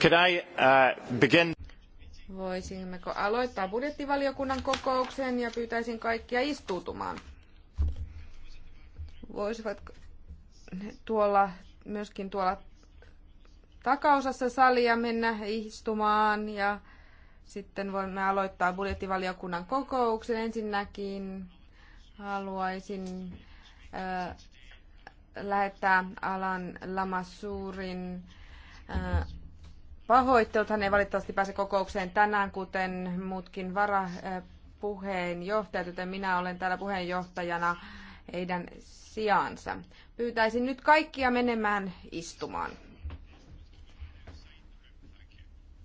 Could I, uh, begin? Voisimmeko aloittaa budjettivaliokunnan kokouksen ja pyytäisin kaikkia istuutumaan. Voisivat tuolla myöskin tuolla takaosassa salia mennä istumaan ja sitten voimme aloittaa budjettivaliokunnan kokouksen. Ensinnäkin haluaisin äh, lähettää Alan Lamassuurin äh, pahoittelut. Hän ei valitettavasti pääse kokoukseen tänään, kuten muutkin varapuheenjohtajat, joten minä olen täällä puheenjohtajana heidän sijaansa. Pyytäisin nyt kaikkia menemään istumaan.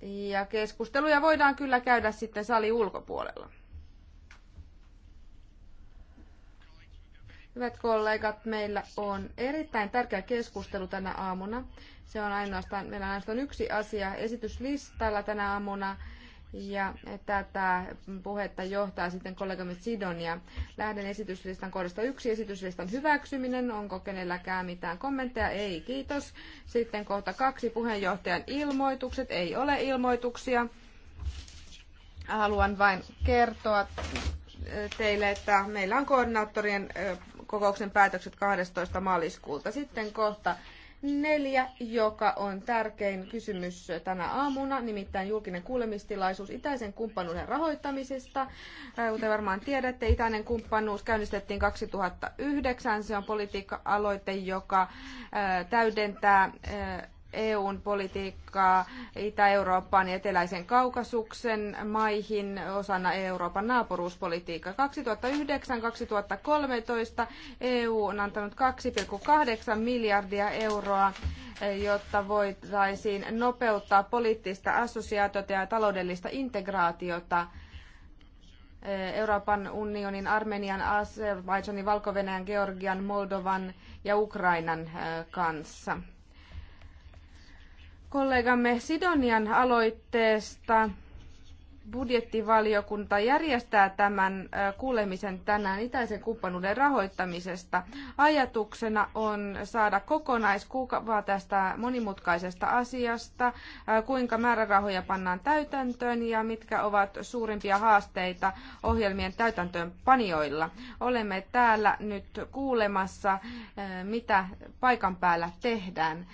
Ja keskusteluja voidaan kyllä käydä sitten sali ulkopuolella. Hyvät kollegat, meillä on erittäin tärkeä keskustelu tänä aamuna. Se on ainoastaan, meillä on ainoastaan yksi asia esityslistalla tänä aamuna. Ja tätä puhetta johtaa sitten kollegamme Sidonia. Lähden esityslistan kohdasta yksi. Esityslistan hyväksyminen. Onko kenelläkään mitään kommentteja? Ei, kiitos. Sitten kohta kaksi. Puheenjohtajan ilmoitukset. Ei ole ilmoituksia. Haluan vain kertoa teille, että meillä on koordinaattorien kokouksen päätökset 12. maaliskuuta. Sitten kohta neljä, joka on tärkein kysymys tänä aamuna, nimittäin julkinen kuulemistilaisuus itäisen kumppanuuden rahoittamisesta. Kuten varmaan tiedätte, itäinen kumppanuus käynnistettiin 2009. Se on politiikka-aloite, joka täydentää EUn politiikkaa Itä-Eurooppaan ja Eteläisen kaukasuksen maihin osana Euroopan naapuruuspolitiikkaa. 2009-2013 EU on antanut 2,8 miljardia euroa, jotta voitaisiin nopeuttaa poliittista assosiaatiota ja taloudellista integraatiota Euroopan unionin, Armenian, Azerbaidžanin, Valko-Venäjän, Georgian, Moldovan ja Ukrainan eh, kanssa kollegamme Sidonian aloitteesta budjettivaliokunta järjestää tämän kuulemisen tänään itäisen kumppanuuden rahoittamisesta. Ajatuksena on saada kokonaiskuva tästä monimutkaisesta asiasta, kuinka määrärahoja pannaan täytäntöön ja mitkä ovat suurimpia haasteita ohjelmien täytäntöönpanijoilla. Olemme täällä nyt kuulemassa, mitä paikan päällä tehdään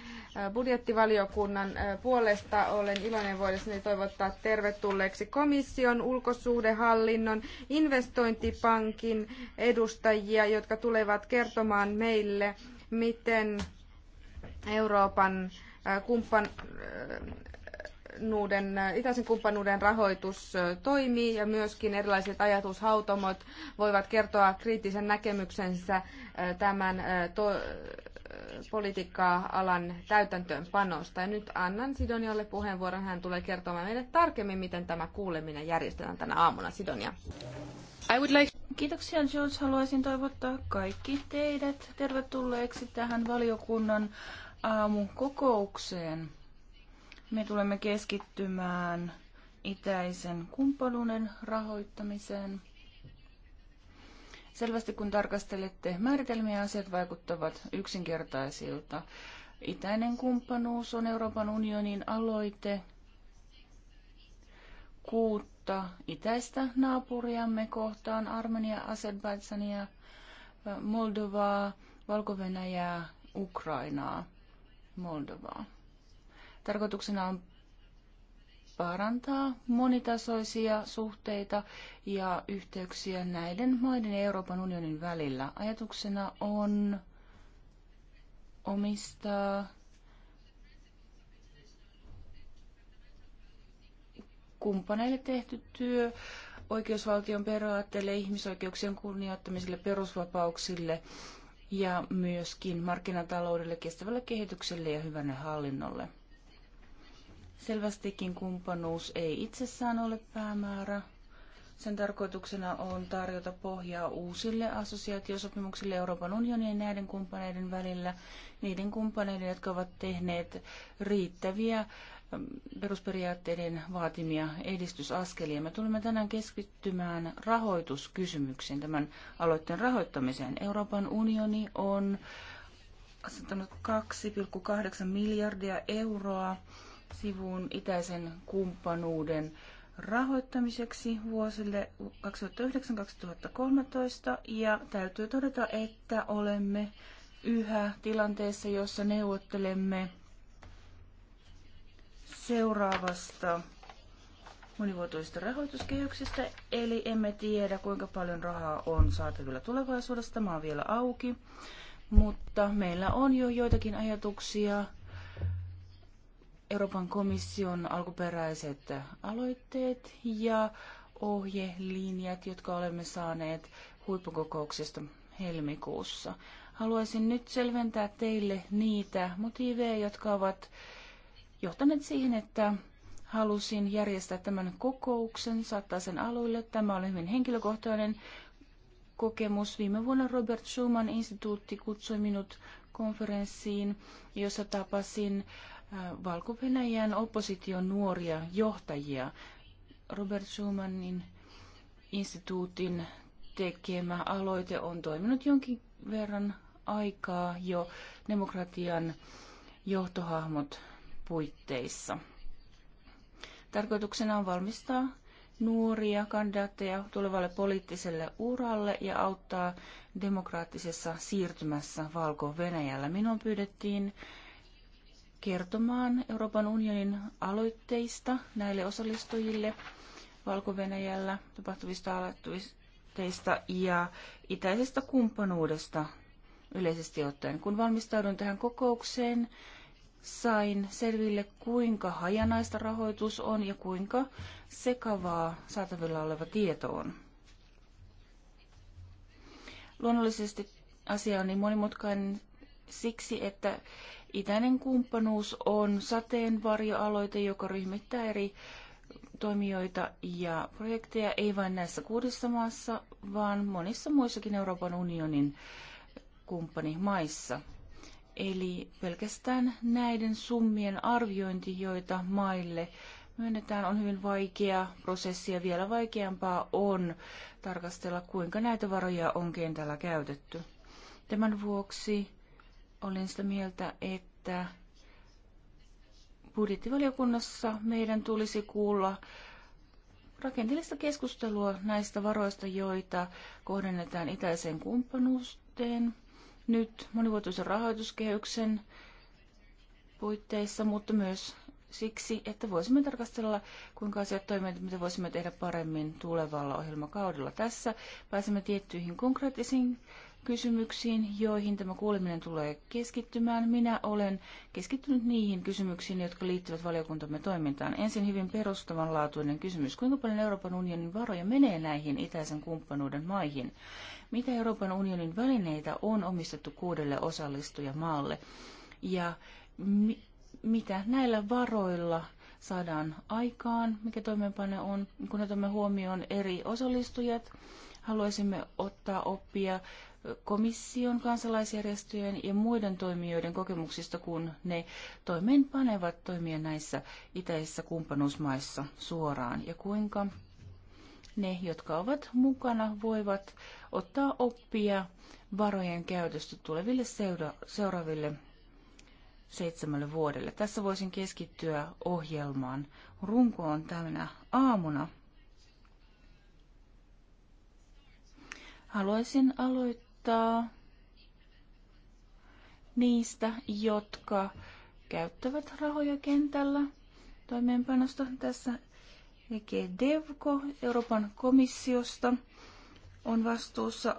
budjettivaliokunnan puolesta. Olen iloinen voidessani toivottaa tervetulleeksi komission, ulkosuhdehallinnon, investointipankin edustajia, jotka tulevat kertomaan meille, miten Euroopan kumppan, nuuden itäisen kumppanuuden rahoitus toimii ja myöskin erilaiset ajatushautomot voivat kertoa kriittisen näkemyksensä tämän politiikkaa alan täytäntöönpanosta. Ja nyt annan Sidonialle puheenvuoron. Hän tulee kertomaan meille tarkemmin, miten tämä kuuleminen järjestetään tänä aamuna. Sidonia. I would like... Kiitoksia Jules. Haluaisin toivottaa kaikki teidät tervetulleeksi tähän valiokunnan aamukokoukseen. Me tulemme keskittymään itäisen kumppanuuden rahoittamiseen – Selvästi kun tarkastelette määritelmiä, asiat vaikuttavat yksinkertaisilta. Itäinen kumppanuus on Euroopan unionin aloite kuutta itäistä naapuriamme kohtaan, Armenia, Azerbaidsania, Moldovaa, valko Ukrainaa, Moldovaa. Tarkoituksena on parantaa monitasoisia suhteita ja yhteyksiä näiden maiden ja Euroopan unionin välillä. Ajatuksena on omistaa kumppaneille tehty työ oikeusvaltion periaatteille, ihmisoikeuksien kunnioittamiselle, perusvapauksille ja myöskin markkinataloudelle, kestävälle kehitykselle ja hyvänne hallinnolle. Selvästikin kumppanuus ei itsessään ole päämäärä. Sen tarkoituksena on tarjota pohjaa uusille assosiaatiosopimuksille Euroopan unionin ja näiden kumppaneiden välillä, niiden kumppaneiden, jotka ovat tehneet riittäviä perusperiaatteiden vaatimia edistysaskelia. Me tulemme tänään keskittymään rahoituskysymyksiin, tämän aloitteen rahoittamiseen. Euroopan unioni on asettanut 2,8 miljardia euroa sivuun itäisen kumppanuuden rahoittamiseksi vuosille 2009-2013 ja täytyy todeta, että olemme yhä tilanteessa, jossa neuvottelemme seuraavasta monivuotoisesta rahoituskehyksestä, eli emme tiedä kuinka paljon rahaa on saatavilla tulevaisuudessa. Tämä on vielä auki, mutta meillä on jo joitakin ajatuksia Euroopan komission alkuperäiset aloitteet ja ohjelinjat, jotka olemme saaneet huippukokouksesta helmikuussa. Haluaisin nyt selventää teille niitä motiiveja, jotka ovat johtaneet siihen, että halusin järjestää tämän kokouksen, saattaa sen aluille. Tämä oli hyvin henkilökohtainen kokemus. Viime vuonna Robert Schumann instituutti kutsui minut konferenssiin, jossa tapasin valko opposition nuoria johtajia. Robert Schumannin instituutin tekemä aloite on toiminut jonkin verran aikaa jo demokratian johtohahmot puitteissa. Tarkoituksena on valmistaa nuoria kandidaatteja tulevalle poliittiselle uralle ja auttaa demokraattisessa siirtymässä Valko-Venäjällä. Minun pyydettiin kertomaan Euroopan unionin aloitteista näille osallistujille Valko-Venäjällä tapahtuvista aloitteista ja itäisestä kumppanuudesta yleisesti ottaen. Kun valmistaudun tähän kokoukseen, sain selville, kuinka hajanaista rahoitus on ja kuinka sekavaa saatavilla oleva tieto on. Luonnollisesti asia on niin monimutkainen siksi, että Itäinen kumppanuus on sateenvarjoaloite, joka ryhmittää eri toimijoita ja projekteja ei vain näissä kuudessa maassa, vaan monissa muissakin Euroopan unionin kumppanimaissa. Eli pelkästään näiden summien arviointi, joita maille myönnetään, on hyvin vaikea prosessi ja vielä vaikeampaa on tarkastella, kuinka näitä varoja on kentällä käytetty. Tämän vuoksi olen sitä mieltä, että budjettivaliokunnassa meidän tulisi kuulla rakenteellista keskustelua näistä varoista, joita kohdennetaan itäiseen kumppanuuteen nyt monivuotoisen rahoituskehyksen puitteissa, mutta myös siksi, että voisimme tarkastella, kuinka asiat toimivat, mitä voisimme tehdä paremmin tulevalla ohjelmakaudella. Tässä pääsemme tiettyihin konkreettisiin kysymyksiin, joihin tämä kuuleminen tulee keskittymään. Minä olen keskittynyt niihin kysymyksiin, jotka liittyvät valiokuntamme toimintaan. Ensin hyvin perustavanlaatuinen kysymys. Kuinka paljon Euroopan unionin varoja menee näihin itäisen kumppanuuden maihin? Mitä Euroopan unionin välineitä on omistettu kuudelle osallistujamaalle? Ja mi- mitä näillä varoilla saadaan aikaan, mikä toimeenpane on, kun otamme huomioon eri osallistujat, haluaisimme ottaa oppia komission, kansalaisjärjestöjen ja muiden toimijoiden kokemuksista, kun ne toimeenpanevat toimia näissä itäisissä kumppanuusmaissa suoraan ja kuinka ne, jotka ovat mukana, voivat ottaa oppia varojen käytöstä tuleville seura- seuraaville seitsemälle vuodelle. Tässä voisin keskittyä ohjelmaan. Runko on tänä aamuna. Haluaisin aloittaa vastaa niistä, jotka käyttävät rahoja kentällä toimeenpanosta. Tässä EG Devko Euroopan komissiosta on vastuussa.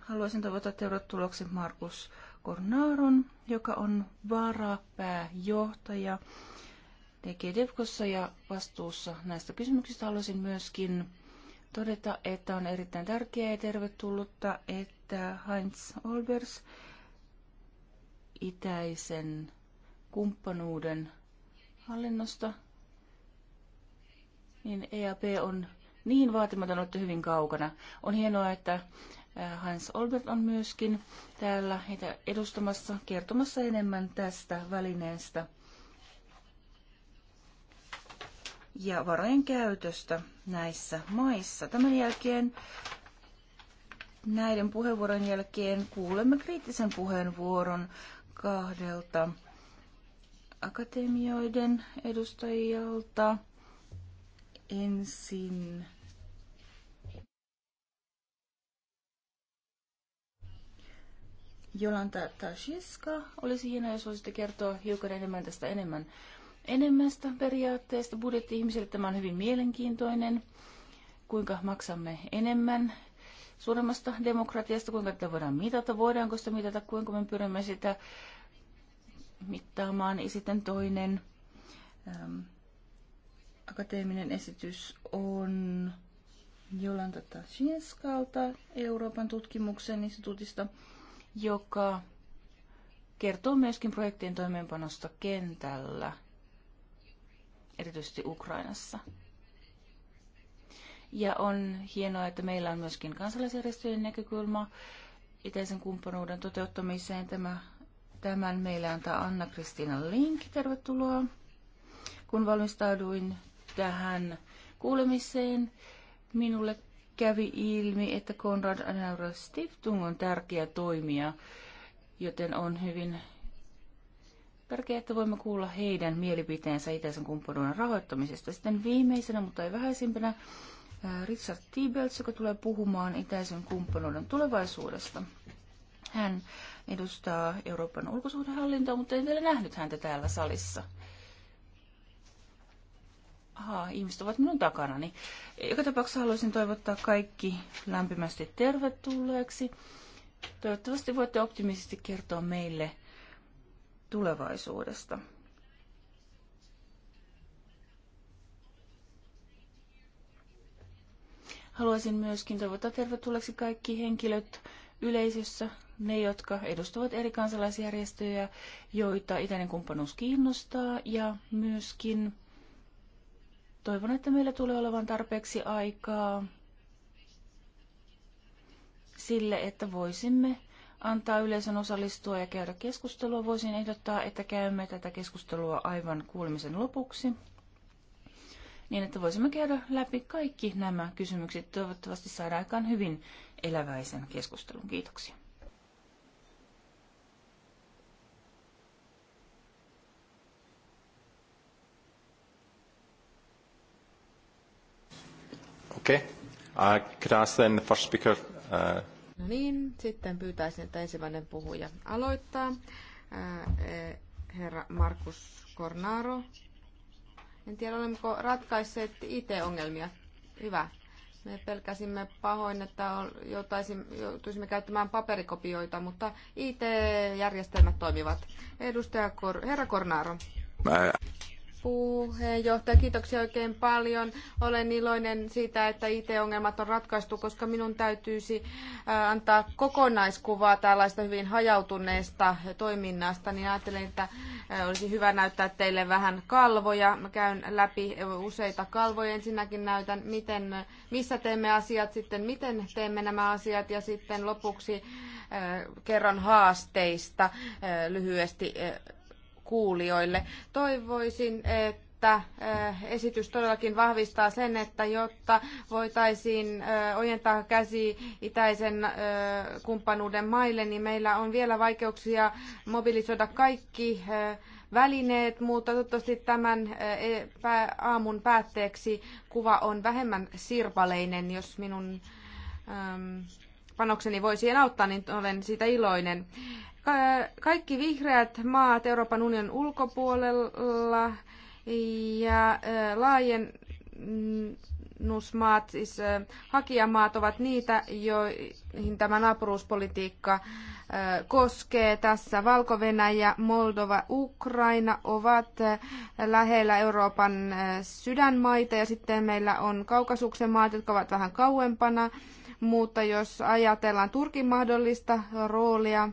Haluaisin toivottaa tervetulleeksi Markus Kornaron, joka on varapääjohtaja Tekee Devkossa ja vastuussa näistä kysymyksistä. Haluaisin myöskin todeta, että on erittäin tärkeää ja tervetullutta, että Heinz Olbers itäisen kumppanuuden hallinnosta, niin EAP on niin vaatimaton, että hyvin kaukana. On hienoa, että Hans äh, Olbert on myöskin täällä heitä edustamassa, kertomassa enemmän tästä välineestä. ja varojen käytöstä näissä maissa. Tämän jälkeen näiden puheenvuoron jälkeen kuulemme kriittisen puheenvuoron kahdelta akatemioiden edustajalta. Ensin Jolanta Tashiska. Olisi hienoa, jos voisitte kertoa hiukan enemmän tästä enemmän enemmästä periaatteesta. Budjetti-ihmiselle tämä on hyvin mielenkiintoinen, kuinka maksamme enemmän suuremmasta demokratiasta, kuinka tätä voidaan mitata, voidaanko sitä mitata, kuinka me pyrimme sitä mittaamaan. Ja sitten toinen ähm, akateeminen esitys on Jolanta Tashinskalta Euroopan tutkimuksen instituutista, joka kertoo myöskin projektien toimeenpanosta kentällä erityisesti Ukrainassa. Ja on hienoa, että meillä on myöskin kansalaisjärjestöjen näkökulma itäisen kumppanuuden toteuttamiseen. Tämä, tämän meille antaa Anna-Kristiina Link. Tervetuloa. Kun valmistauduin tähän kuulemiseen, minulle kävi ilmi, että Konrad Adenauer Stiftung on tärkeä toimija, joten on hyvin tärkeää, että voimme kuulla heidän mielipiteensä itäisen kumppanuuden rahoittamisesta. Sitten viimeisenä, mutta ei vähäisimpänä, äh, Richard Tibels, joka tulee puhumaan itäisen kumppanuuden tulevaisuudesta. Hän edustaa Euroopan ulkosuhdehallintoa, mutta en vielä nähnyt häntä täällä salissa. Aha, ihmiset ovat minun takanani. Joka tapauksessa haluaisin toivottaa kaikki lämpimästi tervetulleeksi. Toivottavasti voitte optimisesti kertoa meille – tulevaisuudesta. Haluaisin myöskin toivottaa tervetulleeksi kaikki henkilöt yleisössä, ne, jotka edustavat eri kansalaisjärjestöjä, joita itäinen kumppanuus kiinnostaa, ja myöskin toivon, että meillä tulee olevan tarpeeksi aikaa sille, että voisimme antaa yleisön osallistua ja käydä keskustelua, voisin ehdottaa, että käymme tätä keskustelua aivan kuulemisen lopuksi, niin että voisimme käydä läpi kaikki nämä kysymykset. Toivottavasti saadaan aikaan hyvin eläväisen keskustelun. Kiitoksia. Okay. Uh, could I ask then the first speaker uh, No niin, sitten pyytäisin, että ensimmäinen puhuja aloittaa. E, herra Markus Kornaro. En tiedä, olemmeko ratkaisseet IT-ongelmia. Hyvä. Me pelkäsimme pahoin, että joutuisimme käyttämään paperikopioita, mutta IT-järjestelmät toimivat. Edustaja Kor- Herra Kornaro puheenjohtaja, kiitoksia oikein paljon. Olen iloinen siitä, että IT-ongelmat on ratkaistu, koska minun täytyisi äh, antaa kokonaiskuvaa tällaista hyvin hajautuneesta toiminnasta, niin ajattelin, että äh, olisi hyvä näyttää teille vähän kalvoja. Mä käyn läpi äh, useita kalvoja. Ensinnäkin näytän, miten, missä teemme asiat, sitten miten teemme nämä asiat ja sitten lopuksi kerron haasteista lyhyesti kuulijoille. Toivoisin, että äh, esitys todellakin vahvistaa sen, että jotta voitaisiin äh, ojentaa käsi itäisen äh, kumppanuuden maille, niin meillä on vielä vaikeuksia mobilisoida kaikki välineet, mutta toivottavasti tämän e, aamun päätteeksi kuva on vähemmän sirpaleinen, jos minun ähm, panokseni voi siihen auttaa, niin olen siitä iloinen kaikki vihreät maat Euroopan unionin ulkopuolella ja laajennusmaat, siis hakijamaat ovat niitä, joihin tämä naapuruuspolitiikka koskee tässä. valko Moldova, Ukraina ovat lähellä Euroopan sydänmaita ja sitten meillä on Kaukasuksen maat, jotka ovat vähän kauempana. Mutta jos ajatellaan Turkin mahdollista roolia,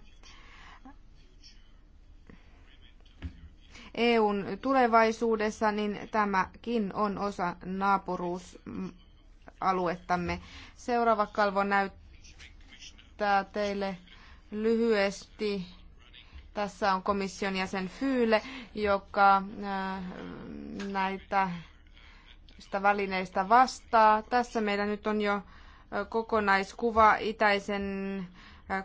EUn tulevaisuudessa, niin tämäkin on osa naapuruusaluettamme. Seuraava kalvo näyttää teille lyhyesti. Tässä on komission jäsen Fyyle, joka äh, näitä sitä välineistä vastaa. Tässä meillä nyt on jo äh, kokonaiskuva itäisen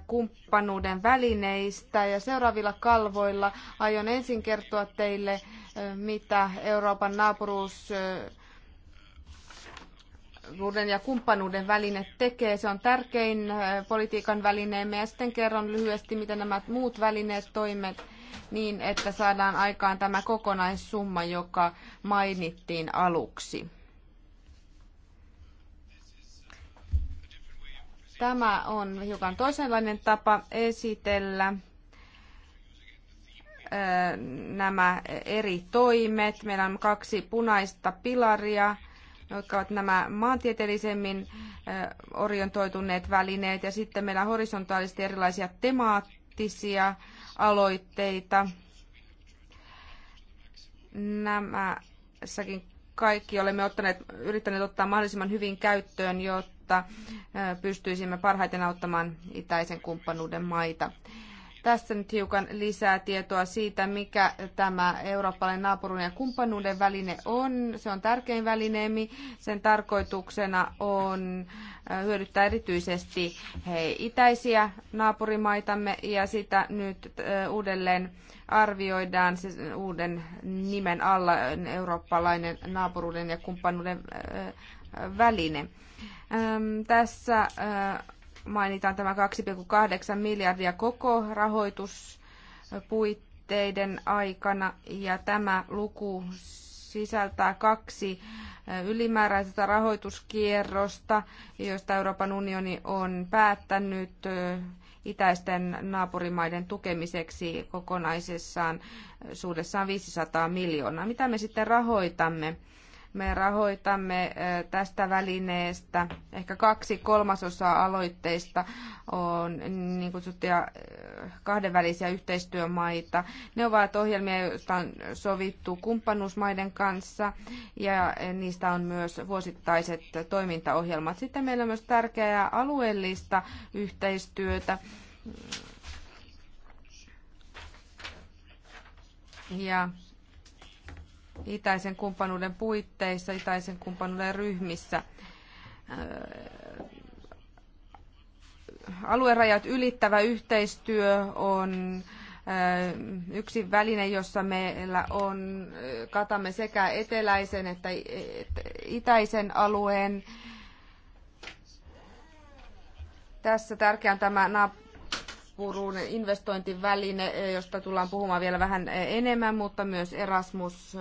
kumppanuuden välineistä ja seuraavilla kalvoilla aion ensin kertoa teille, mitä Euroopan naapuruus ja kumppanuuden väline tekee. Se on tärkein politiikan välineemme ja sitten kerron lyhyesti, miten nämä muut välineet toimet niin, että saadaan aikaan tämä kokonaissumma, joka mainittiin aluksi. Tämä on hiukan toisenlainen tapa esitellä nämä eri toimet. Meillä on kaksi punaista pilaria, jotka ovat nämä maantieteellisemmin orientoituneet välineet. Ja sitten meillä on horisontaalisesti erilaisia temaattisia aloitteita. Nämässäkin kaikki olemme ottaneet, yrittäneet ottaa mahdollisimman hyvin käyttöön, jotta jotta pystyisimme parhaiten auttamaan itäisen kumppanuuden maita. Tässä nyt hiukan lisää tietoa siitä, mikä tämä eurooppalainen naapuruuden ja kumppanuuden väline on. Se on tärkein välineemi. Sen tarkoituksena on hyödyttää erityisesti hei, itäisiä naapurimaitamme ja sitä nyt uudelleen arvioidaan siis uuden nimen alla eurooppalainen naapuruuden ja kumppanuuden väline. Tässä äh, mainitaan tämä 2,8 miljardia koko rahoituspuitteiden aikana ja tämä luku sisältää kaksi äh, ylimääräistä rahoituskierrosta, joista Euroopan unioni on päättänyt äh, itäisten naapurimaiden tukemiseksi kokonaisessaan suudessaan 500 miljoonaa. Mitä me sitten rahoitamme? Me rahoitamme tästä välineestä ehkä kaksi kolmasosaa aloitteista on niin kutsuttuja kahdenvälisiä yhteistyömaita. Ne ovat ohjelmia, joista on sovittu kumppanuusmaiden kanssa ja niistä on myös vuosittaiset toimintaohjelmat. Sitten meillä on myös tärkeää alueellista yhteistyötä. Ja itäisen kumppanuuden puitteissa, itäisen kumppanuuden ryhmissä. Äh, aluerajat ylittävä yhteistyö on äh, yksi väline, jossa meillä on, äh, katamme sekä eteläisen että itäisen alueen. Tässä tärkeä on tämä Eraspuruun investointiväline, josta tullaan puhumaan vielä vähän enemmän, mutta myös Erasmus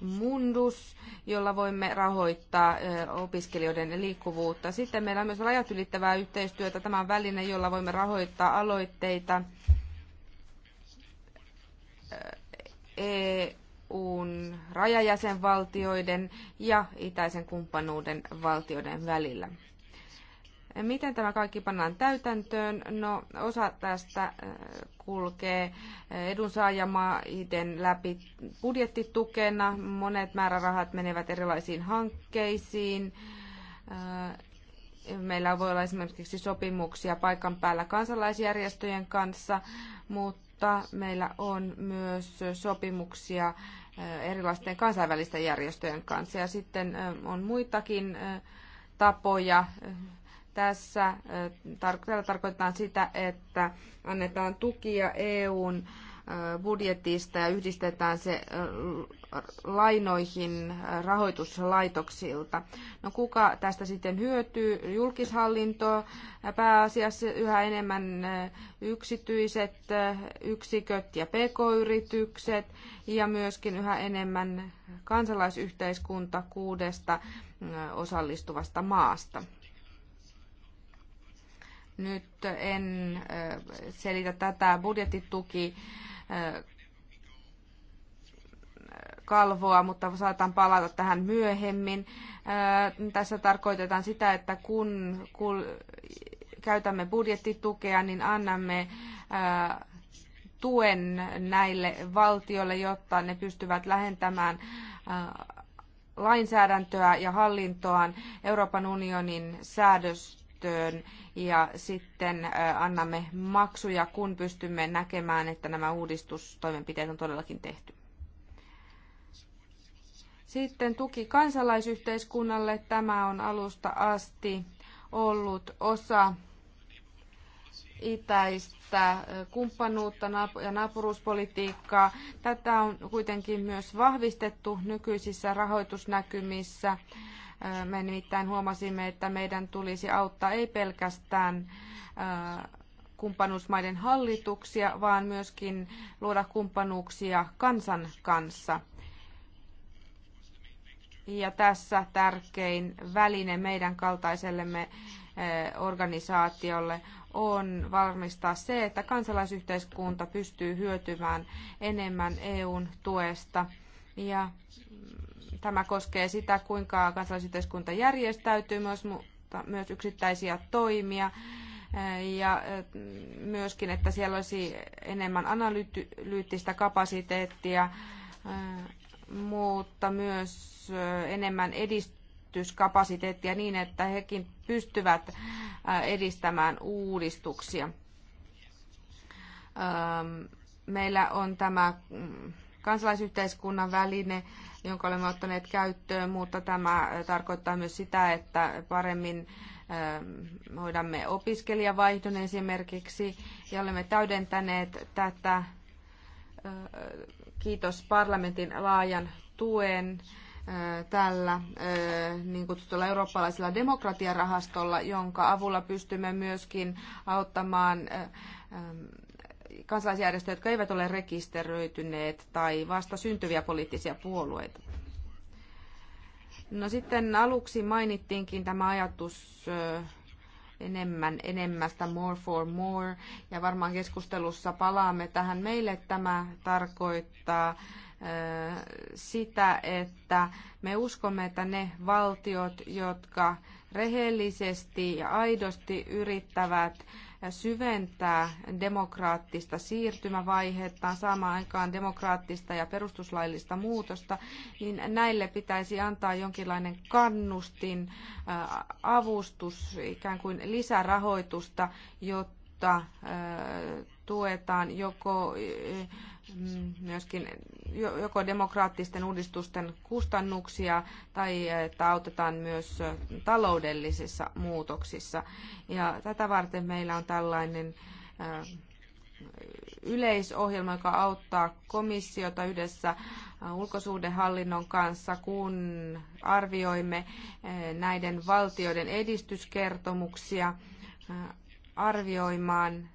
Mundus, jolla voimme rahoittaa opiskelijoiden liikkuvuutta. Sitten meillä on myös rajat ylittävää yhteistyötä. Tämä on väline, jolla voimme rahoittaa aloitteita EUn rajajäsenvaltioiden ja itäisen kumppanuuden valtioiden välillä. Miten tämä kaikki pannaan täytäntöön? No, osa tästä äh, kulkee äh, edunsaajamaiden läpi budjettitukena. Monet määrärahat menevät erilaisiin hankkeisiin. Äh, meillä voi olla esimerkiksi sopimuksia paikan päällä kansalaisjärjestöjen kanssa, mutta meillä on myös sopimuksia erilaisten kansainvälisten järjestöjen kanssa. Ja sitten on muitakin tapoja tässä tällä tarkoitetaan sitä, että annetaan tukia EUn budjetista ja yhdistetään se lainoihin rahoituslaitoksilta. No kuka tästä sitten hyötyy? Julkishallinto, pääasiassa yhä enemmän yksityiset yksiköt ja pk-yritykset ja myöskin yhä enemmän kansalaisyhteiskunta kuudesta osallistuvasta maasta. Nyt en selitä tätä budjettituki kalvoa, mutta saatan palata tähän myöhemmin. Tässä tarkoitetaan sitä, että kun käytämme budjettitukea, niin annamme tuen näille valtioille, jotta ne pystyvät lähentämään lainsäädäntöä ja hallintoaan Euroopan unionin säädös käyttöön ja sitten annamme maksuja, kun pystymme näkemään, että nämä uudistustoimenpiteet on todellakin tehty. Sitten tuki kansalaisyhteiskunnalle. Tämä on alusta asti ollut osa itäistä kumppanuutta ja naapuruuspolitiikkaa. Tätä on kuitenkin myös vahvistettu nykyisissä rahoitusnäkymissä me nimittäin huomasimme, että meidän tulisi auttaa ei pelkästään kumppanuusmaiden hallituksia, vaan myöskin luoda kumppanuuksia kansan kanssa. Ja tässä tärkein väline meidän kaltaisellemme organisaatiolle on varmistaa se, että kansalaisyhteiskunta pystyy hyötymään enemmän EUn tuesta. Ja Tämä koskee sitä, kuinka kansalaisyhteiskunta järjestäytyy, myös, mutta myös yksittäisiä toimia ja äh, myöskin, että siellä olisi enemmän analyyttistä kapasiteettia, äh, mutta myös äh, enemmän edistyskapasiteettia niin, että hekin pystyvät edistämään uudistuksia. Ähm, meillä on tämä mm, kansalaisyhteiskunnan väline jonka olemme ottaneet käyttöön, mutta tämä äh, tarkoittaa myös sitä, että paremmin ähm, hoidamme opiskelijavaihdon esimerkiksi ja olemme täydentäneet tätä. Äh, kiitos parlamentin laajan tuen äh, tällä niin kutsutulla eurooppalaisella demokratiarahastolla, jonka avulla pystymme myöskin auttamaan ähm, kansalaisjärjestöjä, jotka eivät ole rekisteröityneet tai vasta syntyviä poliittisia puolueita. No sitten aluksi mainittiinkin tämä ajatus enemmän enemmästä, more for more, ja varmaan keskustelussa palaamme tähän. Meille tämä tarkoittaa sitä, että me uskomme, että ne valtiot, jotka rehellisesti ja aidosti yrittävät syventää demokraattista siirtymävaihetta, saamaan aikaan demokraattista ja perustuslaillista muutosta, niin näille pitäisi antaa jonkinlainen kannustin, avustus, ikään kuin lisärahoitusta, jotta tuetaan joko Mm, myöskin joko demokraattisten uudistusten kustannuksia tai että autetaan myös taloudellisissa muutoksissa. Ja tätä varten meillä on tällainen yleisohjelma, joka auttaa komissiota yhdessä ulkosuhdehallinnon kanssa, kun arvioimme näiden valtioiden edistyskertomuksia arvioimaan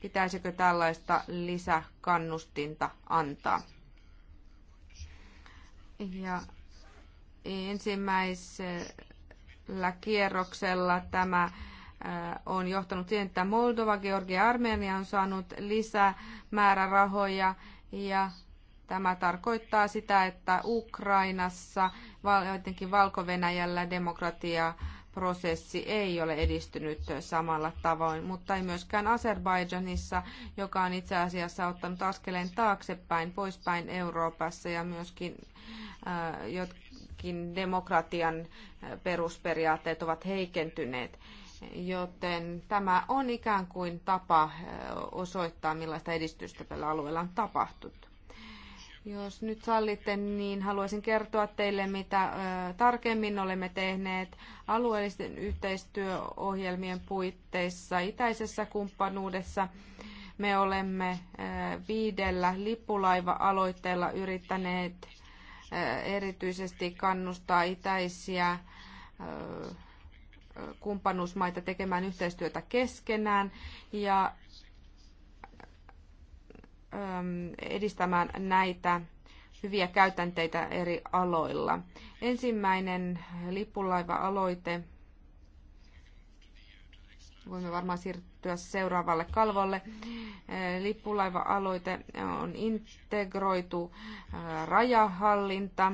Pitäisikö tällaista lisäkannustinta antaa? Ja ensimmäisellä kierroksella tämä äh, on johtanut siihen, että Moldova, Georgia ja Armenia on saanut lisää määrärahoja ja tämä tarkoittaa sitä, että Ukrainassa, jotenkin Valko-Venäjällä demokratia prosessi ei ole edistynyt samalla tavoin, mutta ei myöskään Azerbaidžanissa, joka on itse asiassa ottanut askeleen taaksepäin, poispäin Euroopassa ja myöskin äh, jotkin demokratian äh, perusperiaatteet ovat heikentyneet. Joten tämä on ikään kuin tapa äh, osoittaa, millaista edistystä tällä alueella on tapahtunut. Jos nyt sallitte, niin haluaisin kertoa teille, mitä tarkemmin olemme tehneet alueellisten yhteistyöohjelmien puitteissa itäisessä kumppanuudessa. Me olemme viidellä lippulaiva-aloitteella yrittäneet erityisesti kannustaa itäisiä kumppanuusmaita tekemään yhteistyötä keskenään ja Ähm, edistämään näitä hyviä käytänteitä eri aloilla. Ensimmäinen lippulaiva-aloite. Voimme varmaan siirtyä seuraavalle kalvolle. Äh, lippulaiva-aloite on integroitu äh, rajahallinta.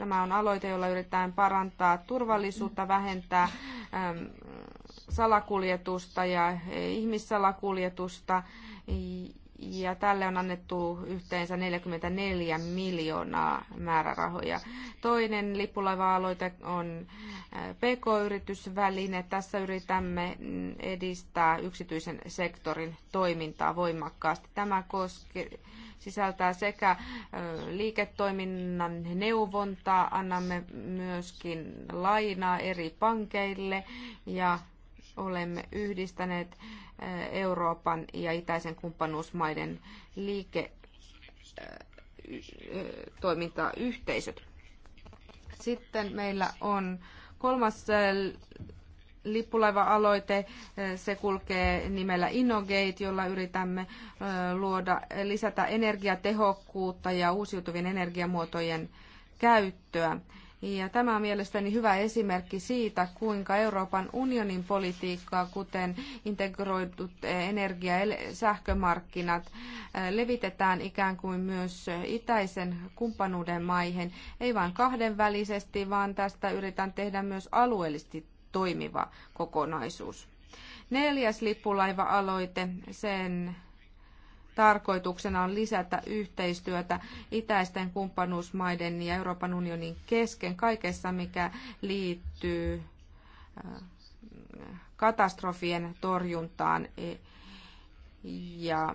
tämä on aloite, jolla yritetään parantaa turvallisuutta, vähentää ähm, salakuljetusta ja äh, ihmissalakuljetusta ja tälle on annettu yhteensä 44 miljoonaa määrärahoja. Toinen lippulaiva-aloite on äh, PK-yritysväline. Tässä yritämme mm, edistää yksityisen sektorin toimintaa voimakkaasti. Tämä koske, sisältää sekä äh, liiketoiminnan neuvontaa, annamme myöskin lainaa eri pankeille ja olemme yhdistäneet eh, Euroopan ja itäisen kumppanuusmaiden liiketoimintayhteisöt. Eh, eh, Sitten meillä on kolmas lippulaiva-aloite. Se kulkee nimellä Innogate, jolla yritämme luoda, lisätä energiatehokkuutta ja uusiutuvien energiamuotojen käyttöä. Ja tämä on mielestäni hyvä esimerkki siitä, kuinka Euroopan unionin politiikkaa, kuten integroidut eh, energia- ja sähkömarkkinat, eh, levitetään ikään kuin myös itäisen kumppanuuden maihin, ei vain kahdenvälisesti, vaan tästä yritän tehdä myös alueellisesti toimiva kokonaisuus. Neljäs lippulaiva-aloite, sen tarkoituksena on lisätä yhteistyötä itäisten kumppanuusmaiden ja Euroopan unionin kesken kaikessa, mikä liittyy äh, katastrofien torjuntaan e, ja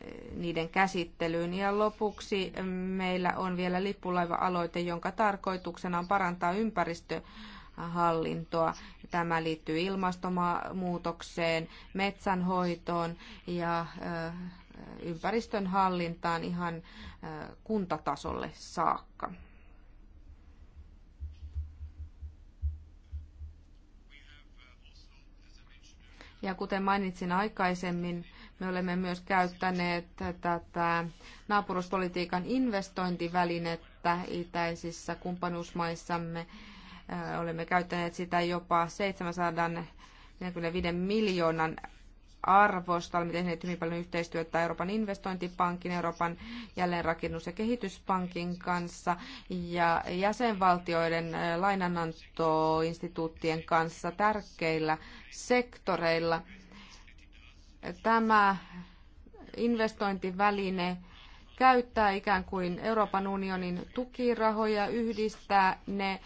e, niiden käsittelyyn. Ja lopuksi meillä on vielä lippulaiva-aloite, jonka tarkoituksena on parantaa ympäristö hallintoa. Tämä liittyy ilmastonmuutokseen, metsänhoitoon ja äh, ympäristön hallintaan ihan kuntatasolle saakka. Ja kuten mainitsin aikaisemmin, me olemme myös käyttäneet tätä naapuruspolitiikan investointivälinettä itäisissä kumppanuusmaissamme. Olemme käyttäneet sitä jopa 745 miljoonan arvosta. Olemme tehneet hyvin paljon yhteistyötä Euroopan investointipankin, Euroopan jälleenrakennus- ja kehityspankin kanssa ja jäsenvaltioiden lainanantoinstituuttien kanssa tärkeillä sektoreilla. Tämä investointiväline käyttää ikään kuin Euroopan unionin tukirahoja, yhdistää ne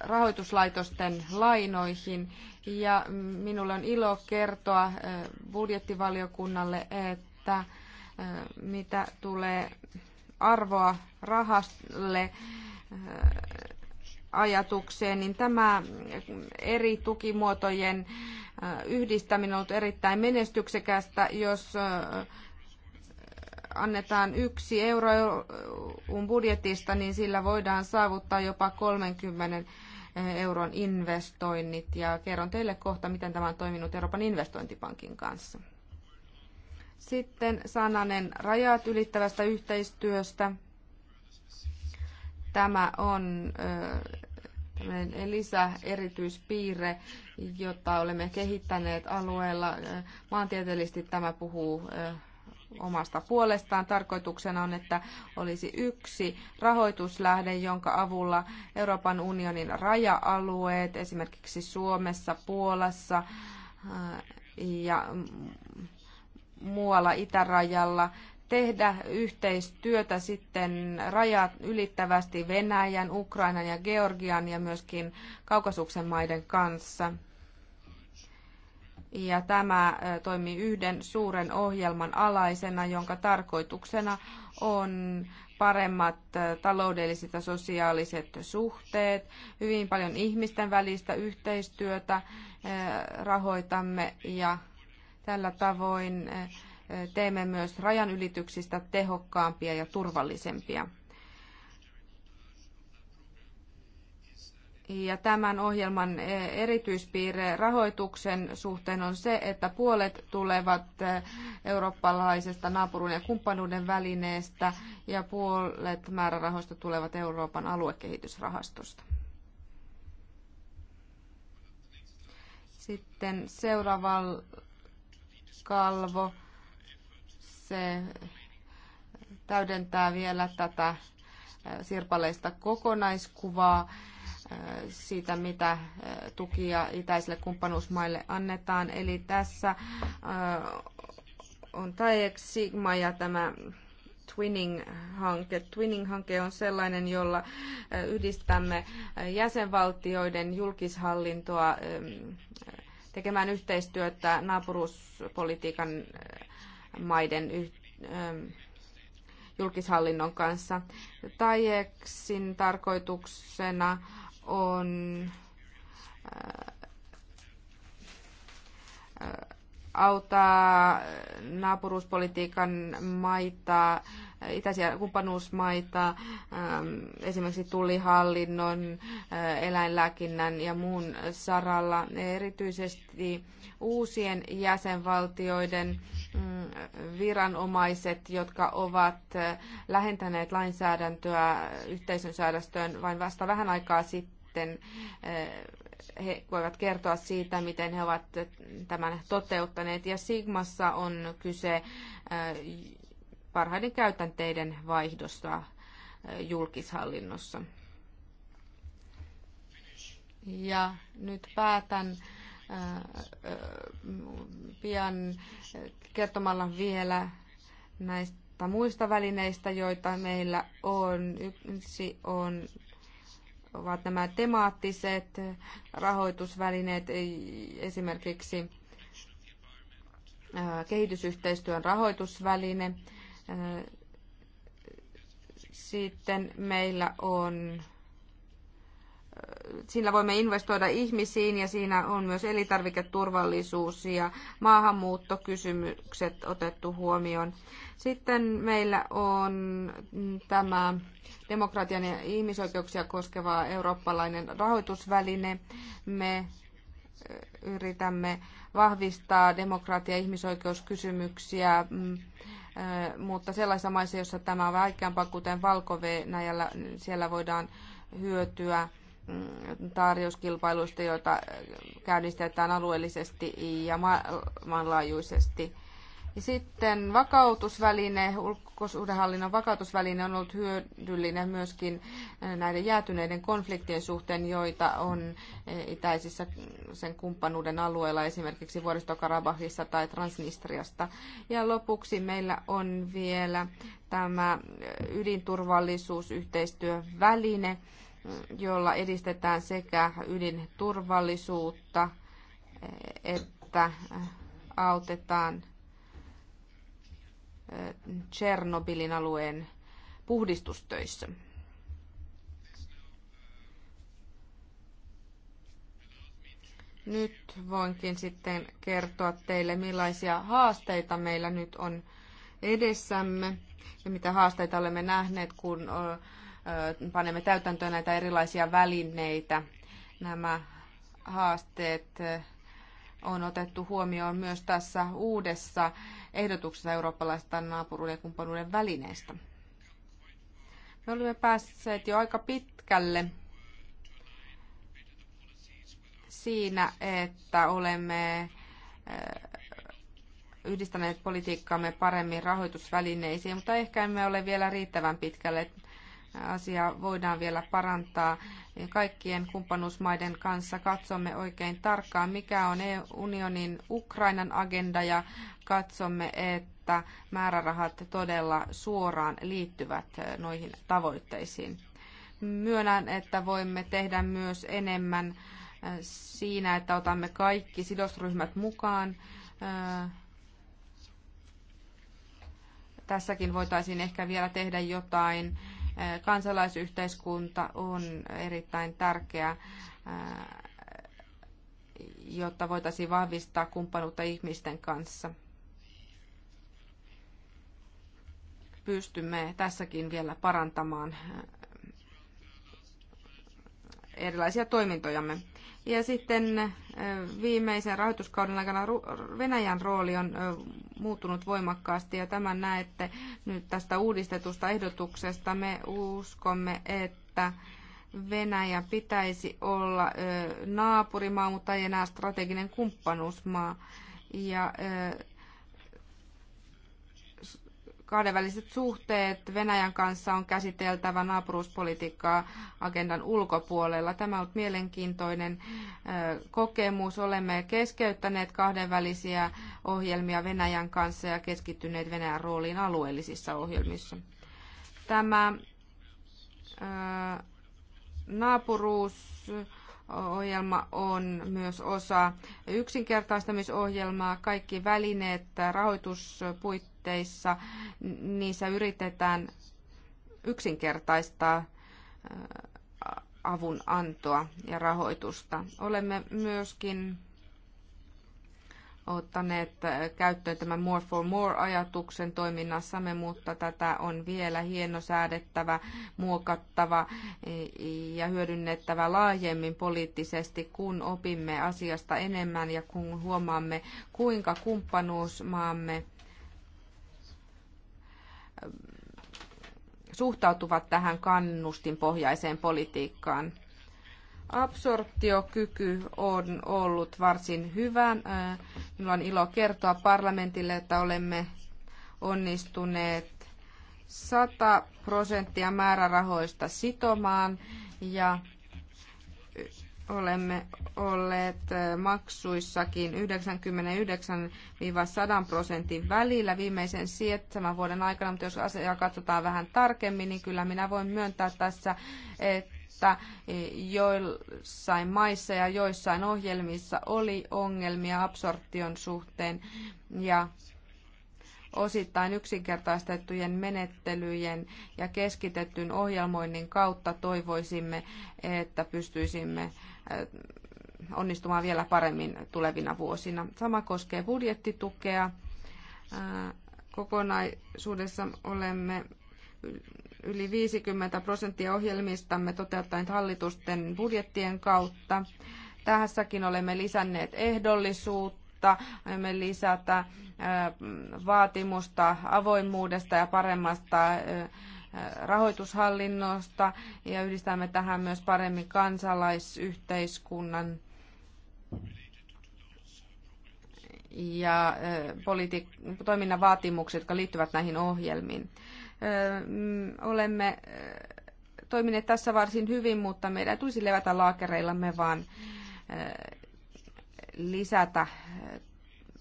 rahoituslaitosten lainoihin ja minulle on ilo kertoa eh, budjettivaliokunnalle, että eh, mitä tulee arvoa rahalle eh, ajatukseen, niin tämä eri tukimuotojen yhdistäminen on ollut erittäin menestyksekästä, jos annetaan yksi euro budjetista, niin sillä voidaan saavuttaa jopa 30 euron investoinnit ja kerron teille kohta, miten tämä on toiminut Euroopan investointipankin kanssa. Sitten sananen rajat ylittävästä yhteistyöstä. Tämä on lisä erityispiirre, jota olemme kehittäneet alueella. Maantieteellisesti tämä puhuu omasta puolestaan. Tarkoituksena on, että olisi yksi rahoituslähde, jonka avulla Euroopan unionin raja-alueet, esimerkiksi Suomessa, Puolassa äh, ja muualla itärajalla, tehdä yhteistyötä sitten rajat ylittävästi Venäjän, Ukrainan ja Georgian ja myöskin kaukasuksen maiden kanssa – ja tämä toimii yhden suuren ohjelman alaisena, jonka tarkoituksena on paremmat taloudelliset ja sosiaaliset suhteet, hyvin paljon ihmisten välistä yhteistyötä rahoitamme ja tällä tavoin teemme myös rajanylityksistä tehokkaampia ja turvallisempia. Ja tämän ohjelman e, erityispiirre rahoituksen suhteen on se, että puolet tulevat e, eurooppalaisesta naapuruuden ja kumppanuuden välineestä ja puolet määrärahoista tulevat Euroopan aluekehitysrahastosta. Sitten seuraava kalvo. Se täydentää vielä tätä e, sirpaleista kokonaiskuvaa siitä, mitä tukia itäisille kumppanuusmaille annetaan. Eli tässä on TAEX Sigma ja tämä Twinning-hanke. Twinning-hanke on sellainen, jolla yhdistämme jäsenvaltioiden julkishallintoa tekemään yhteistyötä naapuruuspolitiikan maiden julkishallinnon kanssa. Taieksin tarkoituksena on auttaa naapuruuspolitiikan maita, itäisiä kumppanuusmaita, esimerkiksi tullihallinnon, eläinlääkinnän ja muun saralla, erityisesti uusien jäsenvaltioiden viranomaiset, jotka ovat lähentäneet lainsäädäntöä yhteisön säädöstöön vain vasta vähän aikaa sitten sitten eh, he voivat kertoa siitä, miten he ovat tämän toteuttaneet. Ja Sigmassa on kyse eh, parhaiden käytänteiden vaihdosta eh, julkishallinnossa. Ja nyt päätän pian kertomalla vielä näistä muista välineistä, joita meillä on. Yksi on ovat nämä temaattiset rahoitusvälineet, esimerkiksi kehitysyhteistyön rahoitusväline. Sitten meillä on, sillä voimme investoida ihmisiin ja siinä on myös elintarviketurvallisuus ja maahanmuuttokysymykset otettu huomioon. Sitten meillä on tämä demokratian ja ihmisoikeuksia koskeva eurooppalainen rahoitusväline. Me eh, yritämme vahvistaa demokratia- ja ihmisoikeuskysymyksiä, mm, eh, mutta sellaisissa maissa, joissa tämä on vaikeampaa, kuten valko niin siellä voidaan hyötyä mm, tarjouskilpailuista, joita eh, käynnistetään alueellisesti ja maailmanlaajuisesti. Ja Sitten vakautusväline, ulkosuhdehallinnon vakautusväline on ollut hyödyllinen myöskin eh, näiden jäätyneiden konfliktien suhteen, joita on eh, itäisissä sen kumppanuuden alueella, esimerkiksi Vuoristokarabahissa tai Transnistriasta. Ja lopuksi meillä on vielä tämä eh, ydinturvallisuusyhteistyöväline, jolla edistetään sekä ydinturvallisuutta että autetaan – Tchernobylin alueen puhdistustöissä. Nyt voinkin sitten kertoa teille, millaisia haasteita meillä nyt on edessämme ja mitä haasteita olemme nähneet, kun panemme täytäntöön näitä erilaisia välineitä. Nämä haasteet on otettu huomioon myös tässä uudessa ehdotuksesta eurooppalaista naapuruuden ja kumppanuuden välineestä. Me olemme päässeet jo aika pitkälle siinä, että olemme eh, yhdistäneet politiikkaamme paremmin rahoitusvälineisiin, mutta ehkä emme ole vielä riittävän pitkälle. Asiaa voidaan vielä parantaa. Kaikkien kumppanuusmaiden kanssa katsomme oikein tarkkaan, mikä on unionin Ukrainan agenda ja katsomme, että määrärahat todella suoraan liittyvät eh, noihin tavoitteisiin. Myönnän, että voimme tehdä myös enemmän eh, siinä, että otamme kaikki sidosryhmät mukaan. Eh, tässäkin voitaisiin ehkä vielä tehdä jotain. Kansalaisyhteiskunta on erittäin tärkeä jotta voitaisiin vahvistaa kumppanuutta ihmisten kanssa. pystymme tässäkin vielä parantamaan erilaisia toimintojamme. Ja sitten viimeisen rahoituskauden aikana Venäjän rooli on muuttunut voimakkaasti ja tämän näette nyt tästä uudistetusta ehdotuksesta. Me uskomme, että Venäjä pitäisi olla naapurimaa, mutta ei enää strateginen kumppanuusmaa. Ja kahdenväliset suhteet Venäjän kanssa on käsiteltävä naapuruuspolitiikkaa agendan ulkopuolella. Tämä on mielenkiintoinen kokemus. Olemme keskeyttäneet kahdenvälisiä ohjelmia Venäjän kanssa ja keskittyneet Venäjän rooliin alueellisissa ohjelmissa. Tämä naapuruus ohjelma on myös osa yksinkertaistamisohjelmaa. Kaikki välineet rahoituspuitteissa, niissä yritetään yksinkertaistaa avun antoa ja rahoitusta. Olemme myöskin ottaneet käyttöön tämän More for More-ajatuksen toiminnassamme, mutta tätä on vielä hienosäädettävä, muokattava ja hyödynnettävä laajemmin poliittisesti, kun opimme asiasta enemmän ja kun huomaamme, kuinka kumppanuusmaamme suhtautuvat tähän kannustinpohjaiseen politiikkaan. Absorptiokyky on ollut varsin hyvä. Minulla on ilo kertoa parlamentille, että olemme onnistuneet 100 prosenttia määrärahoista sitomaan ja olemme olleet maksuissakin 99-100 prosentin välillä viimeisen seitsemän vuoden aikana, mutta jos asiaa katsotaan vähän tarkemmin, niin kyllä minä voin myöntää tässä, että että joissain maissa ja joissain ohjelmissa oli ongelmia absorption suhteen ja osittain yksinkertaistettujen menettelyjen ja keskitetyn ohjelmoinnin kautta toivoisimme, että pystyisimme e, onnistumaan vielä paremmin tulevina vuosina. Sama koskee budjettitukea. Kokonaisuudessa olemme yli 50 prosenttia ohjelmistamme toteuttaen hallitusten budjettien kautta. Tässäkin olemme lisänneet ehdollisuutta, olemme lisätä vaatimusta avoimuudesta ja paremmasta rahoitushallinnosta ja yhdistämme tähän myös paremmin kansalaisyhteiskunnan ja politi- toiminnan vaatimukset, jotka liittyvät näihin ohjelmiin. Öö, mm, olemme öö, toimineet tässä varsin hyvin, mutta meidän tulisi levätä laakereillamme, vaan öö, lisätä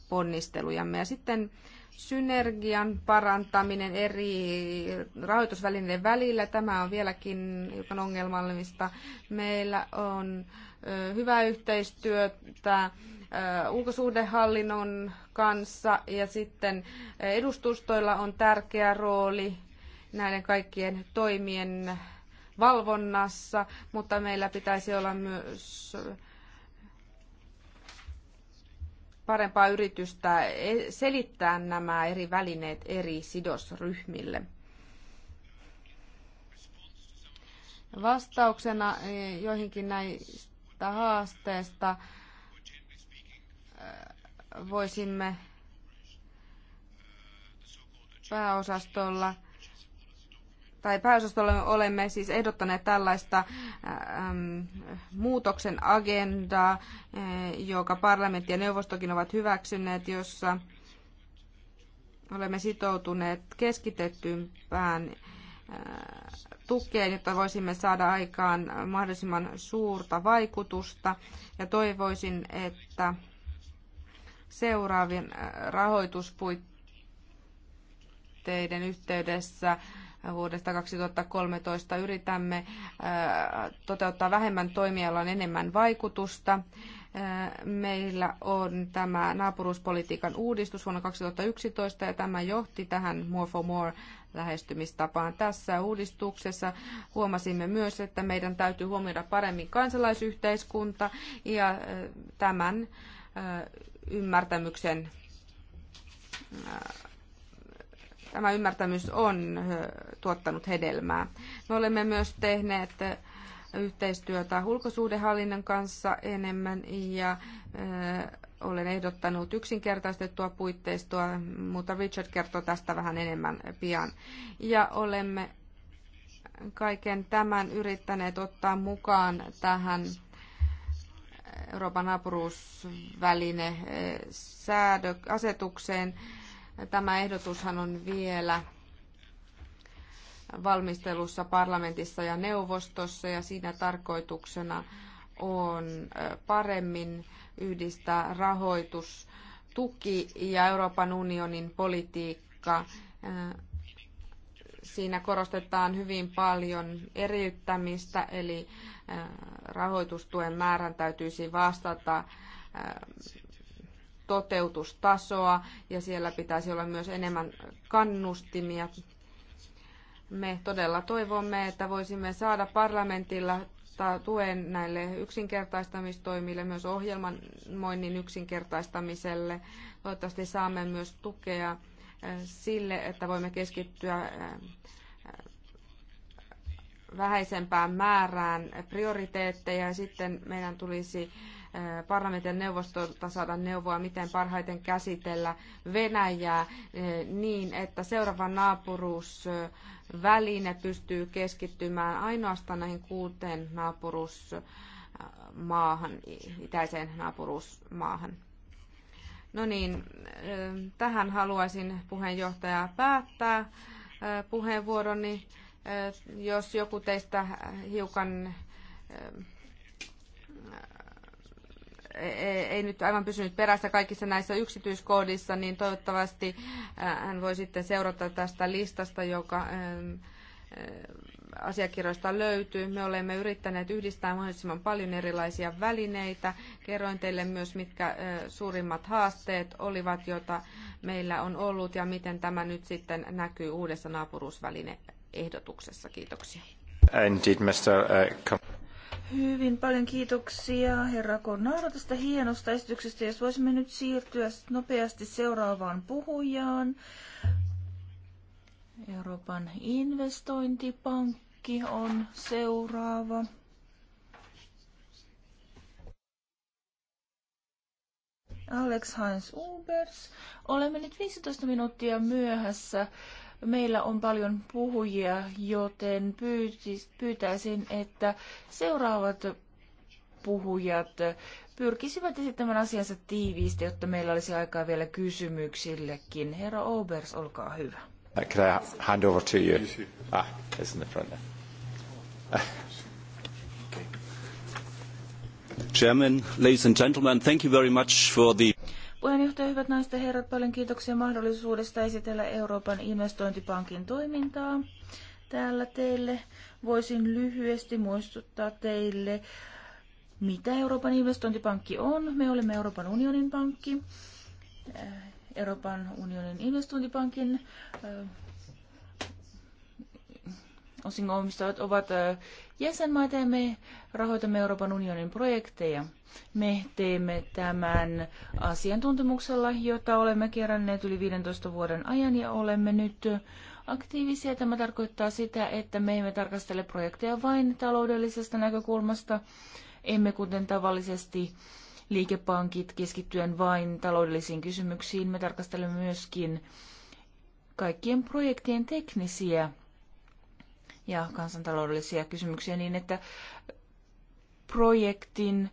ponnistelujamme. Ja sitten synergian parantaminen eri rahoitusvälineiden välillä. Tämä on vieläkin hiukan ongelmallista. Meillä on hyvää yhteistyötä ulkosuhdehallinnon kanssa ja sitten edustustoilla on tärkeä rooli näiden kaikkien toimien valvonnassa, mutta meillä pitäisi olla myös parempaa yritystä e- selittää nämä eri välineet eri sidosryhmille. Vastauksena e, joihinkin näistä haasteista e, voisimme pääosastolla – tai pääosastolle olemme siis ehdottaneet tällaista ähm, muutoksen agendaa, äh, joka parlamentti ja neuvostokin ovat hyväksyneet, jossa olemme sitoutuneet keskitettympään äh, tukeen, jotta voisimme saada aikaan mahdollisimman suurta vaikutusta. Ja toivoisin, että seuraavien äh, rahoituspuitteiden yhteydessä vuodesta 2013. Yritämme äh, toteuttaa vähemmän toimialan enemmän vaikutusta. Äh, meillä on tämä naapuruuspolitiikan uudistus vuonna 2011 ja tämä johti tähän More for More lähestymistapaan. Tässä uudistuksessa huomasimme myös, että meidän täytyy huomioida paremmin kansalaisyhteiskunta ja äh, tämän ymmärtämyksen tämä ymmärtämys on tuottanut hedelmää. Me olemme myös tehneet yhteistyötä ulkosuhdehallinnon kanssa enemmän ja olen ehdottanut yksinkertaistettua puitteistoa, mutta Richard kertoo tästä vähän enemmän pian. Ja olemme kaiken tämän yrittäneet ottaa mukaan tähän Euroopan naapuruusväline asetukseen Tämä ehdotushan on vielä valmistelussa parlamentissa ja neuvostossa ja siinä tarkoituksena on paremmin yhdistää rahoitus, tuki ja Euroopan unionin politiikka. Siinä korostetaan hyvin paljon eriyttämistä, eli rahoitustuen määrän täytyisi vastata toteutustasoa ja siellä pitäisi olla myös enemmän kannustimia. Me todella toivomme, että voisimme saada parlamentilla tuen näille yksinkertaistamistoimille, myös ohjelmanmoinnin yksinkertaistamiselle. Toivottavasti saamme myös tukea eh, sille, että voimme keskittyä eh, eh, vähäisempään määrään prioriteetteja. Sitten meidän tulisi parlamentin neuvostolta saada neuvoa, miten parhaiten käsitellä Venäjää niin, että seuraava naapuruusväline pystyy keskittymään ainoastaan näihin kuuteen naapuruusmaahan, itäiseen naapuruusmaahan. No niin, tähän haluaisin puheenjohtaja päättää puheenvuoroni. Jos joku teistä hiukan ei nyt aivan pysynyt perässä kaikissa näissä yksityiskohdissa, niin toivottavasti äh, hän voi sitten seurata tästä listasta, joka ähm, äh, asiakirjoista löytyy. Me olemme yrittäneet yhdistää mahdollisimman paljon erilaisia välineitä. Kerroin teille myös, mitkä äh, suurimmat haasteet olivat, joita meillä on ollut ja miten tämä nyt sitten näkyy uudessa naapuruusvälineehdotuksessa. Kiitoksia. Indeed, Mr. Hyvin paljon kiitoksia herra Konaro tästä hienosta esityksestä. Jos voisimme nyt siirtyä nopeasti seuraavaan puhujaan. Euroopan investointipankki on seuraava. Alex Heinz Ubers. Olemme nyt 15 minuuttia myöhässä Meillä on paljon puhujia, joten pyytäisin, että seuraavat puhujat pyrkisivät esittämään asiansa tiiviisti, jotta meillä olisi aikaa vielä kysymyksillekin. Herra Obers, olkaa hyvä. Uh, can I hand over to you? Ah, it's in the front there. Chairman, ladies and gentlemen, thank you very much for the Puheenjohtaja, hyvät naiset ja herrat, paljon kiitoksia mahdollisuudesta esitellä Euroopan investointipankin toimintaa. Täällä teille voisin lyhyesti muistuttaa teille, mitä Euroopan investointipankki on. Me olemme Euroopan unionin pankki. Eh, Euroopan unionin investointipankin eh, osingo-omistajat ovat eh, jäsenmaita ja me rahoitamme Euroopan unionin projekteja. Me teemme tämän asiantuntemuksella, jota olemme keränneet yli 15 vuoden ajan ja olemme nyt aktiivisia. Tämä tarkoittaa sitä, että me emme tarkastele projekteja vain taloudellisesta näkökulmasta, emme kuten tavallisesti liikepankit keskittyen vain taloudellisiin kysymyksiin. Me tarkastelemme myöskin kaikkien projektien teknisiä ja kansantaloudellisia kysymyksiä niin, että projektin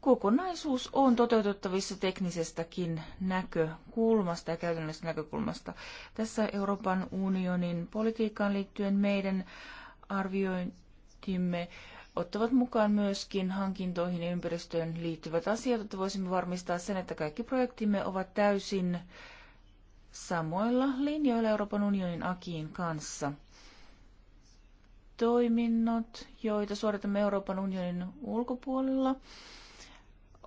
kokonaisuus on toteutettavissa teknisestäkin näkökulmasta ja käytännöllisestä näkökulmasta. Tässä Euroopan unionin politiikkaan liittyen meidän arviointimme ottavat mukaan myöskin hankintoihin ja ympäristöön liittyvät asiat, että voisimme varmistaa sen, että kaikki projektimme ovat täysin samoilla linjoilla Euroopan unionin akiin kanssa toiminnot, joita suoritamme Euroopan unionin ulkopuolella,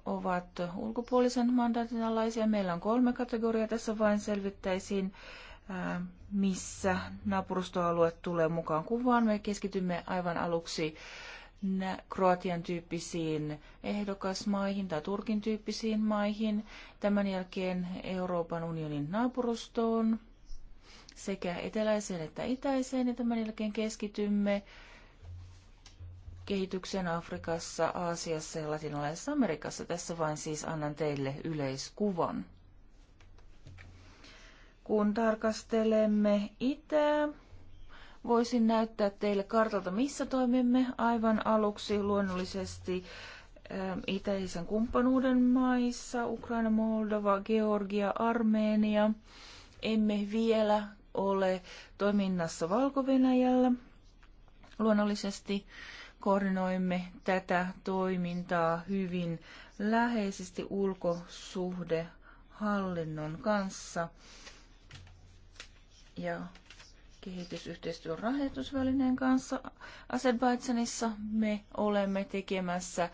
ovat ulkopuolisen mandaatin alaisia. Meillä on kolme kategoriaa. Tässä vain selvittäisiin, missä naapurustoalue tulee mukaan kuvaan. Me keskitymme aivan aluksi Kroatian tyyppisiin ehdokasmaihin tai Turkin tyyppisiin maihin, tämän jälkeen Euroopan unionin naapurustoon, sekä eteläiseen että itäiseen, ja tämän jälkeen keskitymme kehityksen Afrikassa, Aasiassa ja Latinalaisessa Amerikassa. Tässä vain siis annan teille yleiskuvan. Kun tarkastelemme itää, voisin näyttää teille kartalta, missä toimimme. Aivan aluksi luonnollisesti ähm, itäisen kumppanuuden maissa, Ukraina, Moldova, Georgia, Armenia. Emme vielä ole toiminnassa valko -Venäjällä. Luonnollisesti koordinoimme tätä toimintaa hyvin läheisesti ulkosuhdehallinnon kanssa ja kehitysyhteistyön rahoitusvälineen kanssa. Azerbaidsanissa me olemme tekemässä äh,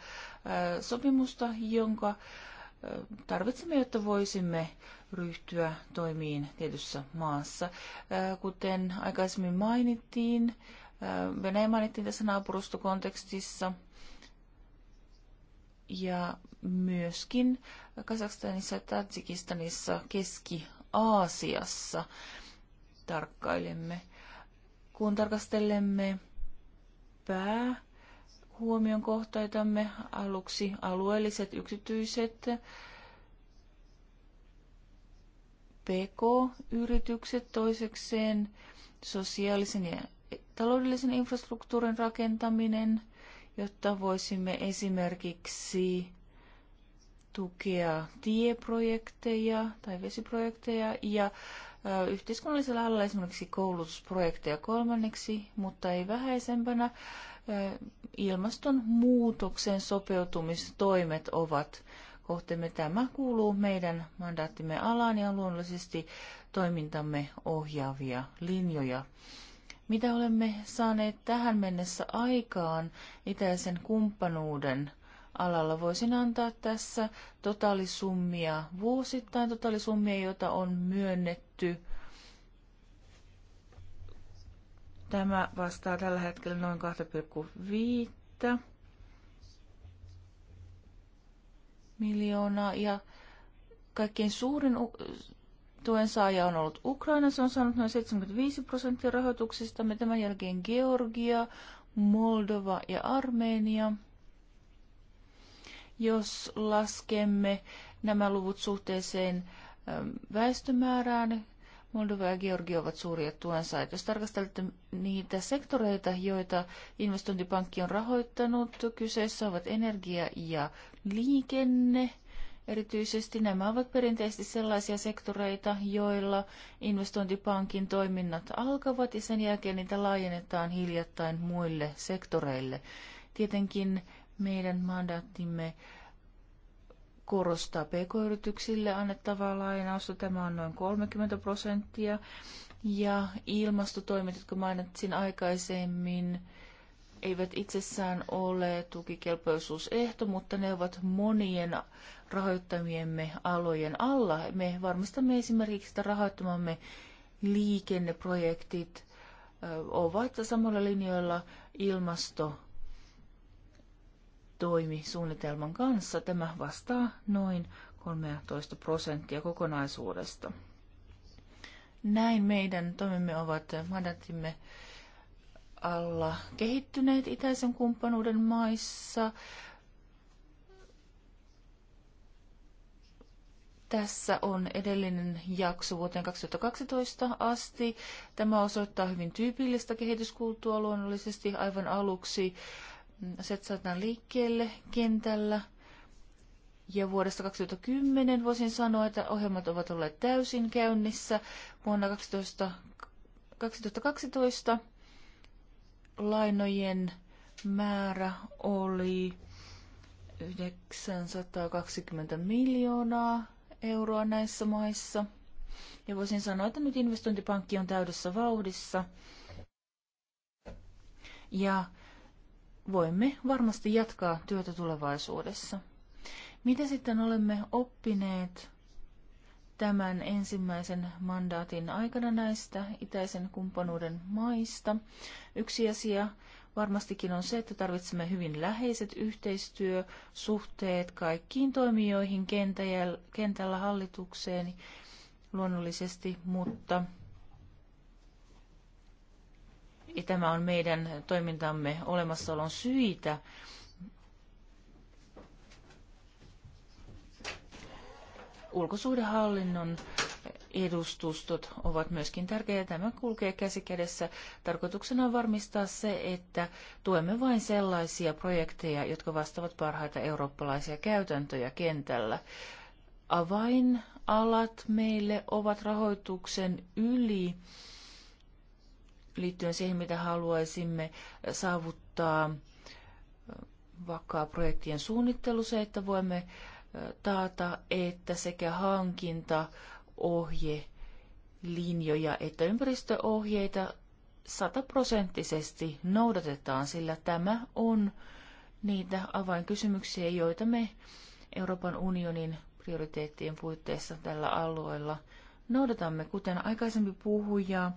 sopimusta, jonka äh, tarvitsemme, jotta voisimme ryhtyä toimiin tietyssä maassa. Äh, kuten aikaisemmin mainittiin, äh, Venäjä mainittiin tässä naapurustokontekstissa ja myöskin Kazakstanissa ja Tadzikistanissa Keski-Aasiassa tarkkailemme. Kun tarkastelemme pää huomion kohtaitamme aluksi alueelliset yksityiset PK-yritykset toisekseen, sosiaalisen ja taloudellisen infrastruktuurin rakentaminen, jotta voisimme esimerkiksi tukea tieprojekteja tai vesiprojekteja ja yhteiskunnallisella alalla esimerkiksi koulutusprojekteja kolmanneksi, mutta ei vähäisempänä. Ilmastonmuutoksen sopeutumistoimet ovat kohteemme. Tämä kuuluu meidän mandaattimme alaan ja luonnollisesti toimintamme ohjaavia linjoja. Mitä olemme saaneet tähän mennessä aikaan itäisen kumppanuuden alalla? Voisin antaa tässä totaalisummia vuosittain totaalisummia, joita on myönnetty. Tämä vastaa tällä hetkellä noin 2,5 miljoonaa ja kaikkein suurin tuen saaja on ollut Ukraina. Se on saanut noin 75 prosenttia rahoituksesta. Me tämän jälkeen Georgia, Moldova ja Armenia. Jos laskemme nämä luvut suhteeseen ähm, väestömäärään, Moldova ja Georgia ovat suuria tuensaajat. Jos tarkastelette niitä sektoreita, joita investointipankki on rahoittanut, kyseessä ovat energia ja liikenne, Erityisesti nämä ovat perinteisesti sellaisia sektoreita, joilla investointipankin toiminnat alkavat ja sen jälkeen niitä laajennetaan hiljattain muille sektoreille. Tietenkin meidän mandaattimme korostaa pk-yrityksille annettavaa lainausta. Tämä on noin 30 prosenttia. Ja ilmastotoimet, jotka mainitsin aikaisemmin, eivät itsessään ole tukikelpoisuusehto, mutta ne ovat monien rahoittamiemme alojen alla. Me varmistamme esimerkiksi, että rahoittamamme liikenneprojektit ovat samalla linjoilla ilmasto toimisuunnitelman kanssa. Tämä vastaa noin 13 prosenttia kokonaisuudesta. Näin meidän toimimme ovat mandaattimme alla kehittyneet itäisen kumppanuuden maissa. Tässä on edellinen jakso vuoteen 2012 asti. Tämä osoittaa hyvin tyypillistä kehityskulttua luonnollisesti aivan aluksi. Se saadaan liikkeelle kentällä. Ja vuodesta 2010 voisin sanoa, että ohjelmat ovat olleet täysin käynnissä. Vuonna 12, 2012 lainojen määrä oli 920 miljoonaa euroa näissä maissa. Ja voisin sanoa, että nyt investointipankki on täydessä vauhdissa. Ja voimme varmasti jatkaa työtä tulevaisuudessa. Mitä sitten olemme oppineet tämän ensimmäisen mandaatin aikana näistä itäisen kumppanuuden maista. Yksi asia varmastikin on se, että tarvitsemme hyvin läheiset yhteistyösuhteet kaikkiin toimijoihin kentällä hallitukseen luonnollisesti, mutta ja tämä on meidän toimintamme olemassaolon syitä. ulkosuhdehallinnon edustustot ovat myöskin tärkeitä. Tämä kulkee käsi kädessä. Tarkoituksena on varmistaa se, että tuemme vain sellaisia projekteja, jotka vastaavat parhaita eurooppalaisia käytäntöjä kentällä. Avainalat meille ovat rahoituksen yli liittyen siihen, mitä haluaisimme saavuttaa vaikka projektien suunnittelu, se, että voimme taata, että sekä hankinta, ohje, linjoja että ympäristöohjeita sataprosenttisesti noudatetaan, sillä tämä on niitä avainkysymyksiä, joita me Euroopan unionin prioriteettien puitteissa tällä alueella noudatamme, kuten aikaisempi puhuja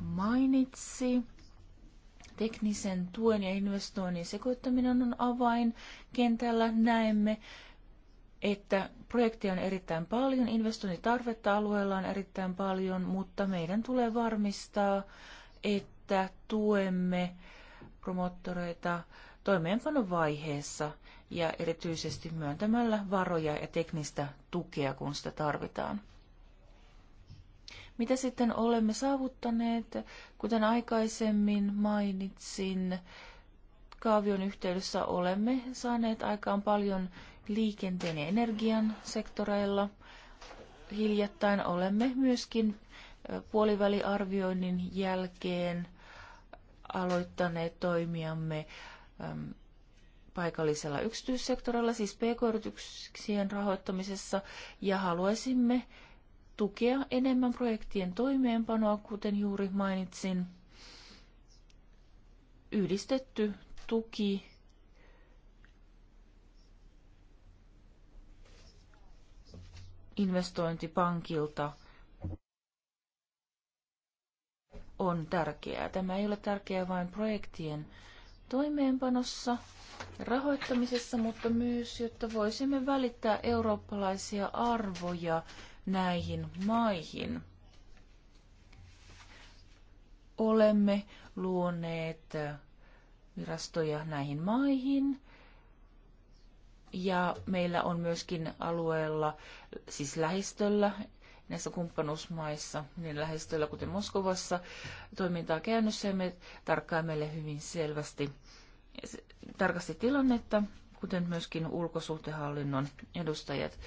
mainitsi. Teknisen tuen ja investoinnin sekoittaminen on avain. Kentällä näemme, että projekteja on erittäin paljon, investointitarvetta alueella on erittäin paljon, mutta meidän tulee varmistaa, että tuemme promottoreita toimeenpanon vaiheessa ja erityisesti myöntämällä varoja ja teknistä tukea, kun sitä tarvitaan. Mitä sitten olemme saavuttaneet? Kuten aikaisemmin mainitsin, kaavion yhteydessä olemme saaneet aikaan paljon liikenteen ja energian sektoreilla. Hiljattain olemme myöskin puoliväliarvioinnin jälkeen aloittaneet toimiamme paikallisella yksityissektorilla, siis pk-yrityksien rahoittamisessa, ja haluaisimme tukea enemmän projektien toimeenpanoa, kuten juuri mainitsin. Yhdistetty tuki investointipankilta on tärkeää. Tämä ei ole tärkeää vain projektien toimeenpanossa ja rahoittamisessa, mutta myös, jotta voisimme välittää eurooppalaisia arvoja näihin maihin. Olemme luoneet virastoja näihin maihin. Ja meillä on myöskin alueella, siis lähistöllä, näissä kumppanuusmaissa, niin lähistöllä kuten Moskovassa, toimintaa käynnissä ja me tarkkaamme hyvin selvästi tarkasti tilannetta, kuten myöskin ulkosuhdehallinnon edustajat.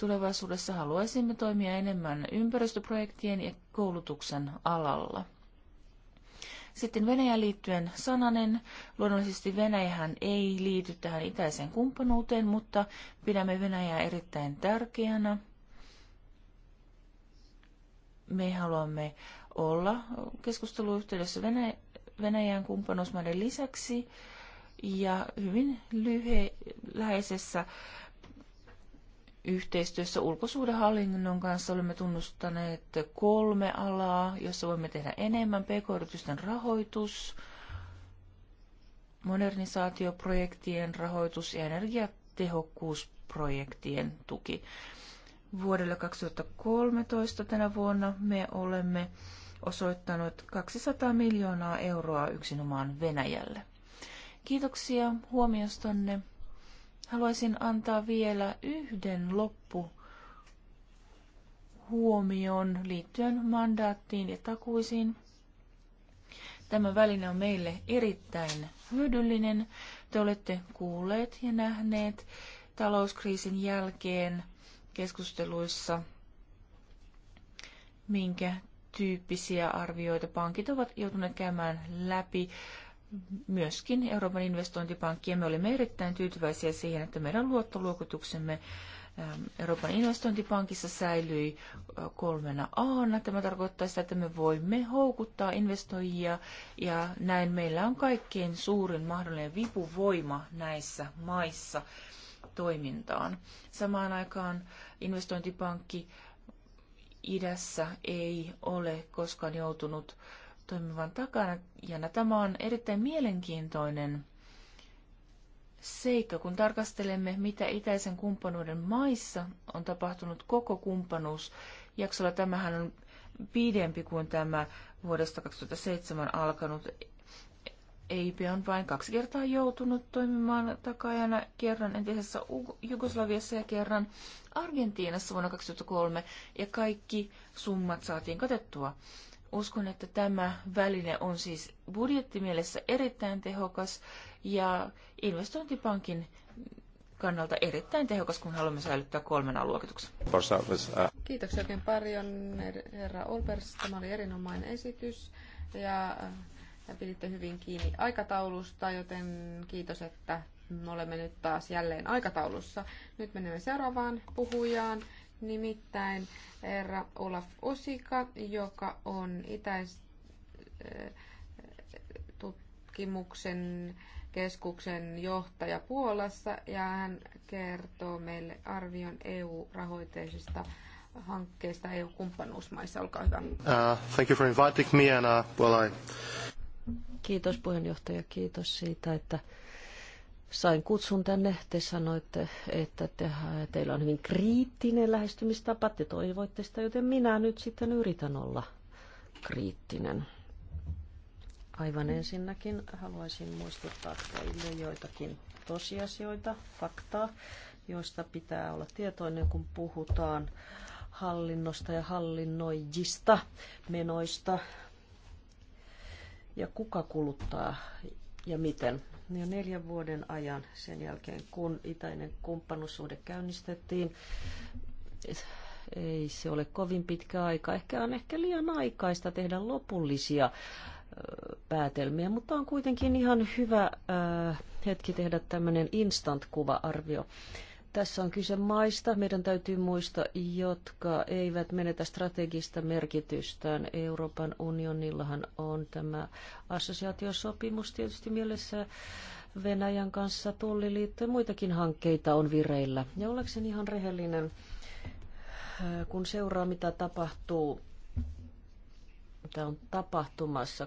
Tulevaisuudessa haluaisimme toimia enemmän ympäristöprojektien ja koulutuksen alalla. Sitten Venäjään liittyen sananen. Luonnollisesti Venäjähän ei liity tähän itäiseen kumppanuuteen, mutta pidämme Venäjää erittäin tärkeänä. Me haluamme olla keskusteluyhteydessä Venäjän kumppanuusmaiden lisäksi ja hyvin lyhe, läheisessä Yhteistyössä ulkosuudenhallinnon kanssa olemme tunnustaneet kolme alaa, jossa voimme tehdä enemmän. PK-yritysten rahoitus, modernisaatioprojektien rahoitus ja energiatehokkuusprojektien tuki. Vuodelle 2013 tänä vuonna me olemme osoittanut 200 miljoonaa euroa yksinomaan Venäjälle. Kiitoksia huomiostanne. Haluaisin antaa vielä yhden loppu huomioon liittyen mandaattiin ja takuisiin. Tämä väline on meille erittäin hyödyllinen. Te olette kuulleet ja nähneet talouskriisin jälkeen keskusteluissa, minkä tyyppisiä arvioita pankit ovat joutuneet käymään läpi myöskin Euroopan investointipankki, ja me olimme erittäin tyytyväisiä siihen, että meidän luottoluokituksemme ähm, Euroopan investointipankissa säilyi äh, kolmena aana. Tämä tarkoittaa sitä, että me voimme houkuttaa investoijia ja näin meillä on kaikkein suurin mahdollinen vipuvoima näissä maissa toimintaan. Samaan aikaan investointipankki idässä ei ole koskaan joutunut äh, toimivan takana. Ja tämä on erittäin mielenkiintoinen seikka, kun tarkastelemme, mitä itäisen kumppanuuden maissa on tapahtunut koko Jaksolla Tämähän on pidempi kuin tämä vuodesta 2007 alkanut. EIP on vain kaksi kertaa joutunut toimimaan takajana, kerran entisessä Jugoslaviassa ja kerran Argentiinassa vuonna 2003, ja kaikki summat saatiin katettua. Uskon, että tämä väline on siis budjettimielessä erittäin tehokas ja investointipankin kannalta erittäin tehokas, kun haluamme säilyttää kolmen aluokituksen. Uh, Kiitoksia oikein paljon, herra Olbers. Tämä oli erinomainen esitys ja äh, piditte hyvin kiinni aikataulusta, joten kiitos, että me olemme nyt taas jälleen aikataulussa. Nyt menemme seuraavaan puhujaan nimittäin herra Olaf Osika, joka on itäistutkimuksen eh, keskuksen johtaja Puolassa ja hän kertoo meille arvion EU-rahoiteisista hankkeista EU-kumppanuusmaissa. Olkaa hyvä. Uh, thank you for inviting me and, uh, well I... Kiitos puheenjohtaja, kiitos siitä, että sain kutsun tänne. Te sanoitte, että te, teillä on hyvin kriittinen lähestymistapa. Te toivoitte sitä, joten minä nyt sitten yritän olla kriittinen. Aivan ensinnäkin haluaisin muistuttaa teille joitakin tosiasioita, faktaa, joista pitää olla tietoinen, kun puhutaan hallinnosta ja hallinnoijista, menoista ja kuka kuluttaa ja miten niin jo neljän vuoden ajan sen jälkeen, kun itäinen kumppanuussuhde käynnistettiin. Ei se ole kovin pitkä aika. Ehkä on ehkä liian aikaista tehdä lopullisia päätelmiä, mutta on kuitenkin ihan hyvä hetki tehdä tämmöinen instant-kuva-arvio. Tässä on kyse maista, meidän täytyy muistaa, jotka eivät menetä strategista merkitystään. Euroopan unionillahan on tämä assosiaatiosopimus tietysti mielessä Venäjän kanssa tulliliitto ja muitakin hankkeita on vireillä. Ja ollakseni ihan rehellinen, kun seuraa mitä tapahtuu, mitä on tapahtumassa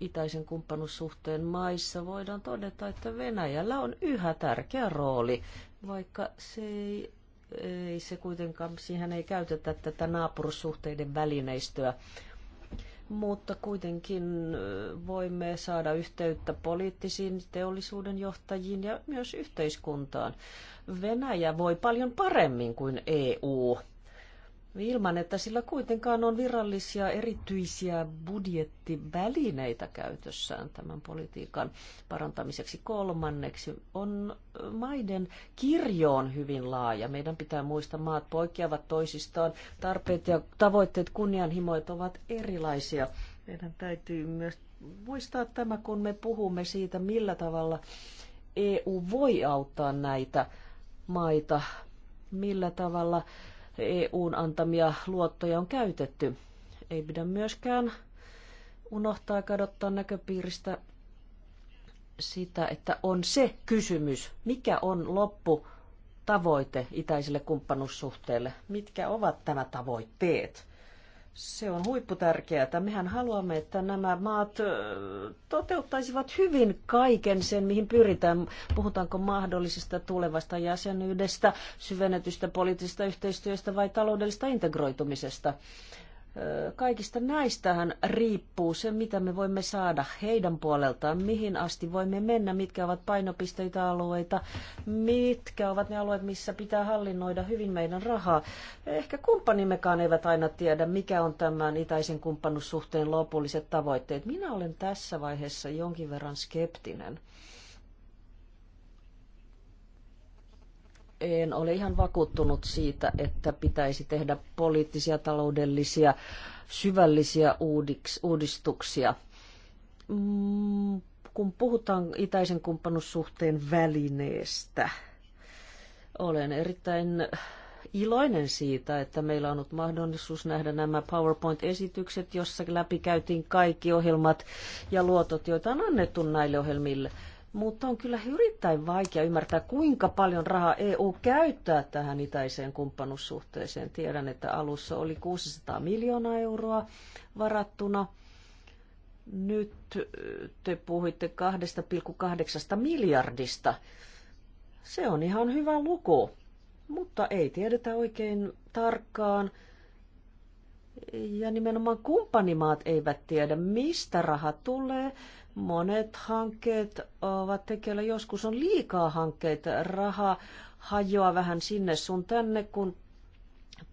itäisen kumppanussuhteen maissa, voidaan todeta, että Venäjällä on yhä tärkeä rooli vaikka se ei, ei se kuitenkaan, siihen ei käytetä tätä naapurussuhteiden välineistöä. Mutta kuitenkin voimme saada yhteyttä poliittisiin teollisuuden johtajiin ja myös yhteiskuntaan. Venäjä voi paljon paremmin kuin EU ilman, että sillä kuitenkaan on virallisia erityisiä budjettivälineitä käytössään tämän politiikan parantamiseksi. Kolmanneksi on maiden kirjoon hyvin laaja. Meidän pitää muistaa, maat poikkeavat toisistaan. Tarpeet ja tavoitteet, kunnianhimoit ovat erilaisia. Meidän täytyy myös muistaa tämä, kun me puhumme siitä, millä tavalla EU voi auttaa näitä maita, millä tavalla EUn antamia luottoja on käytetty. Ei pidä myöskään unohtaa kadottaa näköpiiristä sitä, että on se kysymys, mikä on loppu tavoite itäiselle kumppanuussuhteelle. Mitkä ovat tämä tavoitteet? Se on huipputärkeää. että Mehän haluamme, että nämä maat toteuttaisivat hyvin kaiken sen, mihin pyritään. Puhutaanko mahdollisesta tulevasta jäsenyydestä, syvennetystä poliittisesta yhteistyöstä vai taloudellista integroitumisesta kaikista näistähän riippuu se, mitä me voimme saada heidän puoleltaan, mihin asti voimme mennä, mitkä ovat painopisteitä alueita, mitkä ovat ne alueet, missä pitää hallinnoida hyvin meidän rahaa. Ehkä kumppanimmekaan eivät aina tiedä, mikä on tämän itäisen kumppanussuhteen lopulliset tavoitteet. Minä olen tässä vaiheessa jonkin verran skeptinen en ole ihan vakuuttunut siitä, että pitäisi tehdä poliittisia, taloudellisia, syvällisiä uudistuksia. Mm, kun puhutaan itäisen kumppanussuhteen välineestä, olen erittäin iloinen siitä, että meillä on ollut mahdollisuus nähdä nämä PowerPoint-esitykset, jossa läpikäytiin kaikki ohjelmat ja luotot, joita on annettu näille ohjelmille – mutta on kyllä erittäin vaikea ymmärtää, kuinka paljon rahaa EU käyttää tähän itäiseen kumppanussuhteeseen. Tiedän, että alussa oli 600 miljoonaa euroa varattuna. Nyt te puhuitte 2,8 miljardista. Se on ihan hyvä luku, mutta ei tiedetä oikein tarkkaan. Ja nimenomaan kumppanimaat eivät tiedä, mistä raha tulee monet hankkeet ovat tekeillä. Joskus on liikaa hankkeita. Raha hajoaa vähän sinne sun tänne, kun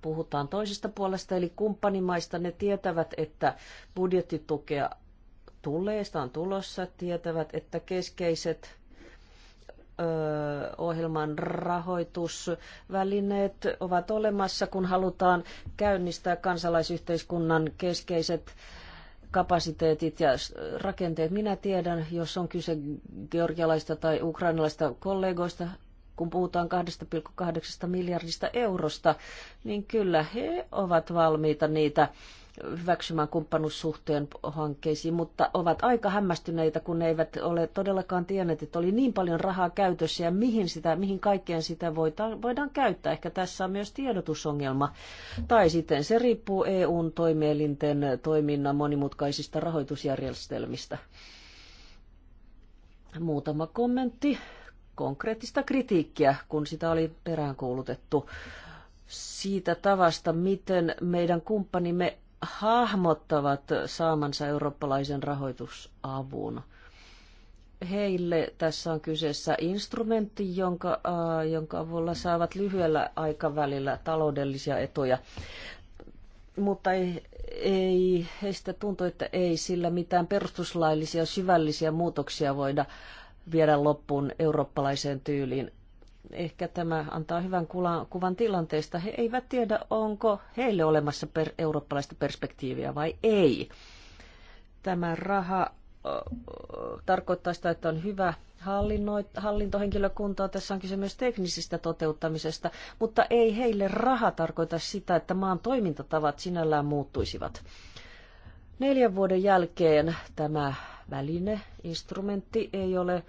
puhutaan toisesta puolesta, eli kumppanimaista. Ne tietävät, että budjettitukea tulee, sitä on tulossa, tietävät, että keskeiset ohjelman rahoitusvälineet ovat olemassa, kun halutaan käynnistää kansalaisyhteiskunnan keskeiset kapasiteetit ja rakenteet. Minä tiedän, jos on kyse georgialaista tai ukrainalaista kollegoista, kun puhutaan 2,8 miljardista eurosta, niin kyllä he ovat valmiita niitä hyväksymään kumppanuussuhteen hankkeisiin, mutta ovat aika hämmästyneitä, kun ne eivät ole todellakaan tienneet, että oli niin paljon rahaa käytössä ja mihin, sitä, mihin kaikkeen sitä voidaan, voidaan käyttää. Ehkä tässä on myös tiedotusongelma. Tai sitten se riippuu EUn toimielinten toiminnan monimutkaisista rahoitusjärjestelmistä. Muutama kommentti konkreettista kritiikkiä, kun sitä oli peräänkuulutettu siitä tavasta, miten meidän kumppanimme hahmottavat saamansa eurooppalaisen rahoitusavun. Heille tässä on kyseessä instrumentti, jonka, äh, jonka avulla saavat lyhyellä aikavälillä taloudellisia etuja. Mutta ei, ei, heistä tuntuu, että ei sillä mitään perustuslaillisia syvällisiä muutoksia voida viedä loppuun eurooppalaiseen tyyliin. Ehkä tämä antaa hyvän kuvan tilanteesta. He eivät tiedä, onko heille olemassa per, eurooppalaista perspektiiviä vai ei. Tämä raha tarkoittaa sitä, että on hyvä hallintohenkilökuntaa. Tässä on kyse myös teknisistä toteuttamisesta, mutta ei heille raha tarkoita sitä, että maan toimintatavat sinällään muuttuisivat. Neljän vuoden jälkeen tämä väline, instrumentti ei ole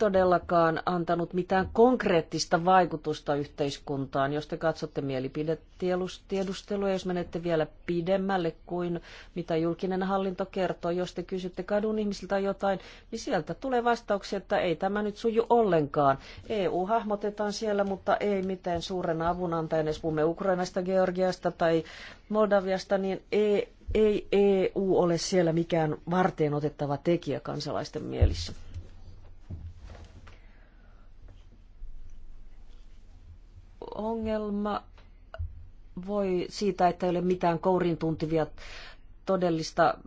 todellakaan antanut mitään konkreettista vaikutusta yhteiskuntaan. Jos te katsotte mielipidetiedustelua, jos menette vielä pidemmälle kuin mitä julkinen hallinto kertoo, jos te kysytte kadun ihmisiltä jotain, niin sieltä tulee vastauksia, että ei tämä nyt suju ollenkaan. EU hahmotetaan siellä, mutta ei mitään suurena avunantajana, jos puhumme Ukrainasta, Georgiasta tai Moldaviasta, niin e, ei, ei EU ole siellä mikään varteen otettava tekijä kansalaisten mielissä. ongelma voi siitä, että ei ole mitään kourin tuntivia todellista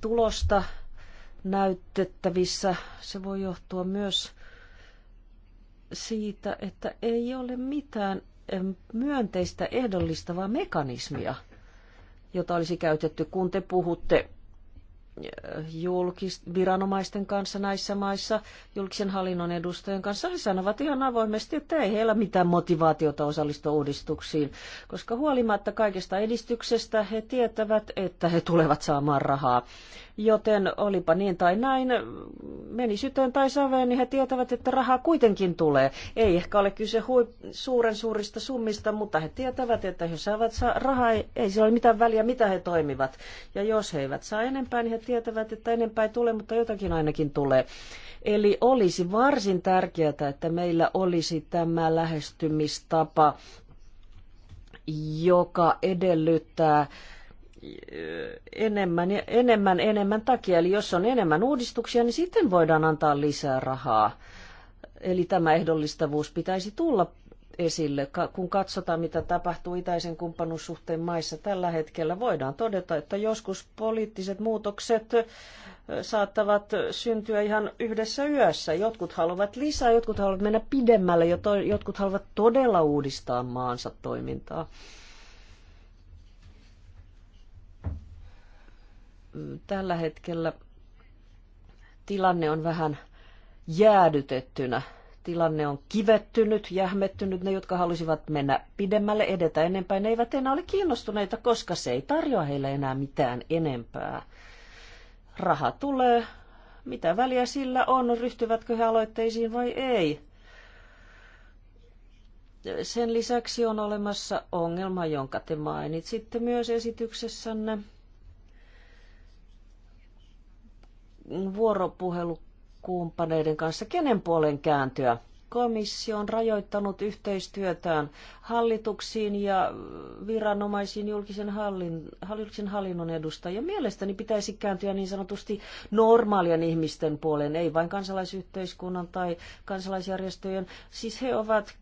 tulosta näytettävissä. Se voi johtua myös siitä, että ei ole mitään myönteistä ehdollistavaa mekanismia, jota olisi käytetty, kun te puhutte julkis, viranomaisten kanssa näissä maissa, julkisen hallinnon edustajien kanssa, he sanovat ihan avoimesti, että ei heillä mitään motivaatiota osallistua uudistuksiin, koska huolimatta kaikesta edistyksestä he tietävät, että he tulevat saamaan rahaa. Joten olipa niin tai näin, meni syteen tai saveen, niin he tietävät, että rahaa kuitenkin tulee. Ei ehkä ole kyse hui- suuren suurista summista, mutta he tietävät, että he saavat saa rahaa, ei, ei sillä ole mitään väliä, mitä he toimivat. Ja jos he eivät saa enempää, niin he tietävät, että enempää ei tule, mutta jotakin ainakin tulee. Eli olisi varsin tärkeää, että meillä olisi tämä lähestymistapa, joka edellyttää eh, enemmän, enemmän, enemmän takia. Eli jos on enemmän uudistuksia, niin sitten voidaan antaa lisää rahaa. Eli tämä ehdollistavuus pitäisi tulla esille. Kun katsotaan, mitä tapahtuu itäisen kumppanuussuhteen maissa tällä hetkellä, voidaan todeta, että joskus poliittiset muutokset saattavat syntyä ihan yhdessä yössä. Jotkut haluavat lisää, jotkut haluavat mennä pidemmälle, jotkut haluavat todella uudistaa maansa toimintaa. Tällä hetkellä tilanne on vähän jäädytettynä tilanne on kivettynyt, jähmettynyt. Ne, jotka halusivat mennä pidemmälle, edetä enempää, ne eivät enää ole kiinnostuneita, koska se ei tarjoa heille enää mitään enempää. Raha tulee, mitä väliä sillä on, ryhtyvätkö he aloitteisiin vai ei. Sen lisäksi on olemassa ongelma, jonka te mainitsitte myös esityksessänne. Vuoropuhelu kumppaneiden kanssa, kenen puolen kääntyä. Komissio on rajoittanut yhteistyötään hallituksiin ja viranomaisiin julkisen, hallin, hallinnon edustajia. Mielestäni pitäisi kääntyä niin sanotusti normaalien ihmisten puoleen, ei vain kansalaisyhteiskunnan tai kansalaisjärjestöjen. Siis he ovat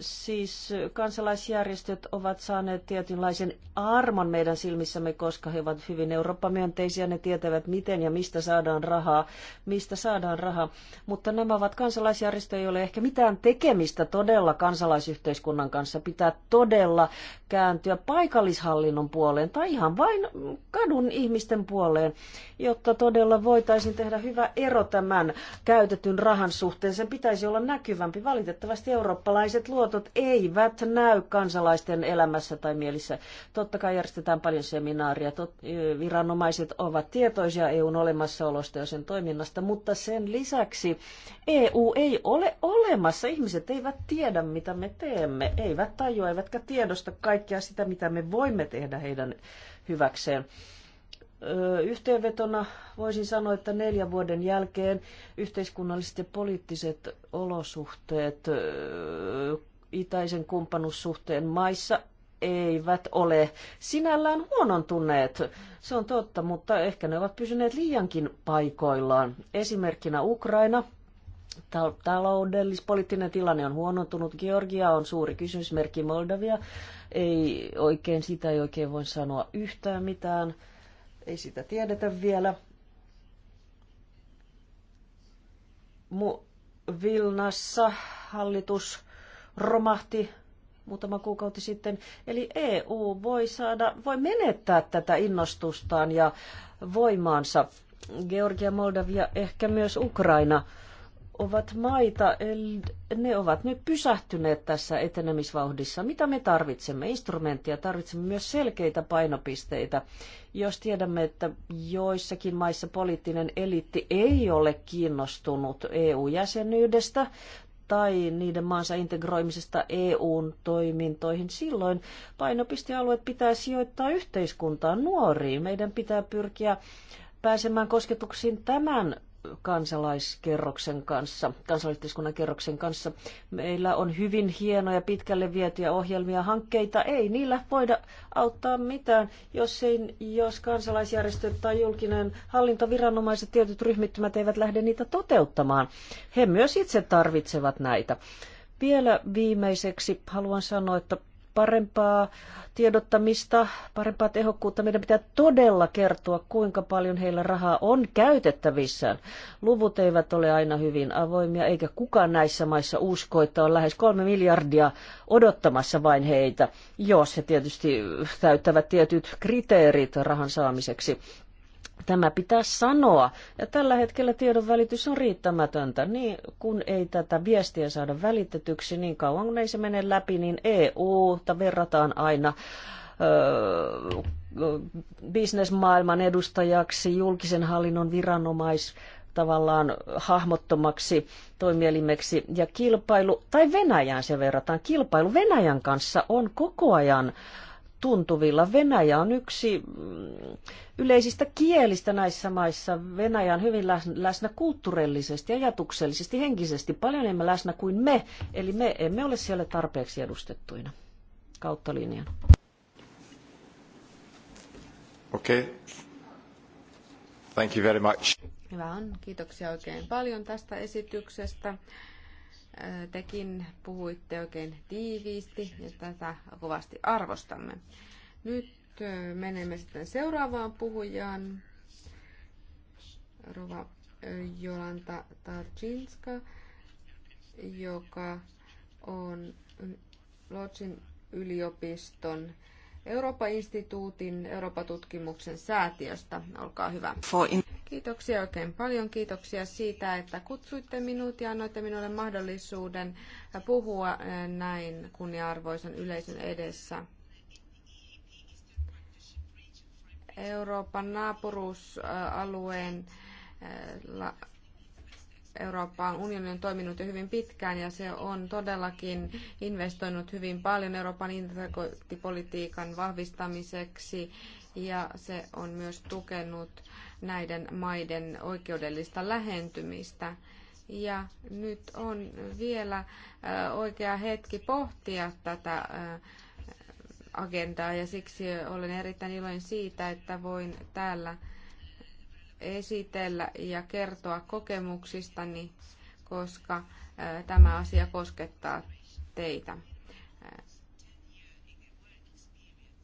siis kansalaisjärjestöt ovat saaneet tietynlaisen armon meidän silmissämme, koska he ovat hyvin eurooppamyönteisiä, ne tietävät miten ja mistä saadaan rahaa, mistä saadaan rahaa. Mutta nämä ovat kansalaisjärjestöjä, joilla ei ole ehkä mitään tekemistä todella kansalaisyhteiskunnan kanssa. Pitää todella kääntyä paikallishallinnon puoleen tai ihan vain kadun ihmisten puoleen, jotta todella voitaisiin tehdä hyvä ero tämän käytetyn rahan suhteen. Sen pitäisi olla näkyvämpi. Valitettavasti eurooppalaiset tuotot eivät näy kansalaisten elämässä tai mielissä. Totta kai järjestetään paljon seminaaria, tot, viranomaiset ovat tietoisia EUn olemassaolosta ja sen toiminnasta, mutta sen lisäksi EU ei ole olemassa. Ihmiset eivät tiedä, mitä me teemme, eivät tajua, eivätkä tiedosta kaikkea sitä, mitä me voimme tehdä heidän hyväkseen yhteenvetona voisin sanoa, että neljän vuoden jälkeen yhteiskunnalliset ja poliittiset olosuhteet itäisen kumppanuussuhteen maissa eivät ole sinällään huonontuneet. Se on totta, mutta ehkä ne ovat pysyneet liiankin paikoillaan. Esimerkkinä Ukraina. Taloudellispoliittinen tilanne on huonontunut. Georgia on suuri kysymysmerkki. Moldavia ei oikein, sitä ei oikein voi sanoa yhtään mitään. Ei sitä tiedetä vielä. Mu- Vilnassa hallitus romahti muutama kuukausi sitten. Eli EU voi, saada, voi menettää tätä innostustaan ja voimaansa. Georgia, Moldavia, ehkä myös Ukraina ovat maita, ne ovat nyt pysähtyneet tässä etenemisvauhdissa. Mitä me tarvitsemme? Instrumenttia tarvitsemme myös selkeitä painopisteitä. Jos tiedämme, että joissakin maissa poliittinen eliitti ei ole kiinnostunut EU-jäsenyydestä tai niiden maansa integroimisesta EUn toimintoihin, silloin painopistealueet pitää sijoittaa yhteiskuntaan nuoriin. Meidän pitää pyrkiä pääsemään kosketuksiin tämän kansalaiskerroksen kanssa, kansalaisyhteiskunnan kerroksen kanssa. Meillä on hyvin hienoja pitkälle vietyjä ohjelmia, hankkeita. Ei niillä voida auttaa mitään, jos, ei, jos kansalaisjärjestöt tai julkinen hallintoviranomaiset, tietyt ryhmittymät eivät lähde niitä toteuttamaan. He myös itse tarvitsevat näitä. Vielä viimeiseksi haluan sanoa, että parempaa tiedottamista, parempaa tehokkuutta. Meidän pitää todella kertoa, kuinka paljon heillä rahaa on käytettävissään. Luvut eivät ole aina hyvin avoimia, eikä kukaan näissä maissa usko, että on lähes kolme miljardia odottamassa vain heitä, jos he tietysti täyttävät tietyt kriteerit rahan saamiseksi. Tämä pitää sanoa. Ja tällä hetkellä tiedonvälitys on riittämätöntä. Niin, kun ei tätä viestiä saada välitetyksi niin kauan, kun ei se mene läpi, niin EUta verrataan aina öö, bisnesmaailman edustajaksi, julkisen hallinnon viranomais tavallaan hahmottomaksi toimielimeksi ja kilpailu, tai Venäjään se verrataan, kilpailu Venäjän kanssa on koko ajan äh, tuntuvilla. Venäjä on yksi mm, yleisistä kielistä näissä maissa. Venäjä on hyvin läsnä kulttuurillisesti, ajatuksellisesti, henkisesti paljon enemmän läsnä kuin me. Eli me emme ole siellä tarpeeksi edustettuina kautta linjan. Okei. Okay. Thank you very much. Hyvä on. Kiitoksia oikein paljon tästä esityksestä. Tekin puhuitte oikein tiiviisti ja tätä kovasti arvostamme. Nyt menemme sitten seuraavaan puhujaan. Rova Jolanta Tarczynska, joka on Lodzin yliopiston Euroopan instituutin Euroopan tutkimuksen säätiöstä. Olkaa hyvä. Kiitoksia oikein paljon. Kiitoksia siitä, että kutsuitte minut ja annoitte minulle mahdollisuuden puhua eh, näin kunnia-arvoisen yleisön edessä. Euroopan naapuruusalueen eh, Euroopan unioni on toiminut jo hyvin pitkään ja se on todellakin investoinut hyvin paljon Euroopan integrointipolitiikan vahvistamiseksi ja se on myös tukenut näiden maiden oikeudellista lähentymistä. Ja nyt on vielä oikea hetki pohtia tätä agendaa ja siksi olen erittäin iloinen siitä, että voin täällä esitellä ja kertoa kokemuksistani, koska tämä asia koskettaa teitä.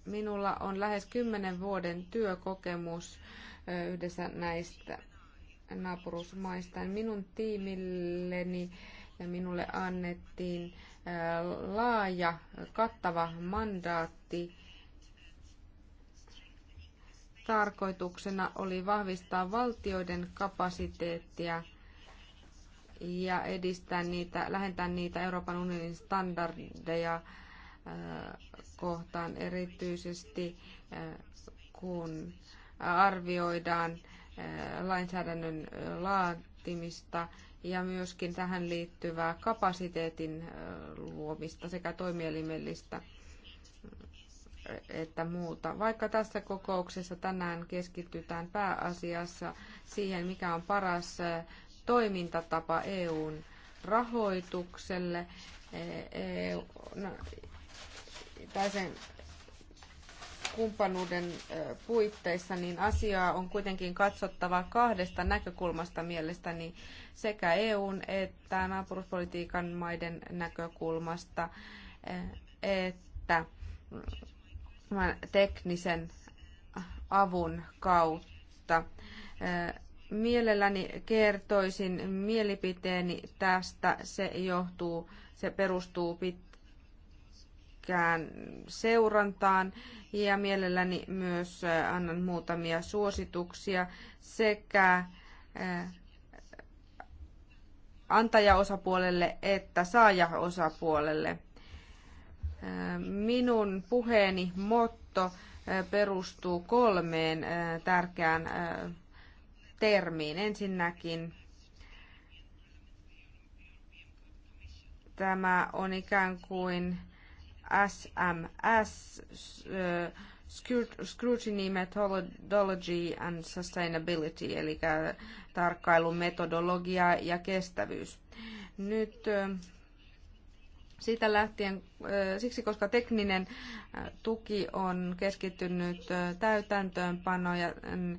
Minulla on lähes kymmenen vuoden työkokemus yhdessä näistä naapurusmaista. Minun tiimilleni ja minulle annettiin laaja, kattava mandaatti. Tarkoituksena oli vahvistaa valtioiden kapasiteettia ja edistää niitä, lähentää niitä Euroopan unionin standardeja kohtaan erityisesti, kun arvioidaan eh, lainsäädännön eh, laatimista ja myöskin tähän liittyvää kapasiteetin eh, luomista sekä toimielimellistä että muuta. Vaikka tässä kokouksessa tänään keskitytään pääasiassa siihen, mikä on paras toimintatapa EUn rahoitukselle, EU, no, tai sen kumppanuuden puitteissa, niin asiaa on kuitenkin katsottava kahdesta näkökulmasta mielestäni sekä EUn että naapuruspolitiikan maiden näkökulmasta että mm, teknisen avun kautta. Mielelläni kertoisin mielipiteeni tästä. Se johtuu, se perustuu pit pitkään seurantaan ja mielelläni myös annan muutamia suosituksia sekä antajaosapuolelle että saajaosapuolelle. Minun puheeni motto perustuu kolmeen tärkeään termiin. Ensinnäkin tämä on ikään kuin SMS, eh, Scrutiny Methodology and Sustainability, eli tarkkailun metodologia ja kestävyys. Nyt eh, siitä lähtien, eh, siksi koska tekninen tuki on keskittynyt täytäntöönpanoja, ja mm,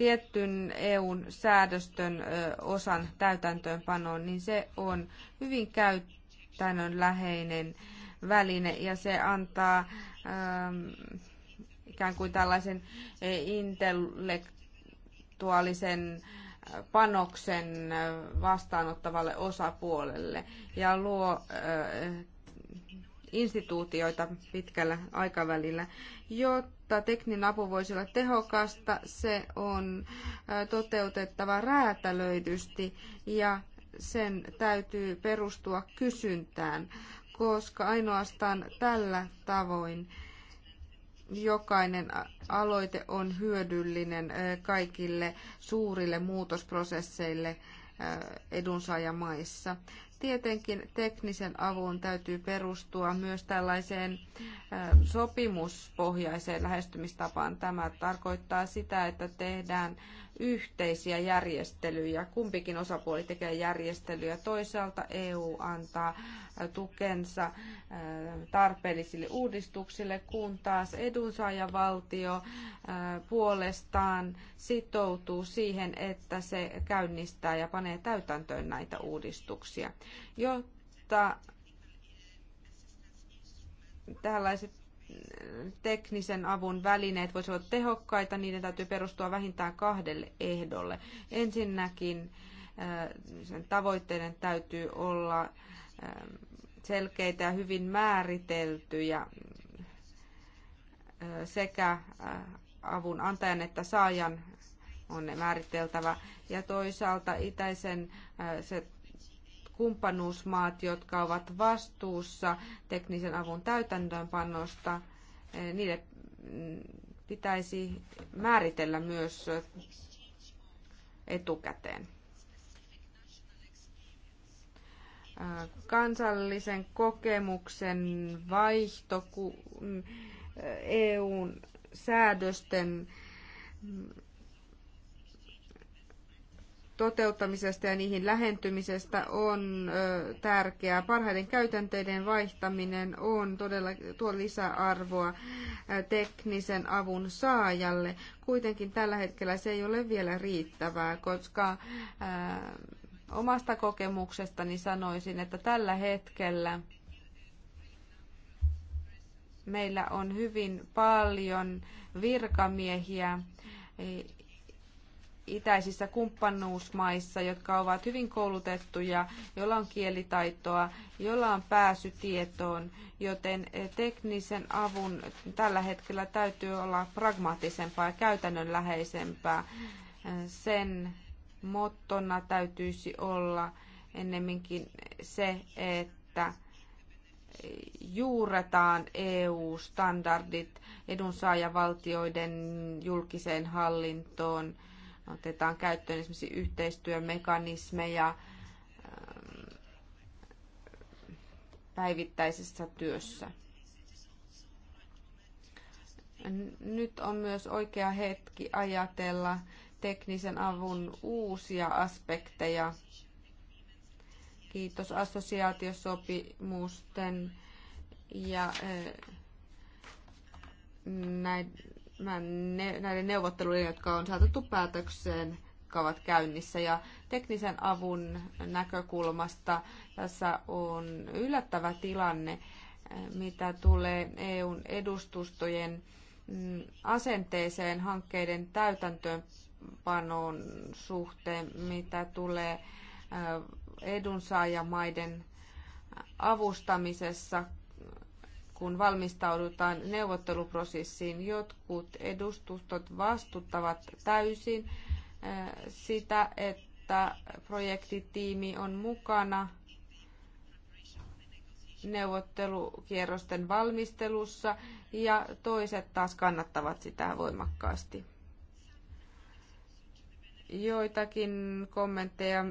tietyn EUn säädöstön osan täytäntöönpanoon, niin se on hyvin käytännönläheinen väline ja se antaa ähm, ikään kuin tällaisen e, intellektuaalisen panoksen vastaanottavalle osapuolelle ja luo äh, instituutioita pitkällä aikavälillä, jotta jotta tekninen apu voisi olla tehokasta, se on toteutettava räätälöidysti ja sen täytyy perustua kysyntään, koska ainoastaan tällä tavoin jokainen aloite on hyödyllinen kaikille suurille muutosprosesseille edunsaajamaissa. Tietenkin teknisen avun täytyy perustua myös tällaiseen sopimuspohjaiseen lähestymistapaan. Tämä tarkoittaa sitä, että tehdään yhteisiä järjestelyjä. Kumpikin osapuoli tekee järjestelyjä. Toisaalta EU antaa tukensa tarpeellisille uudistuksille, kun taas edunsaajavaltio puolestaan sitoutuu siihen, että se käynnistää ja panee täytäntöön näitä uudistuksia. Jotta tällaiset teknisen avun välineet voisivat olla tehokkaita, niiden täytyy perustua vähintään kahdelle ehdolle. Ensinnäkin äh, sen tavoitteiden täytyy olla äh, selkeitä ja hyvin määriteltyjä äh, sekä avun antajan että saajan on ne määriteltävä. Ja toisaalta itäisen se kumppanuusmaat, jotka ovat vastuussa teknisen avun täytäntöönpanosta, eh, niille mm, pitäisi määritellä myös etukäteen. Kansallisen kokemuksen vaihto mm, EUn säädösten mm, toteuttamisesta ja niihin lähentymisestä on tärkeää. Parhaiden käytänteiden vaihtaminen on todella tuo lisäarvoa teknisen avun saajalle. Kuitenkin tällä hetkellä se ei ole vielä riittävää, koska omasta kokemuksestani sanoisin, että tällä hetkellä meillä on hyvin paljon virkamiehiä, itäisissä kumppanuusmaissa, jotka ovat hyvin koulutettuja, joilla on kielitaitoa, joilla on pääsy tietoon, joten teknisen avun tällä hetkellä täytyy olla pragmaattisempaa ja käytännönläheisempää. Sen mottona täytyisi olla ennemminkin se, että juuretaan EU-standardit edunsaajavaltioiden julkiseen hallintoon otetaan käyttöön esimerkiksi yhteistyömekanismeja ähm, päivittäisessä työssä. Nyt on myös oikea hetki ajatella teknisen avun uusia aspekteja. Kiitos assosiaatiosopimusten ja äh, näiden näiden neuvottelujen jotka on saatettu päätökseen, jotka ovat käynnissä. Ja teknisen avun näkökulmasta tässä on yllättävä tilanne, mitä tulee EUn edustustojen mm, asenteeseen hankkeiden täytäntöönpanoon suhteen, mitä tulee edunsaajamaiden avustamisessa kun valmistaudutaan neuvotteluprosessiin. Jotkut edustustot vastuttavat täysin eh, sitä, että projektitiimi on mukana neuvottelukierrosten valmistelussa ja toiset taas kannattavat sitä voimakkaasti. Joitakin kommentteja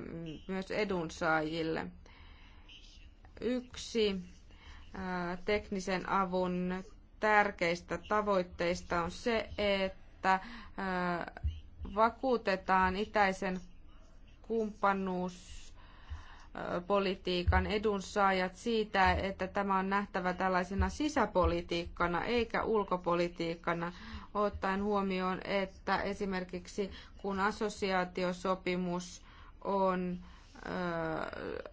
myös edunsaajille. Yksi teknisen avun tärkeistä tavoitteista on se, että vakuutetaan itäisen kumppanuuspolitiikan edunsaajat siitä, että tämä on nähtävä tällaisena sisäpolitiikkana eikä ulkopolitiikkana, ottaen huomioon, että esimerkiksi kun assosiaatiosopimus on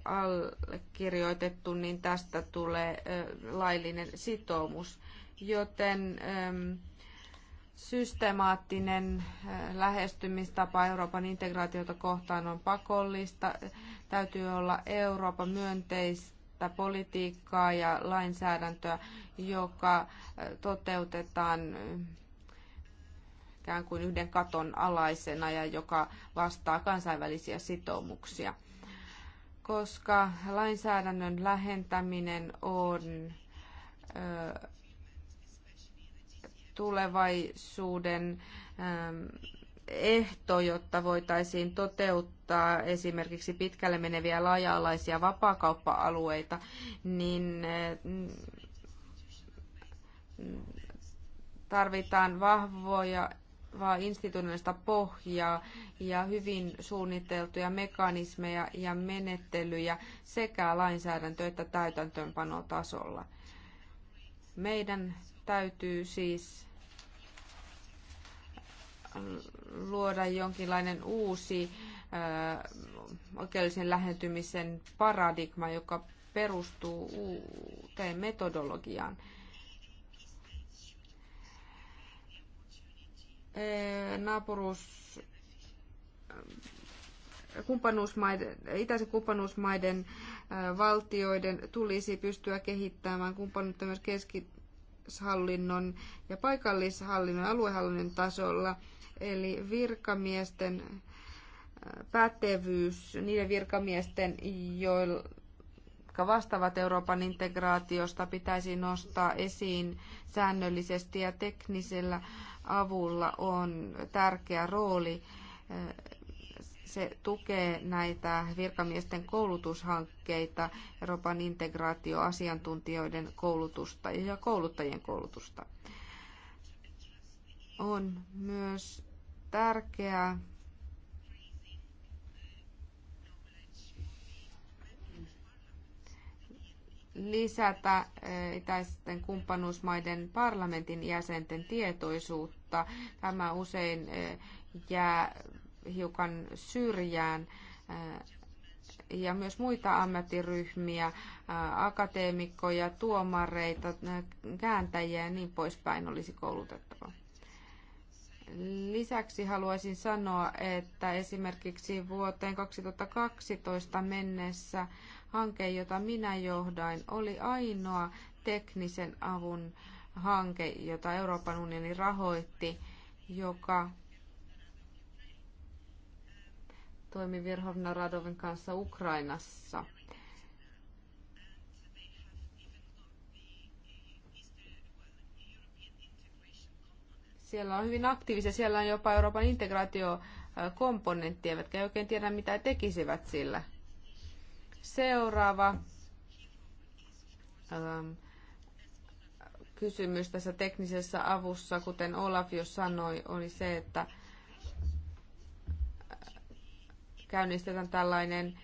allekirjoitettu, niin tästä tulee laillinen sitoumus. Joten systemaattinen lähestymistapa Euroopan integraatiota kohtaan on pakollista. Täytyy olla Euroopan myönteistä politiikkaa ja lainsäädäntöä, joka toteutetaan ikään kuin yhden katon alaisena ja joka vastaa kansainvälisiä sitoumuksia koska lainsäädännön lähentäminen on tulevaisuuden ehto, jotta voitaisiin toteuttaa esimerkiksi pitkälle meneviä laaja-alaisia vapaakauppa-alueita, niin tarvitaan vahvoja vahvaa institutionaalista pohjaa ja hyvin suunniteltuja mekanismeja ja menettelyjä sekä lainsäädäntö- että täytäntöönpanotasolla. Meidän täytyy siis luoda jonkinlainen uusi äh, oikeudellisen lähentymisen paradigma, joka perustuu uuteen metodologiaan. naapuruus kumppanuusmaiden, itäisen kumppanuusmaiden valtioiden tulisi pystyä kehittämään kumppanuutta myös keskishallinnon ja paikallishallinnon aluehallinnon tasolla. Eli virkamiesten pätevyys, niiden virkamiesten, jotka vastaavat Euroopan integraatiosta, pitäisi nostaa esiin säännöllisesti ja teknisellä avulla on tärkeä rooli. Se tukee näitä virkamiesten koulutushankkeita, Euroopan integraatioasiantuntijoiden koulutusta ja kouluttajien koulutusta. On myös tärkeää lisätä eh, itäisten kumppanuusmaiden parlamentin jäsenten tietoisuutta mutta tämä usein eh, jää hiukan syrjään eh, ja myös muita ammattiryhmiä, eh, akateemikkoja, tuomareita, kääntäjiä ja niin poispäin olisi koulutettava. Lisäksi haluaisin sanoa, että esimerkiksi vuoteen 2012 mennessä hanke, jota minä johdain, oli ainoa teknisen avun äh, hanke, jota Euroopan unioni rahoitti, joka toimi Virhovna Radovin kanssa Ukrainassa. Siellä on hyvin aktiivisia, siellä on jopa Euroopan integraatiokomponentti, eivätkä oikein tiedä mitä tekisivät sillä. Seuraava. Ähm, kysymys tässä teknisessä avussa, kuten Olaf jo sanoi, oli se, että käynnistetään tällainen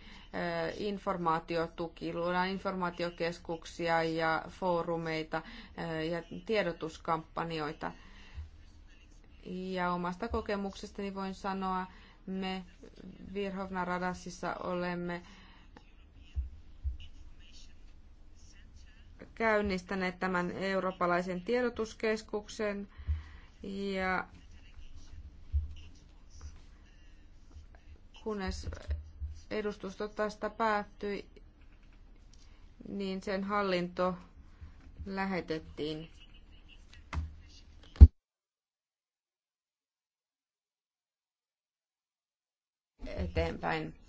informaatiotuki, luodaan informaatiokeskuksia ja foorumeita ja tiedotuskampanjoita. Ja omasta kokemuksestani voin sanoa, me Virhovna Radassissa olemme käynnistäneet tämän eurooppalaisen tiedotuskeskuksen ja kunnes edustusto tästä päättyi, niin sen hallinto lähetettiin eteenpäin.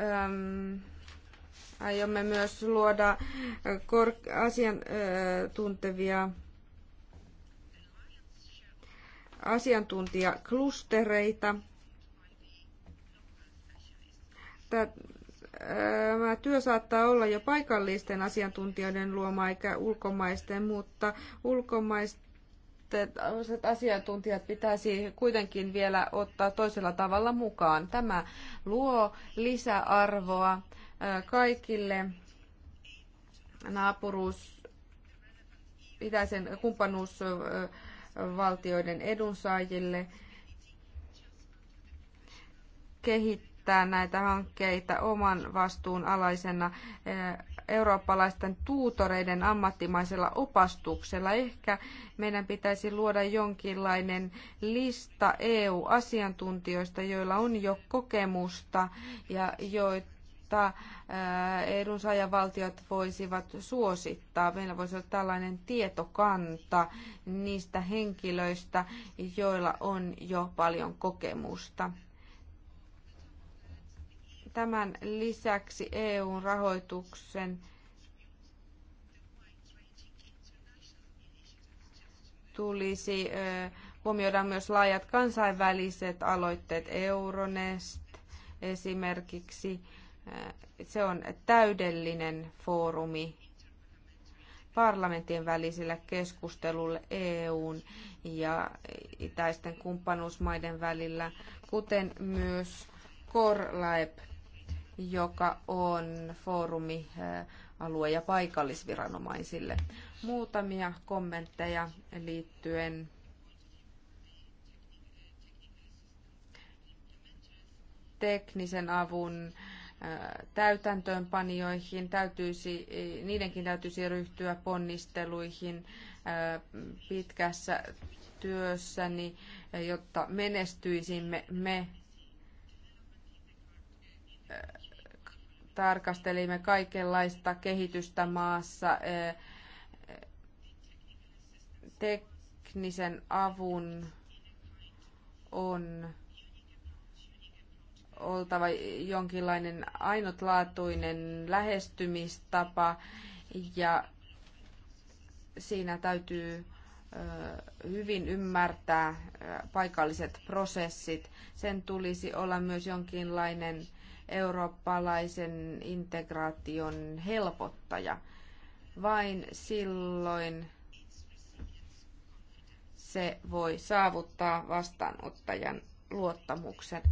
äm, aiomme myös luoda äh, kor- asiantuntevia äh, asiantuntijaklustereita. Äh, tämä työ saattaa olla jo paikallisten asiantuntijoiden luoma eikä ulkomaisten, mutta ulkomaista tällaiset asiantuntijat pitäisi kuitenkin vielä ottaa toisella tavalla mukaan. Tämä luo lisäarvoa kaikille naapuruus, itäisen kumppanuusvaltioiden edunsaajille kehittää kehittää näitä hankkeita oman vastuun alaisena eh, eurooppalaisten tuutoreiden ammattimaisella opastuksella. Ehkä meidän pitäisi luoda jonkinlainen lista EU-asiantuntijoista, joilla on jo kokemusta ja joita eh, edunsaajavaltiot voisivat suosittaa. Meillä voisi olla tällainen tietokanta niistä henkilöistä, joilla on jo paljon kokemusta. Tämän lisäksi EUn rahoituksen tulisi huomioida myös laajat kansainväliset aloitteet, Euronest esimerkiksi. Se on täydellinen foorumi parlamentin välisille keskustelulle EUn ja itäisten kumppanuusmaiden välillä, kuten myös Korlaep joka on foorumi eh, alue- ja paikallisviranomaisille. Muutamia kommentteja liittyen teknisen avun eh, täytäntöönpanijoihin, täytyisi, niidenkin täytyisi ryhtyä ponnisteluihin eh, pitkässä työssäni, jotta menestyisimme me tarkastelimme kaikenlaista kehitystä maassa eh, teknisen avun on oltava jonkinlainen ainutlaatuinen lähestymistapa ja siinä täytyy eh, hyvin ymmärtää eh, paikalliset prosessit. Sen tulisi olla myös jonkinlainen eurooppalaisen integraation helpottaja. Vain silloin se voi saavuttaa vastaanottajan luottamuksen.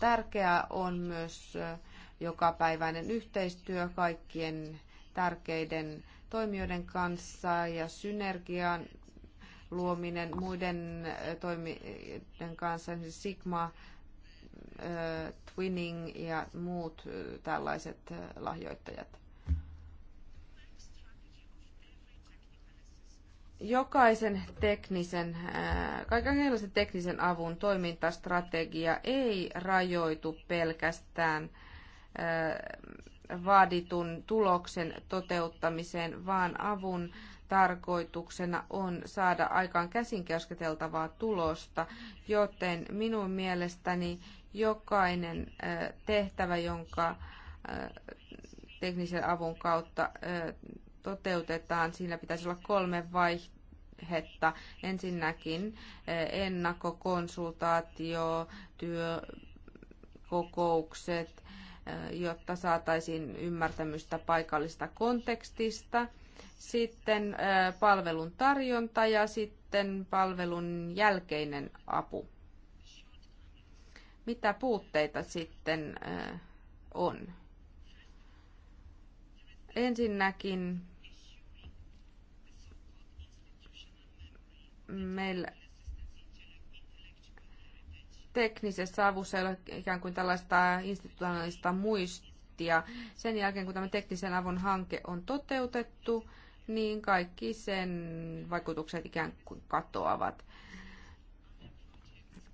Tärkeää on myös jokapäiväinen yhteistyö kaikkien tärkeiden toimijoiden kanssa ja synergian luominen muiden toimijoiden kanssa, esimerkiksi Sigma, Twinning ja muut tällaiset lahjoittajat. Jokaisen teknisen, kaikenlaisen teknisen avun toimintastrategia ei rajoitu pelkästään vaaditun tuloksen toteuttamiseen, vaan avun tarkoituksena on saada aikaan käsinkesketeltävää tulosta, joten minun mielestäni jokainen tehtävä, jonka teknisen avun kautta toteutetaan, siinä pitäisi olla kolme vaihtoehtoa vaihetta. Ensinnäkin ennakkokonsultaatio, työkokoukset, jotta saataisiin ymmärtämystä paikallista kontekstista, sitten palvelun tarjonta ja sitten palvelun jälkeinen apu mitä puutteita sitten on? Ensinnäkin meillä teknisessä avussa ei ole ikään kuin tällaista institutionaalista muistia. Sen jälkeen, kun tämä teknisen avun hanke on toteutettu, niin kaikki sen vaikutukset ikään kuin katoavat.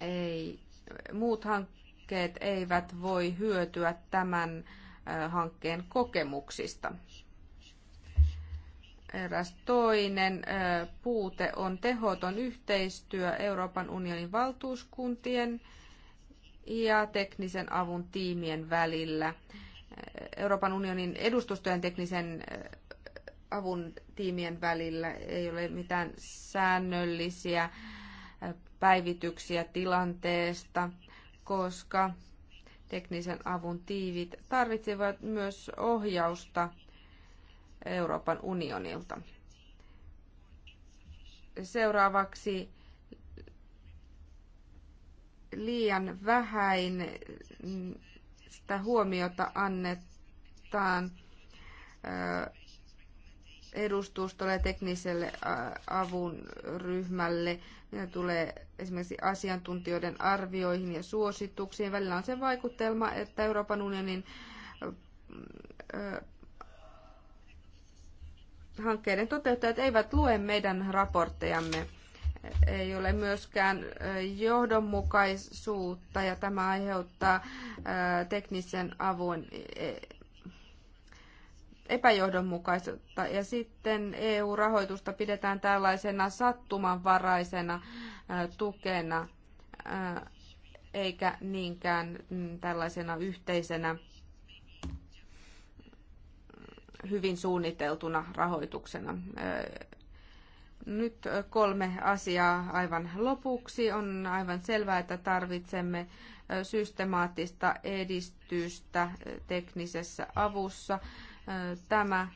Ei muut hankkeet eivät voi hyötyä tämän hankkeen kokemuksista. Eräs toinen puute on tehoton yhteistyö Euroopan unionin valtuuskuntien ja teknisen avun tiimien välillä. Euroopan unionin edustustojen teknisen avun tiimien välillä ei ole mitään säännöllisiä päivityksiä tilanteesta, koska teknisen avun tiivit tarvitsevat myös ohjausta Euroopan unionilta. Seuraavaksi liian vähäin sitä huomiota annetaan edustustolle ja tekniselle avun ryhmälle mitä tulee esimerkiksi asiantuntijoiden arvioihin ja suosituksiin, välillä on se vaikutelma, että Euroopan unionin hankkeiden toteuttajat eivät lue meidän raporttejamme. Ei ole myöskään johdonmukaisuutta ja tämä aiheuttaa teknisen avun e, epäjohdonmukaisuutta. Ja sitten EU-rahoitusta pidetään tällaisena sattumanvaraisena äh, tukena äh, eikä niinkään mm, tällaisena yhteisenä mm, hyvin suunniteltuna rahoituksena. Äh, nyt kolme asiaa aivan lopuksi. On aivan selvää, että tarvitsemme systemaattista edistystä teknisessä avussa tämä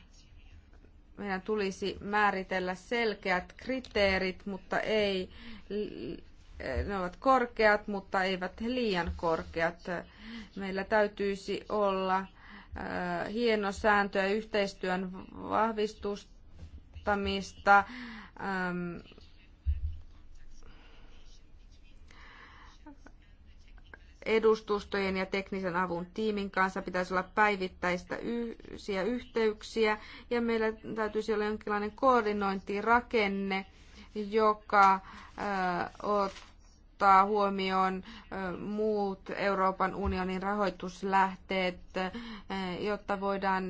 meidän tulisi määritellä selkeät kriteerit, mutta ei, ne ovat korkeat, mutta eivät liian korkeat. Meillä täytyisi olla hieno sääntö ja yhteistyön vahvistustamista, edustustojen ja teknisen avun tiimin kanssa pitäisi olla päivittäistä yhsiä yhteyksiä ja meillä täytyisi olla jonkinlainen koordinointirakenne, joka ottaa huomioon muut Euroopan unionin rahoituslähteet, jotta voidaan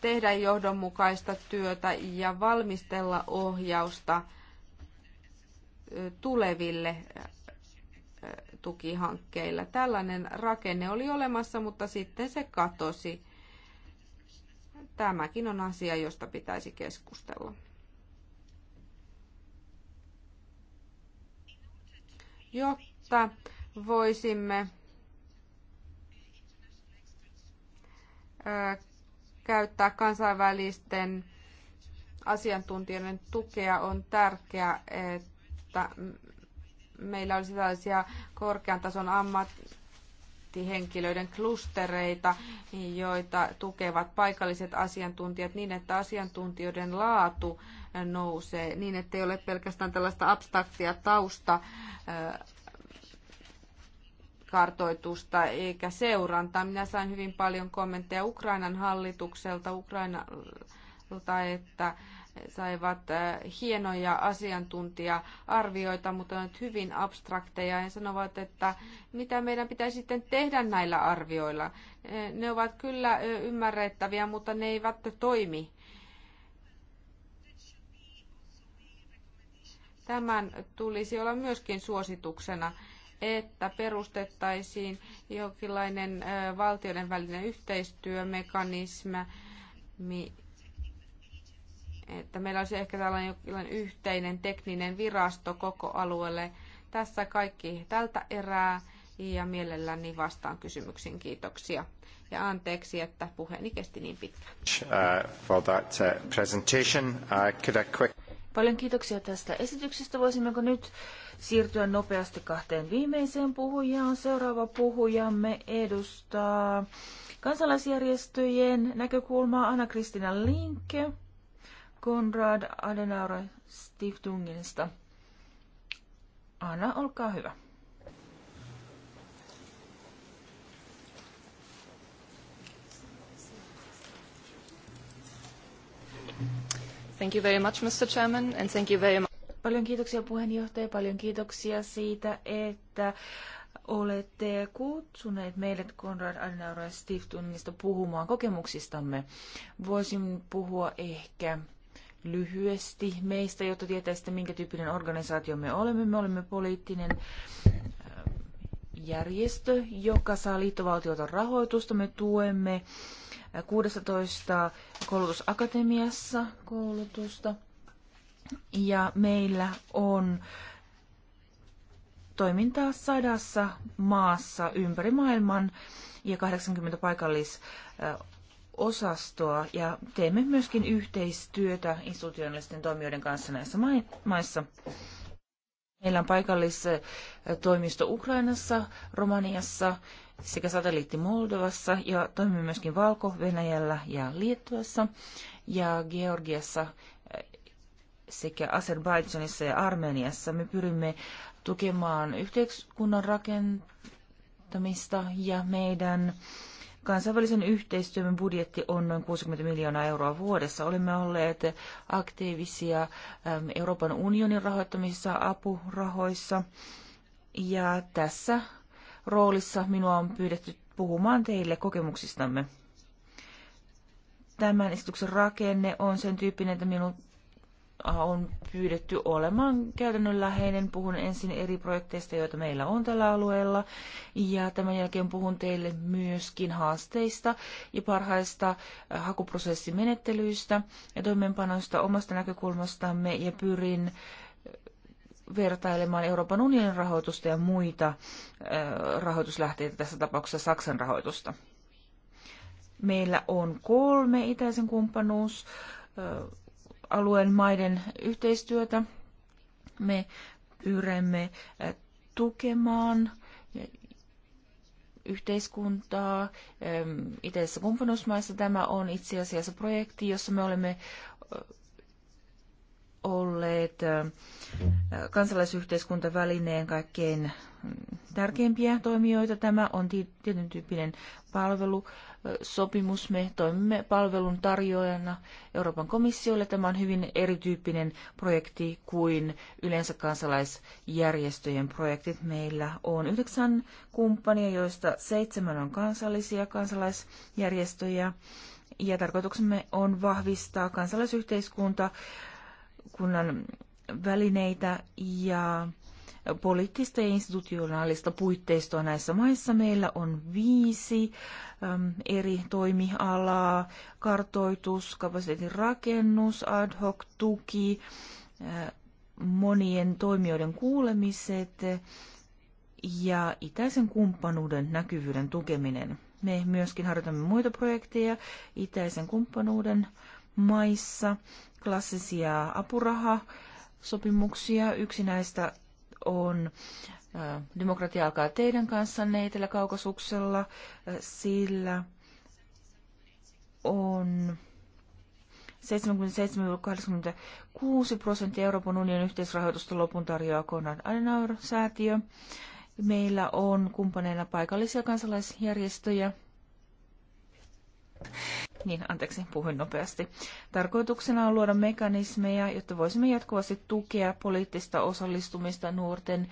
tehdä johdonmukaista työtä ja valmistella ohjausta tuleville tukihankkeilla. Tällainen rakenne oli olemassa, mutta sitten se katosi. Tämäkin on asia, josta pitäisi keskustella. Jotta voisimme käyttää kansainvälisten asiantuntijoiden tukea, on tärkeää, että meillä olisi tällaisia korkean tason ammattihenkilöiden klustereita, joita tukevat paikalliset asiantuntijat niin, että asiantuntijoiden laatu nousee, niin että ei ole pelkästään tällaista abstraktia tausta äh, kartoitusta eikä seurantaa. Minä sain hyvin paljon kommentteja Ukrainan hallitukselta, Ukrainalta, että saivat äh, hienoja asiantuntija-arvioita, mutta ne ovat hyvin abstrakteja. ja sanovat, että mitä meidän pitäisi sitten tehdä näillä arvioilla. Äh, ne ovat kyllä äh, ymmärrettäviä, mutta ne eivät toimi. Tämän tulisi olla myöskin suosituksena että perustettaisiin jonkinlainen valtioiden välinen yhteistyömekanismi, että meillä olisi ehkä tällainen jokin yhteinen tekninen virasto koko alueelle. Tässä kaikki tältä erää ja mielelläni vastaan kysymyksiin. Kiitoksia. Ja anteeksi, että puheeni kesti niin pitkään. Uh, for that, uh, presentation. Uh, could I quick... Paljon kiitoksia tästä esityksestä. Voisimmeko nyt siirtyä nopeasti kahteen viimeiseen puhujaan. Seuraava puhujamme edustaa kansalaisjärjestöjen näkökulmaa Anna-Kristina Linke. Konrad Adenauer Stiftungista. Anna, olkaa hyvä. Thank you very much, Mr. Chairman, and thank you very much. Paljon kiitoksia puheenjohtaja, paljon kiitoksia siitä, että olette kutsuneet meidät Konrad Adenauer Stiftungista puhumaan kokemuksistamme. Voisin puhua ehkä lyhyesti meistä, jotta tietäisitte, minkä tyyppinen organisaatio me olemme. Me olemme poliittinen äh, järjestö, joka saa liittovaltiota rahoitusta. Me tuemme 16 äh, koulutusakatemiassa koulutusta. Ja meillä on toimintaa sadassa maassa ympäri maailman ja 80 paikallis äh, osastoa ja teemme myöskin yhteistyötä institutionaalisten toimijoiden kanssa näissä maissa. Meillä on paikallistoimisto Ukrainassa, Romaniassa sekä satelliitti Moldovassa ja toimimme myöskin Valko-Venäjällä ja Liettuassa ja Georgiassa äh, sekä Azerbaidžanissa ja Armeniassa. Me pyrimme tukemaan yhteiskunnan rakentamista ja meidän äh, Kansainvälisen yhteistyön budjetti on noin 60 miljoonaa euroa vuodessa. Olemme olleet aktiivisia ähm, Euroopan unionin rahoittamissa apurahoissa. Ja tässä roolissa minua on pyydetty puhumaan teille kokemuksistamme. Tämän esityksen rakenne on sen tyyppinen, että minun on pyydetty olemaan käytännönläheinen. Puhun ensin eri projekteista, joita meillä on tällä alueella, ja tämän jälkeen puhun teille myöskin haasteista ja parhaista äh, hakuprosessimenettelyistä ja toimeenpanoista omasta näkökulmastamme, ja pyrin äh, vertailemaan Euroopan unionin rahoitusta ja muita äh, rahoituslähteitä, tässä tapauksessa Saksan rahoitusta. Meillä on kolme itäisen kumppanuus alueen maiden yhteistyötä. Me pyrimme eh, tukemaan eh, yhteiskuntaa. Itäisessä kumppanuusmaissa tämä on itse asiassa projekti, jossa me olemme eh, olleet kansalaisyhteiskuntavälineen kaikkein tärkeimpiä toimijoita. Tämä on tietyn tyyppinen palvelusopimus. Me toimimme palvelun tarjoajana Euroopan komissiolle. Tämä on hyvin erityyppinen projekti kuin yleensä kansalaisjärjestöjen projektit. Meillä on yhdeksän kumppania, joista seitsemän on kansallisia kansalaisjärjestöjä. Ja tarkoituksemme on vahvistaa kansalaisyhteiskunta yhteiskunnan välineitä ja poliittista ja institutionaalista puitteistoa näissä maissa. Meillä on viisi äm, eri toimialaa, kartoitus, kapasiteetin rakennus, ad hoc tuki, ä, monien toimijoiden kuulemiset ja itäisen kumppanuuden näkyvyyden tukeminen. Me myöskin harjoitamme muita projekteja itäisen kumppanuuden maissa klassisia apurahasopimuksia. Yksi näistä on Demokratia alkaa teidän kanssanne Etelä-Kaukasuksella, sillä on 77,86 prosenttia Euroopan unionin yhteisrahoitusta lopun tarjoaa Konrad Adenauer-säätiö. Meillä on kumppaneina paikallisia kansalaisjärjestöjä. Niin, anteeksi, puhuin nopeasti. Tarkoituksena on luoda mekanismeja, jotta voisimme jatkuvasti tukea poliittista osallistumista nuorten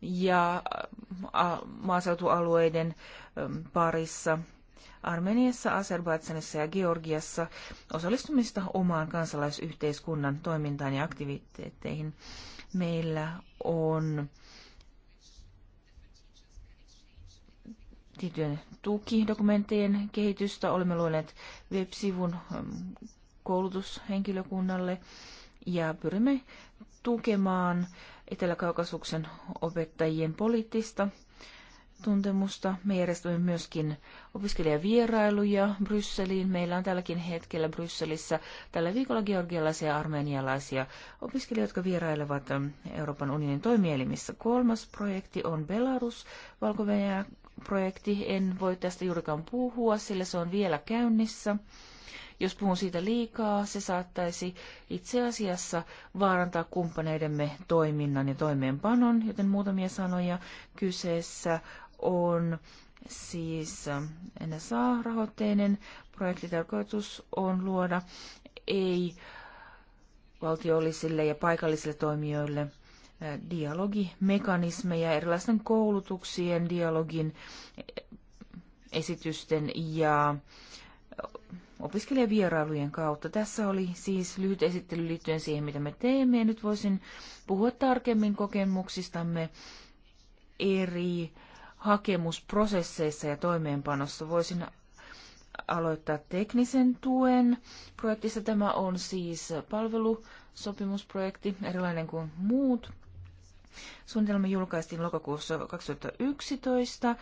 ja äh, maaseutualueiden ähm, parissa. Armeniassa, Azerbaidsanissa ja Georgiassa osallistumista omaan kansalaisyhteiskunnan toimintaan ja aktiviteetteihin. Meillä on tiettyjen tukidokumenttien kehitystä. Olemme luoneet web-sivun ähm, koulutushenkilökunnalle ja pyrimme tukemaan Etelä-Kaukasuksen opettajien poliittista tuntemusta. Me järjestämme myöskin opiskelijavierailuja Brysseliin. Meillä on tälläkin hetkellä Brysselissä tällä viikolla georgialaisia ja armenialaisia opiskelijoita, jotka vierailevat ähm, Euroopan unionin toimielimissä. Kolmas projekti on Belarus, valko projekti. En voi tästä juurikaan puhua, sillä se on vielä käynnissä. Jos puhun siitä liikaa, se saattaisi itse asiassa vaarantaa kumppaneidemme toiminnan ja toimeenpanon, joten muutamia sanoja kyseessä on siis NSA-rahoitteinen projekti. Tarkoitus on luoda ei valtiollisille ja paikallisille toimijoille – dialogimekanismeja erilaisten koulutuksien, dialogin e, esitysten ja opiskelijavierailujen kautta. Tässä oli siis lyhyt esittely liittyen siihen, mitä me teemme. Ja nyt voisin puhua tarkemmin kokemuksistamme eri hakemusprosesseissa ja toimeenpanossa. Voisin aloittaa teknisen tuen projektissa. Tämä on siis palvelusopimusprojekti, erilainen kuin muut Suunnitelma julkaistiin lokakuussa 2011.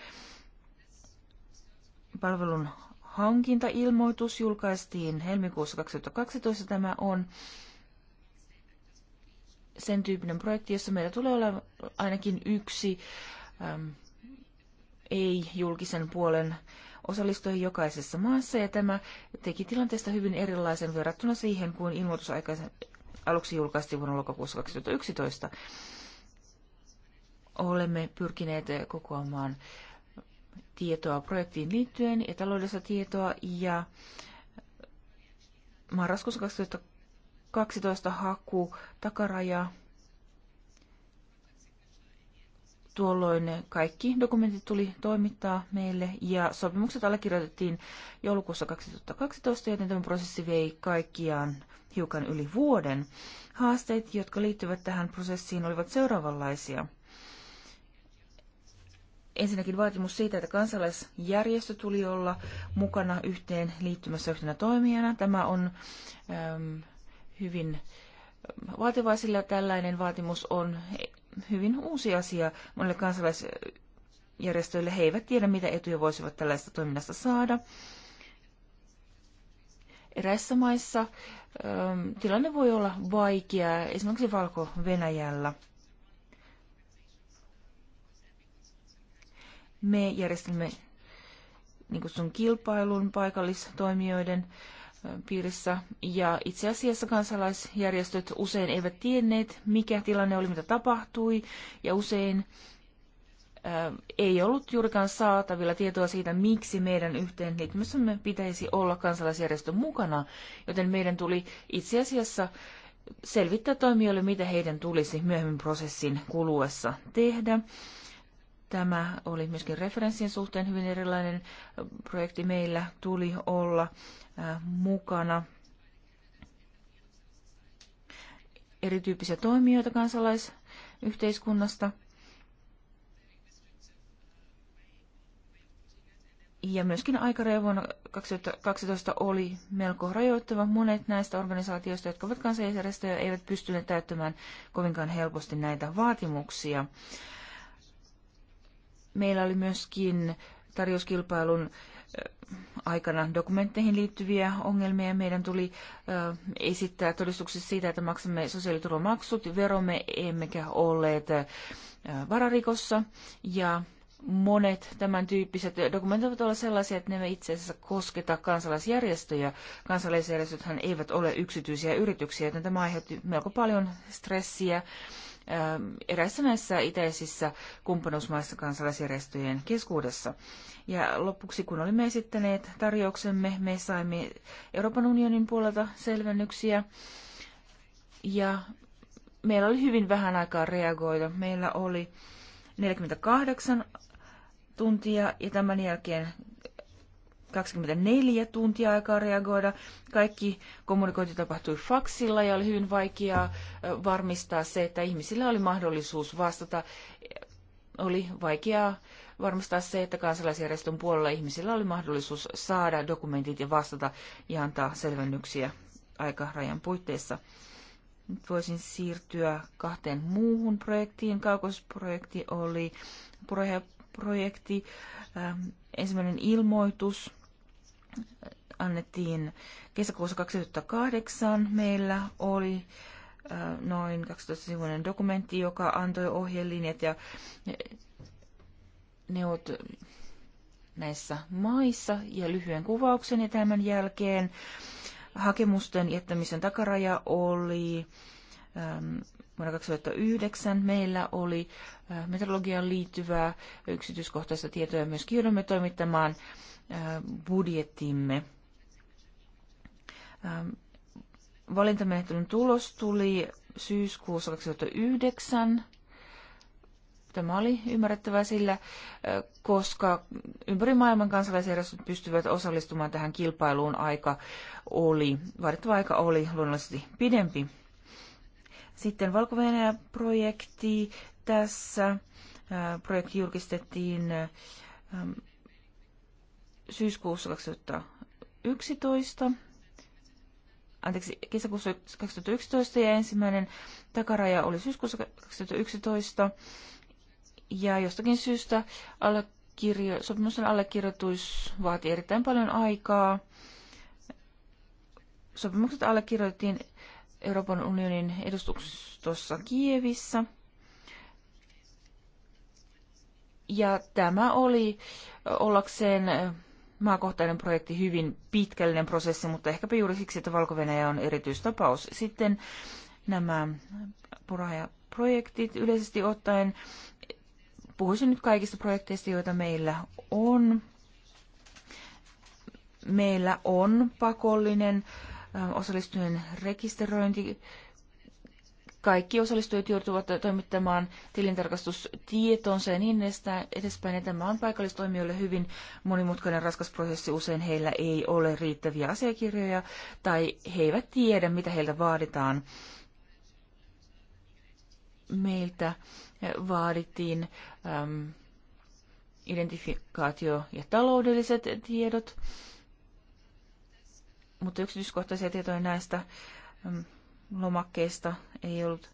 Palvelun hankintailmoitus julkaistiin helmikuussa 2012. Tämä on sen tyyppinen projekti, jossa meillä tulee olla ainakin yksi ähm, ei-julkisen puolen osallistui jokaisessa maassa ja tämä teki tilanteesta hyvin erilaisen verrattuna siihen, kuin ilmoitus aluksi julkaistiin vuonna lokakuussa 2011 olemme pyrkineet kokoamaan tietoa projektiin liittyen ja taloudessa tietoa ja marraskuussa 2012 haku takaraja. Tuolloin kaikki dokumentit tuli toimittaa meille ja sopimukset allekirjoitettiin joulukuussa 2012, joten tämä prosessi vei kaikkiaan hiukan yli vuoden. Haasteet, jotka liittyvät tähän prosessiin, olivat seuraavanlaisia – ensinnäkin vaatimus siitä, että kansalaisjärjestö tuli olla mukana yhteen liittymässä yhtenä toimijana. Tämä on äm, hyvin ähm, vaativaa, sillä tällainen vaatimus on hyvin uusi asia monille kansalaisjärjestöille. He eivät tiedä, mitä etuja voisivat tällaista toiminnasta saada. Eräissä maissa äm, tilanne voi olla vaikea, esimerkiksi Valko-Venäjällä. Me järjestämme niin kutsun kilpailun paikallistoimijoiden piirissä. Ja itse asiassa kansalaisjärjestöt usein eivät tienneet, mikä tilanne oli, mitä tapahtui. Ja usein ää, ei ollut juurikaan saatavilla tietoa siitä, miksi meidän yhteen liittymissämme pitäisi olla kansalaisjärjestön mukana. Joten meidän tuli itse asiassa selvittää toimijoille, mitä heidän tulisi myöhemmin prosessin kuluessa tehdä. Tämä oli myöskin referenssien suhteen hyvin erilainen projekti. Meillä tuli olla äh, mukana erityyppisiä toimijoita kansalaisyhteiskunnasta. Ja myöskin aikaraja vuonna 2012 oli melko rajoittava. Monet näistä organisaatioista, jotka ovat kansalaisjärjestöjä, eivät pystyneet täyttämään kovinkaan helposti näitä vaatimuksia. Meillä oli myöskin tarjouskilpailun aikana dokumentteihin liittyviä ongelmia. Meidän tuli esittää todistuksessa siitä, että maksamme sosiaaliturvamaksut, veromme emmekä olleet vararikossa. Ja monet tämän tyyppiset dokumentit ovat olla sellaisia, että ne eivät itse asiassa kosketa kansalaisjärjestöjä. Kansalaisjärjestöthän eivät ole yksityisiä yrityksiä, joten tämä aiheutti melko paljon stressiä eräissä näissä itäisissä kumppanuusmaissa kansalaisjärjestöjen keskuudessa. Ja lopuksi, kun olimme esittäneet tarjouksemme, me saimme Euroopan unionin puolelta selvennyksiä ja meillä oli hyvin vähän aikaa reagoida. Meillä oli 48 tuntia ja tämän jälkeen 24 tuntia aikaa reagoida. Kaikki kommunikointi tapahtui faksilla ja oli hyvin vaikeaa varmistaa se, että ihmisillä oli mahdollisuus vastata. Oli vaikeaa varmistaa se, että kansalaisjärjestön puolella ihmisillä oli mahdollisuus saada dokumentit ja vastata ja antaa selvennyksiä aikarajan puitteissa. Nyt voisin siirtyä kahteen muuhun projektiin. Kaukosprojekti oli projekti, ensimmäinen ilmoitus annettiin kesäkuussa 2008. Meillä oli äh, noin 12-sivuinen dokumentti, joka antoi ohjelinjat ja neuvot näissä maissa ja lyhyen kuvauksen ja tämän jälkeen hakemusten jättämisen takaraja oli ähm, vuonna 2009 meillä oli äh, meteorologiaan liittyvää yksityiskohtaista tietoa myös myöskin toimittamaan budjettimme. Ähm, valintamenettelyn tulos tuli syyskuussa 2009. Tämä oli ymmärrettävää sillä, äh, koska ympäri maailman kansalaisjärjestöt pystyvät osallistumaan tähän kilpailuun, aika oli, vaadittava aika oli luonnollisesti pidempi. Sitten valko projekti tässä. Äh, projekti julkistettiin ähm, syyskuussa 2011, anteeksi, kesäkuussa 2011 ja ensimmäinen takaraja oli syyskuussa 2011. Ja jostakin syystä allekirjo, sopimuksen allekirjoitus vaati erittäin paljon aikaa. Sopimukset allekirjoitettiin Euroopan unionin edustustossa Kievissä. Ja tämä oli ollakseen maakohtainen projekti hyvin pitkällinen prosessi, mutta ehkäpä juuri siksi, että valko on erityistapaus. Sitten nämä projektit yleisesti ottaen, puhuisin nyt kaikista projekteista, joita meillä on. Meillä on pakollinen osallistujien rekisteröinti kaikki osallistujat joutuvat toimittamaan tilintarkastustietonsa ja niin edespäin. Ja tämä on paikallistoimijoille hyvin monimutkainen raskas prosessi. Usein heillä ei ole riittäviä asiakirjoja tai he eivät tiedä, mitä heiltä vaaditaan. Meiltä vaadittiin äm, identifikaatio- ja taloudelliset tiedot, mutta yksityiskohtaisia tietoja näistä äm, lomakkeesta ei ollut.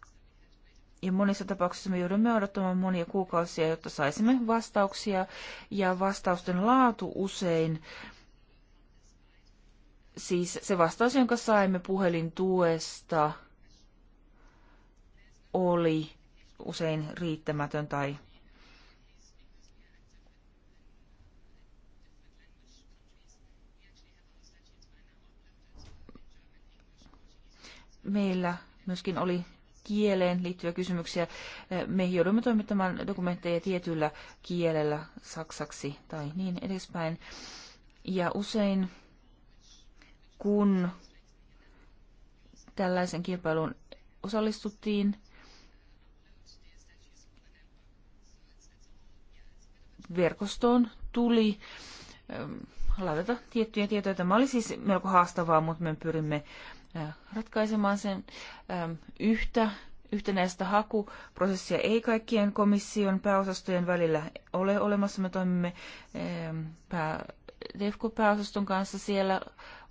Ja monissa tapauksissa me joudumme odottamaan monia kuukausia, jotta saisimme vastauksia, ja vastausten laatu usein, siis se vastaus, jonka saimme puhelin tuesta, oli usein riittämätön tai meillä myöskin oli kieleen liittyviä kysymyksiä. Me joudumme toimittamaan dokumentteja tietyllä kielellä, saksaksi tai niin edespäin. Ja usein, kun tällaisen kilpailun osallistuttiin, verkostoon tuli ähm, ladata tiettyjä tietoja. Tämä oli siis melko haastavaa, mutta me pyrimme Äh, ratkaisemaan sen ähm, yhtä yhtenäistä hakuprosessia ei kaikkien komission pääosastojen välillä ole olemassa. Me toimimme ähm, pää, DEFCO-pääosaston kanssa siellä.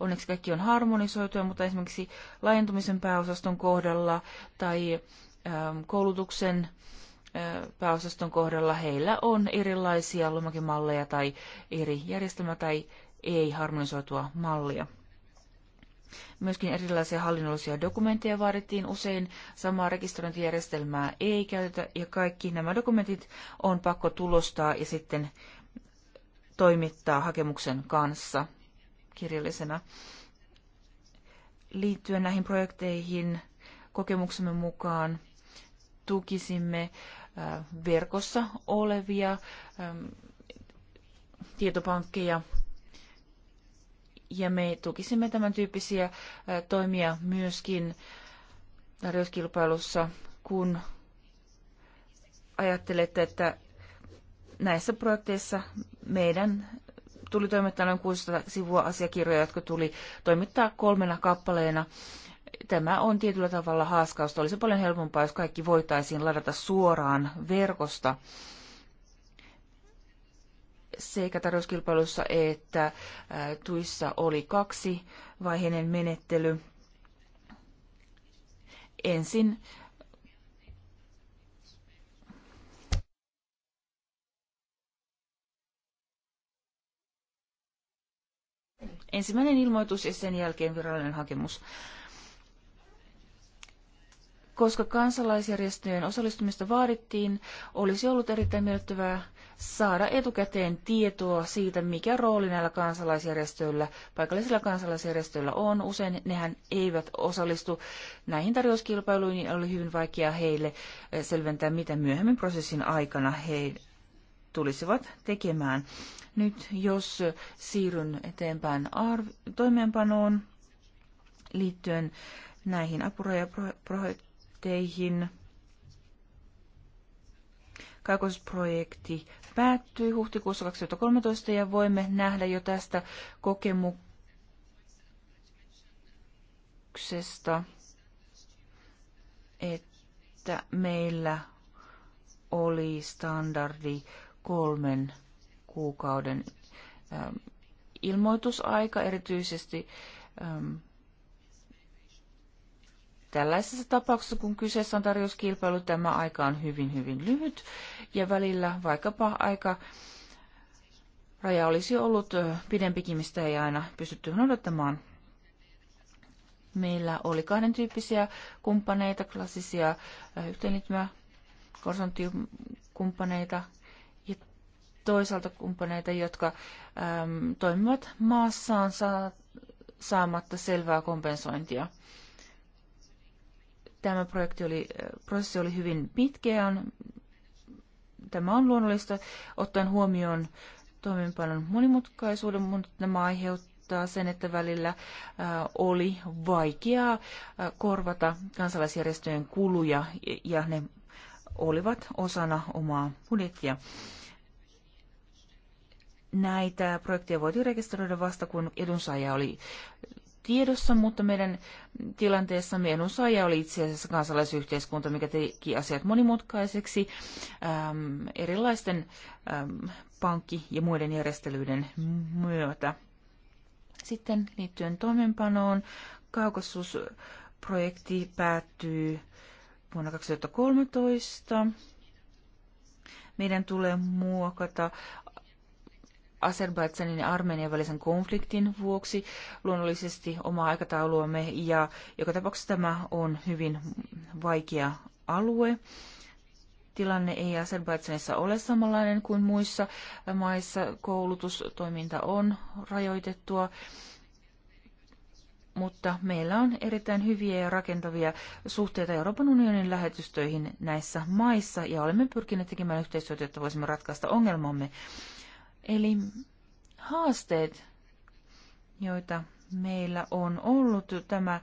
Onneksi kaikki on harmonisoitua, mutta esimerkiksi laajentumisen pääosaston kohdalla tai ähm, koulutuksen äh, pääosaston kohdalla heillä on erilaisia lomakemalleja tai eri järjestelmä tai ei harmonisoitua mallia. Myöskin erilaisia hallinnollisia dokumentteja vaadittiin usein, samaa rekisteröintijärjestelmää ei käytetä ja kaikki nämä dokumentit on pakko tulostaa ja sitten toimittaa hakemuksen kanssa kirjallisena. Liittyen näihin projekteihin kokemuksemme mukaan tukisimme verkossa olevia tietopankkeja ja me tukisimme tämän tyyppisiä toimia myöskin tarjouskilpailussa, kun ajattelette, että näissä projekteissa meidän tuli toimittaa noin 600 sivua asiakirjoja, jotka tuli toimittaa kolmena kappaleena. Tämä on tietyllä tavalla haaskausta. Olisi paljon helpompaa, jos kaikki voitaisiin ladata suoraan verkosta sekä tarjouskilpailussa että tuissa oli kaksi vaiheinen menettely. Ensin ensimmäinen ilmoitus ja sen jälkeen virallinen hakemus. Koska kansalaisjärjestöjen osallistumista vaadittiin, olisi ollut erittäin miellyttävää saada etukäteen tietoa siitä, mikä rooli näillä kansalaisjärjestöillä, paikallisilla kansalaisjärjestöillä on. Usein nehän eivät osallistu näihin tarjouskilpailuihin, niin oli hyvin vaikea heille eh, selventää, mitä myöhemmin prosessin aikana he tulisivat tekemään. Nyt jos siirryn eteenpäin arv- toimeenpanoon liittyen näihin apurajaprojektiin, teihin. Kaakosprojekti päättyi huhtikuussa 2013 ja voimme nähdä jo tästä kokemuksesta, että meillä oli standardi kolmen kuukauden ilmoitusaika erityisesti Tällaisessa tapauksessa, kun kyseessä on tarjouskilpailu, tämä aika on hyvin, hyvin lyhyt ja välillä vaikkapa aika raja olisi ollut pidempikin, mistä ei aina pystytty noudattamaan. Meillä oli kahden tyyppisiä kumppaneita, klassisia yhteenliittymä konsortiokumppaneita ja toisaalta kumppaneita, jotka äm, toimivat maassaan saa, saamatta selvää kompensointia. Tämä projekti oli, prosessi oli hyvin pitkä. Tämä on luonnollista ottaen huomioon toimeenpanon monimutkaisuuden, mutta nämä aiheuttaa sen, että välillä oli vaikeaa korvata kansalaisjärjestöjen kuluja ja ne olivat osana omaa budjettia. Näitä projekteja voitiin rekisteröidä vasta, kun edunsaaja oli tiedossa, mutta meidän tilanteessamme edunsaaja oli itse asiassa kansalaisyhteiskunta, mikä teki asiat monimutkaiseksi äm, erilaisten äm, pankki- ja muiden järjestelyiden myötä. Sitten liittyen toimeenpanoon, kaukasusprojekti päättyy vuonna 2013. Meidän tulee muokata Azerbaidsanin ja Armenian välisen konfliktin vuoksi luonnollisesti omaa aikatauluamme ja joka tapauksessa tämä on hyvin vaikea alue. Tilanne ei Azerbaidsanissa ole samanlainen kuin muissa maissa. Koulutustoiminta on rajoitettua, mutta meillä on erittäin hyviä ja rakentavia suhteita Euroopan unionin lähetystöihin näissä maissa ja olemme pyrkineet tekemään yhteistyötä, jotta voisimme ratkaista ongelmamme. Eli haasteet, joita meillä on ollut, tämä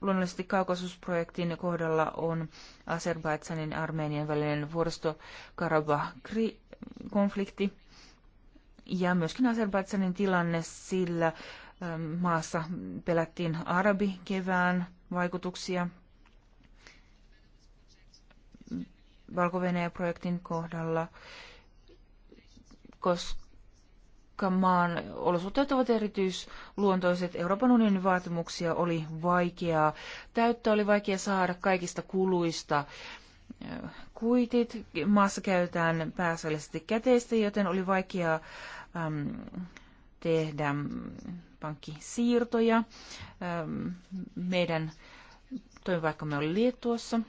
luonnollisesti kaukaisuusprojektin kohdalla on Azerbaidsanin Armenian välinen vuoristo Karabakh-konflikti ja myöskin Azerbaidsanin tilanne, sillä maassa pelättiin kevään vaikutuksia valko projektin kohdalla koska maan olosuhteet ovat erityisluontoiset. Euroopan unionin vaatimuksia oli vaikeaa. Täyttä oli vaikea saada kaikista kuluista eh, kuitit. Maassa käytetään pääasiallisesti käteistä, joten oli vaikeaa äm, tehdä pankkisiirtoja. Äm, meidän toimipaikkamme oli Liettuossa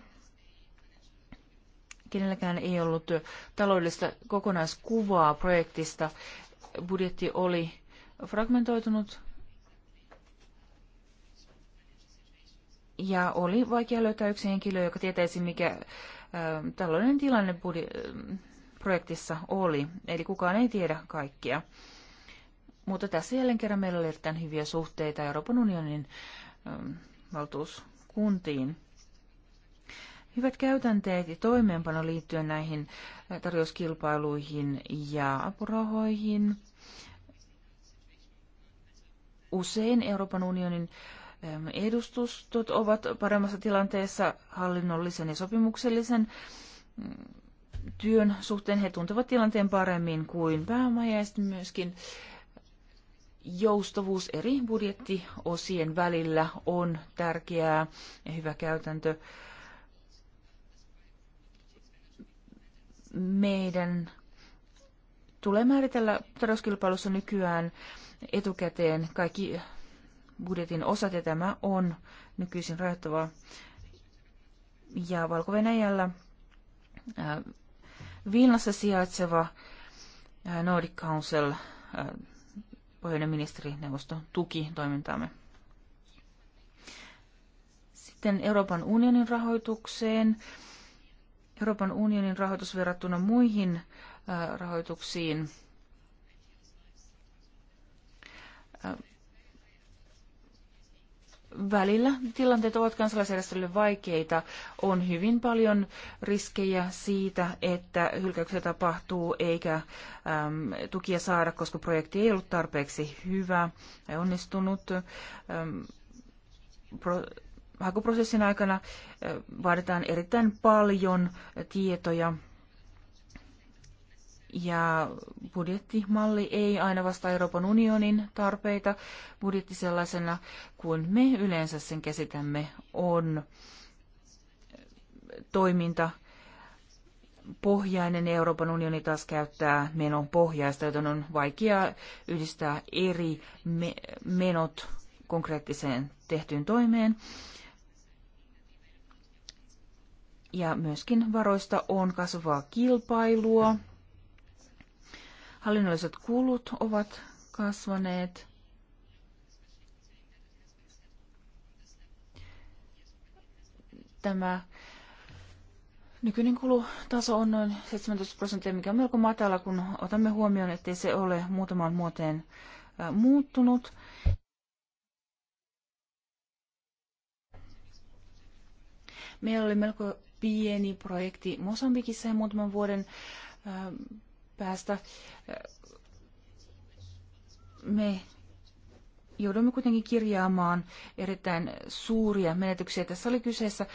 kenelläkään ei ollut taloudellista kokonaiskuvaa projektista. Budjetti oli fragmentoitunut ja oli vaikea löytää yksi henkilö, joka tietäisi, mikä taloudellinen tilanne budje- projektissa oli. Eli kukaan ei tiedä kaikkia. Mutta tässä jälleen kerran meillä oli erittäin hyviä suhteita Euroopan unionin valtuuskuntiin. Hyvät käytänteet ja toimeenpano liittyen näihin tarjouskilpailuihin ja apurahoihin. Usein Euroopan unionin edustustot ovat paremmassa tilanteessa hallinnollisen ja sopimuksellisen mm, työn suhteen. He tuntevat tilanteen paremmin kuin sitten myöskin joustavuus eri budjettiosien välillä on tärkeää ja hyvä käytäntö meidän tulee määritellä tarjouskilpailussa nykyään etukäteen kaikki budjetin osat, ja tämä on nykyisin rajoittavaa. Ja Valko-Venäjällä Vilnassa sijaitseva Nordic Council, pohjoinen ministerineuvosto, tuki toimintaamme. Sitten Euroopan unionin rahoitukseen. Euroopan unionin rahoitus verrattuna muihin rahoituksiin välillä tilanteet ovat kansalaisjärjestölle vaikeita. On hyvin paljon riskejä siitä, että hylkäyksiä tapahtuu eikä äm, tukia saada, koska projekti ei ollut tarpeeksi hyvä ja onnistunut. Äm, pro- hakuprosessin aikana vaaditaan erittäin paljon tietoja ja budjettimalli ei aina vastaa Euroopan unionin tarpeita. Budjetti sellaisena kuin me yleensä sen käsitämme on toiminta pohjainen Euroopan unioni taas käyttää menon pohjaista, joten on vaikea yhdistää eri me- menot konkreettiseen tehtyyn toimeen ja myöskin varoista on kasvavaa kilpailua. Hallinnolliset kulut ovat kasvaneet. Tämä nykyinen kulutaso on noin 17 prosenttia, mikä on melko matala, kun otamme huomioon, ettei se ole muutamaan muoteen muuttunut. Meillä oli melko pieni projekti Mosambikissa ja muutaman vuoden päästä me joudumme kuitenkin kirjaamaan erittäin suuria menetyksiä. Tässä oli kyseessä,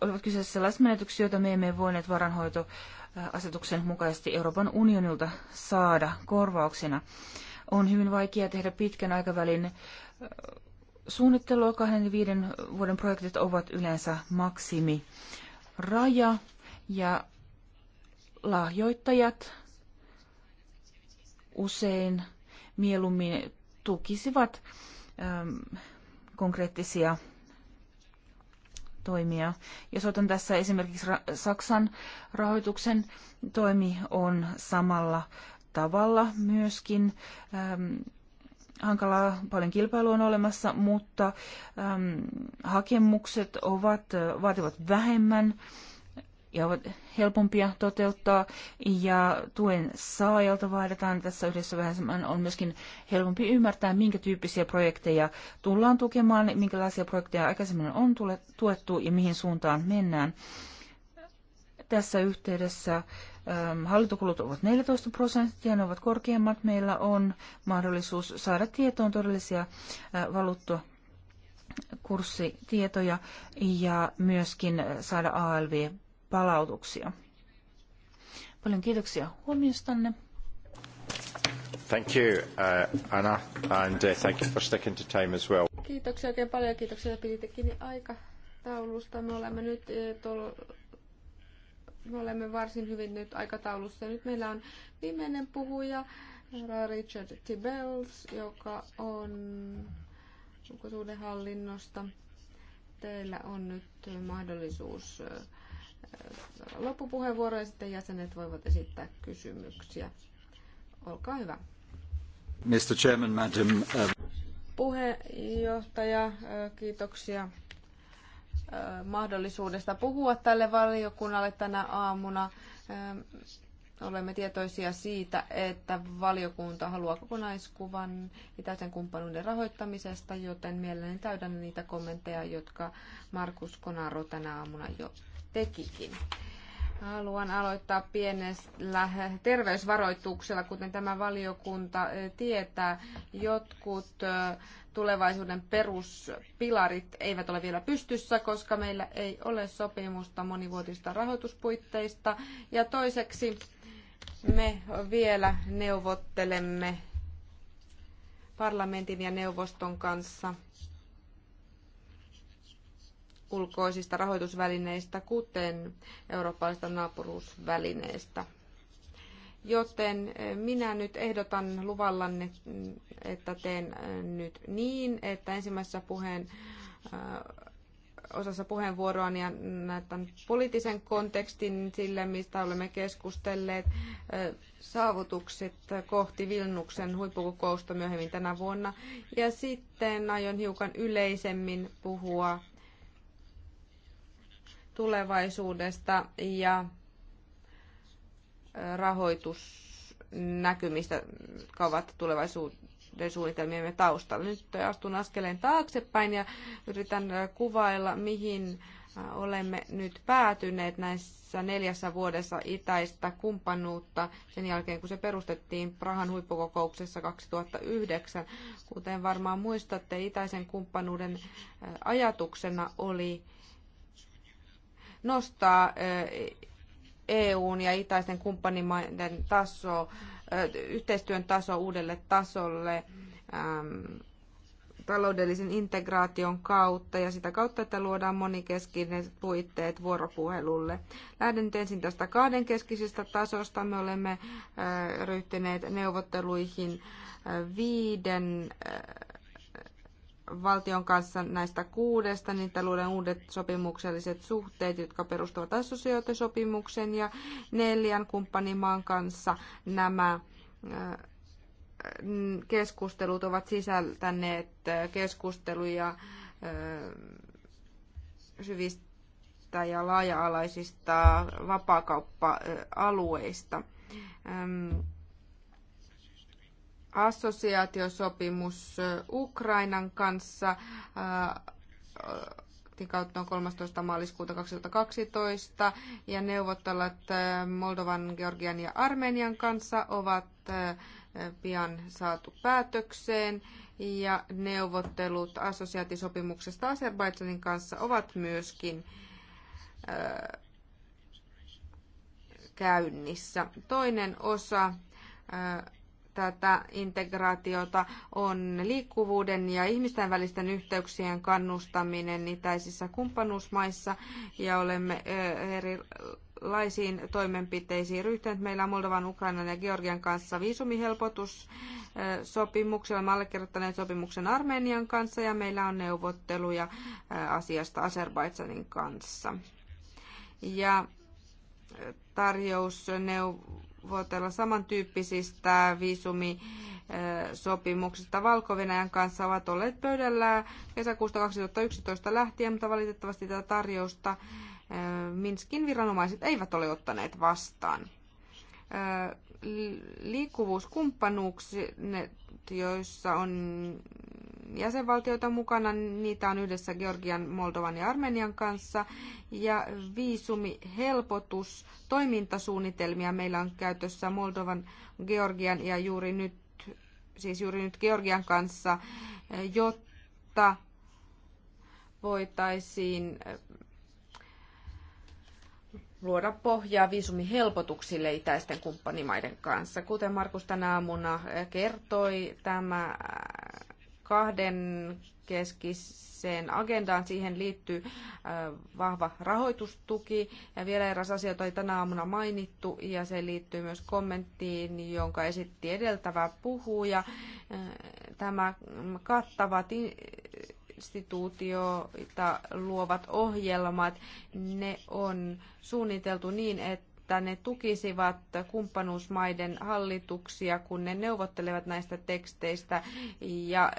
olivat kyseessä sellaiset menetyksiä, joita me emme voineet varanhoitoasetuksen mukaisesti Euroopan unionilta saada korvauksena. On hyvin vaikea tehdä pitkän aikavälin suunnittelua kahden ja viiden vuoden projektit ovat yleensä maksimi raja ja lahjoittajat usein mieluummin tukisivat ähm, konkreettisia toimia. Jos otan tässä esimerkiksi ra- Saksan rahoituksen, toimi on samalla tavalla myöskin. Ähm, hankalaa, paljon kilpailua on olemassa, mutta äm, hakemukset ovat, vaativat vähemmän ja ovat helpompia toteuttaa ja tuen saajalta vaaditaan tässä yhdessä vähemmän. On myöskin helpompi ymmärtää, minkä tyyppisiä projekteja tullaan tukemaan, minkälaisia projekteja aikaisemmin on tuettu ja mihin suuntaan mennään. Tässä yhteydessä ähm, hallintokulut ovat 14 prosenttia, ne ovat korkeammat. Meillä on mahdollisuus saada tietoon todellisia äh, valuutta kurssitietoja ja myöskin saada ALV-palautuksia. Paljon kiitoksia huomiostanne. Thank you, uh, Anna, and uh, thank you for sticking to time as well. Kiitoksia oikein paljon kiitoksia, että piditte kiinni aikataulusta. Me olemme nyt uh, me olemme varsin hyvin nyt aikataulussa. Nyt meillä on viimeinen puhuja, Richard Tibels, joka on ulkosuhdehallinnosta. Teillä on nyt mahdollisuus loppupuheenvuoro ja sitten jäsenet voivat esittää kysymyksiä. Olkaa hyvä. Mr. Chairman, Madam. Puheenjohtaja, kiitoksia mahdollisuudesta puhua tälle valiokunnalle tänä aamuna. Olemme tietoisia siitä, että valiokunta haluaa kokonaiskuvan itäisen kumppanuuden rahoittamisesta, joten mielelläni täydän niitä kommentteja, jotka Markus Konaro tänä aamuna jo tekikin. Haluan aloittaa pienellä terveysvaroituksella, kuten tämä valiokunta eh, tietää. Jotkut eh, tulevaisuuden peruspilarit eivät ole vielä pystyssä, koska meillä ei ole sopimusta monivuotista rahoituspuitteista. Ja toiseksi me vielä neuvottelemme parlamentin ja neuvoston kanssa ulkoisista rahoitusvälineistä, kuten eurooppalaisista naapuruusvälineistä. Joten eh, minä nyt ehdotan luvallanne, mm, että teen eh, nyt niin, että ensimmäisessä puheen eh, osassa puheenvuoroa ja näytän poliittisen kontekstin sille, mistä olemme keskustelleet, saavutukset kohti Vilnuksen huippukokousta myöhemmin tänä vuonna. Ja sitten aion hiukan yleisemmin puhua tulevaisuudesta ja rahoitusnäkymistä, jotka ovat tulevaisuuden suunnitelmiemme taustalla. Nyt astun askeleen taaksepäin ja yritän kuvailla, mihin olemme nyt päätyneet näissä neljässä vuodessa itäistä kumppanuutta sen jälkeen, kun se perustettiin Prahan huippukokouksessa 2009. Kuten varmaan muistatte, itäisen kumppanuuden ajatuksena oli nostaa EUn ja itäisten kumppanimaiden taso, yhteistyön taso uudelle tasolle taloudellisen integraation kautta ja sitä kautta, että luodaan monikeskiset puitteet vuoropuhelulle. Lähden nyt ensin tästä kahdenkeskisestä tasosta. Me olemme ryhtyneet neuvotteluihin viiden valtion kanssa näistä kuudesta, niin luodaan uudet sopimukselliset suhteet, jotka perustuvat assosiaatiosopimukseen ja neljän kumppanimaan kanssa nämä äh, keskustelut ovat sisältäneet äh, keskusteluja äh, syvistä ja laaja-alaisista vapaakauppa-alueista assosiaatiosopimus Ukrainan kanssa kautta 13. maaliskuuta 2012 ja neuvottelut Moldovan, Georgian ja Armenian kanssa ovat pian saatu päätökseen ja neuvottelut assosiaatisopimuksesta Azerbaidsanin kanssa ovat myöskin käynnissä. Toinen osa tätä integraatiota on liikkuvuuden ja ihmisten välisten yhteyksien kannustaminen itäisissä kumppanuusmaissa ja olemme eri laisiin toimenpiteisiin ryhtyneet. Meillä on Moldovan, Ukrainan ja Georgian kanssa viisumihelpotussopimuksella. Olemme allekirjoittaneet sopimuksen Armenian kanssa ja meillä on neuvotteluja asiasta Azerbaidsanin kanssa. Ja tarjousneuv- neuvotella samantyyppisistä viisumisopimuksista valko kanssa ovat olleet pöydällä kesäkuusta 2011 lähtien, mutta valitettavasti tätä tarjousta Minskin viranomaiset eivät ole ottaneet vastaan. Liikkuvuuskumppanuuksia, joissa on jäsenvaltioita mukana. Niitä on yhdessä Georgian, Moldovan ja Armenian kanssa. Ja viisumihelpotus toimintasuunnitelmia meillä on käytössä Moldovan, Georgian ja juuri nyt, siis juuri nyt Georgian kanssa, jotta voitaisiin eh, luoda pohjaa viisumihelpotuksille itäisten kumppanimaiden kanssa. Kuten Markus tänä aamuna eh, kertoi, tämä kahden keskiseen agendaan. Siihen liittyy äh, vahva rahoitustuki ja vielä eräs asia, jota ei tänä aamuna mainittu ja se liittyy myös kommenttiin, jonka esitti edeltävä puhuja. Äh, tämä kattava instituutioita luovat ohjelmat, ne on suunniteltu niin, että että ne tukisivat kumppanuusmaiden hallituksia, kun ne neuvottelevat näistä teksteistä ja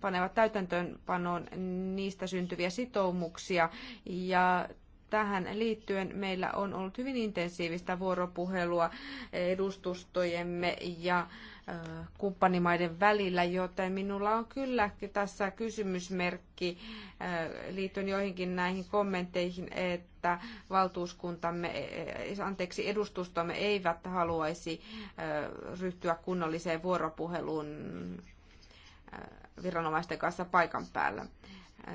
panevat täytäntöönpanoon niistä syntyviä sitoumuksia. Ja tähän liittyen meillä on ollut hyvin intensiivistä vuoropuhelua edustustojemme ja kumppanimaiden välillä, joten minulla on kyllä tässä kysymysmerkki liittyen joihinkin näihin kommentteihin, että että valtuuskuntamme, e, e, anteeksi, edustustomme eivät haluaisi e, ryhtyä kunnolliseen vuoropuheluun viranomaisten kanssa paikan päällä.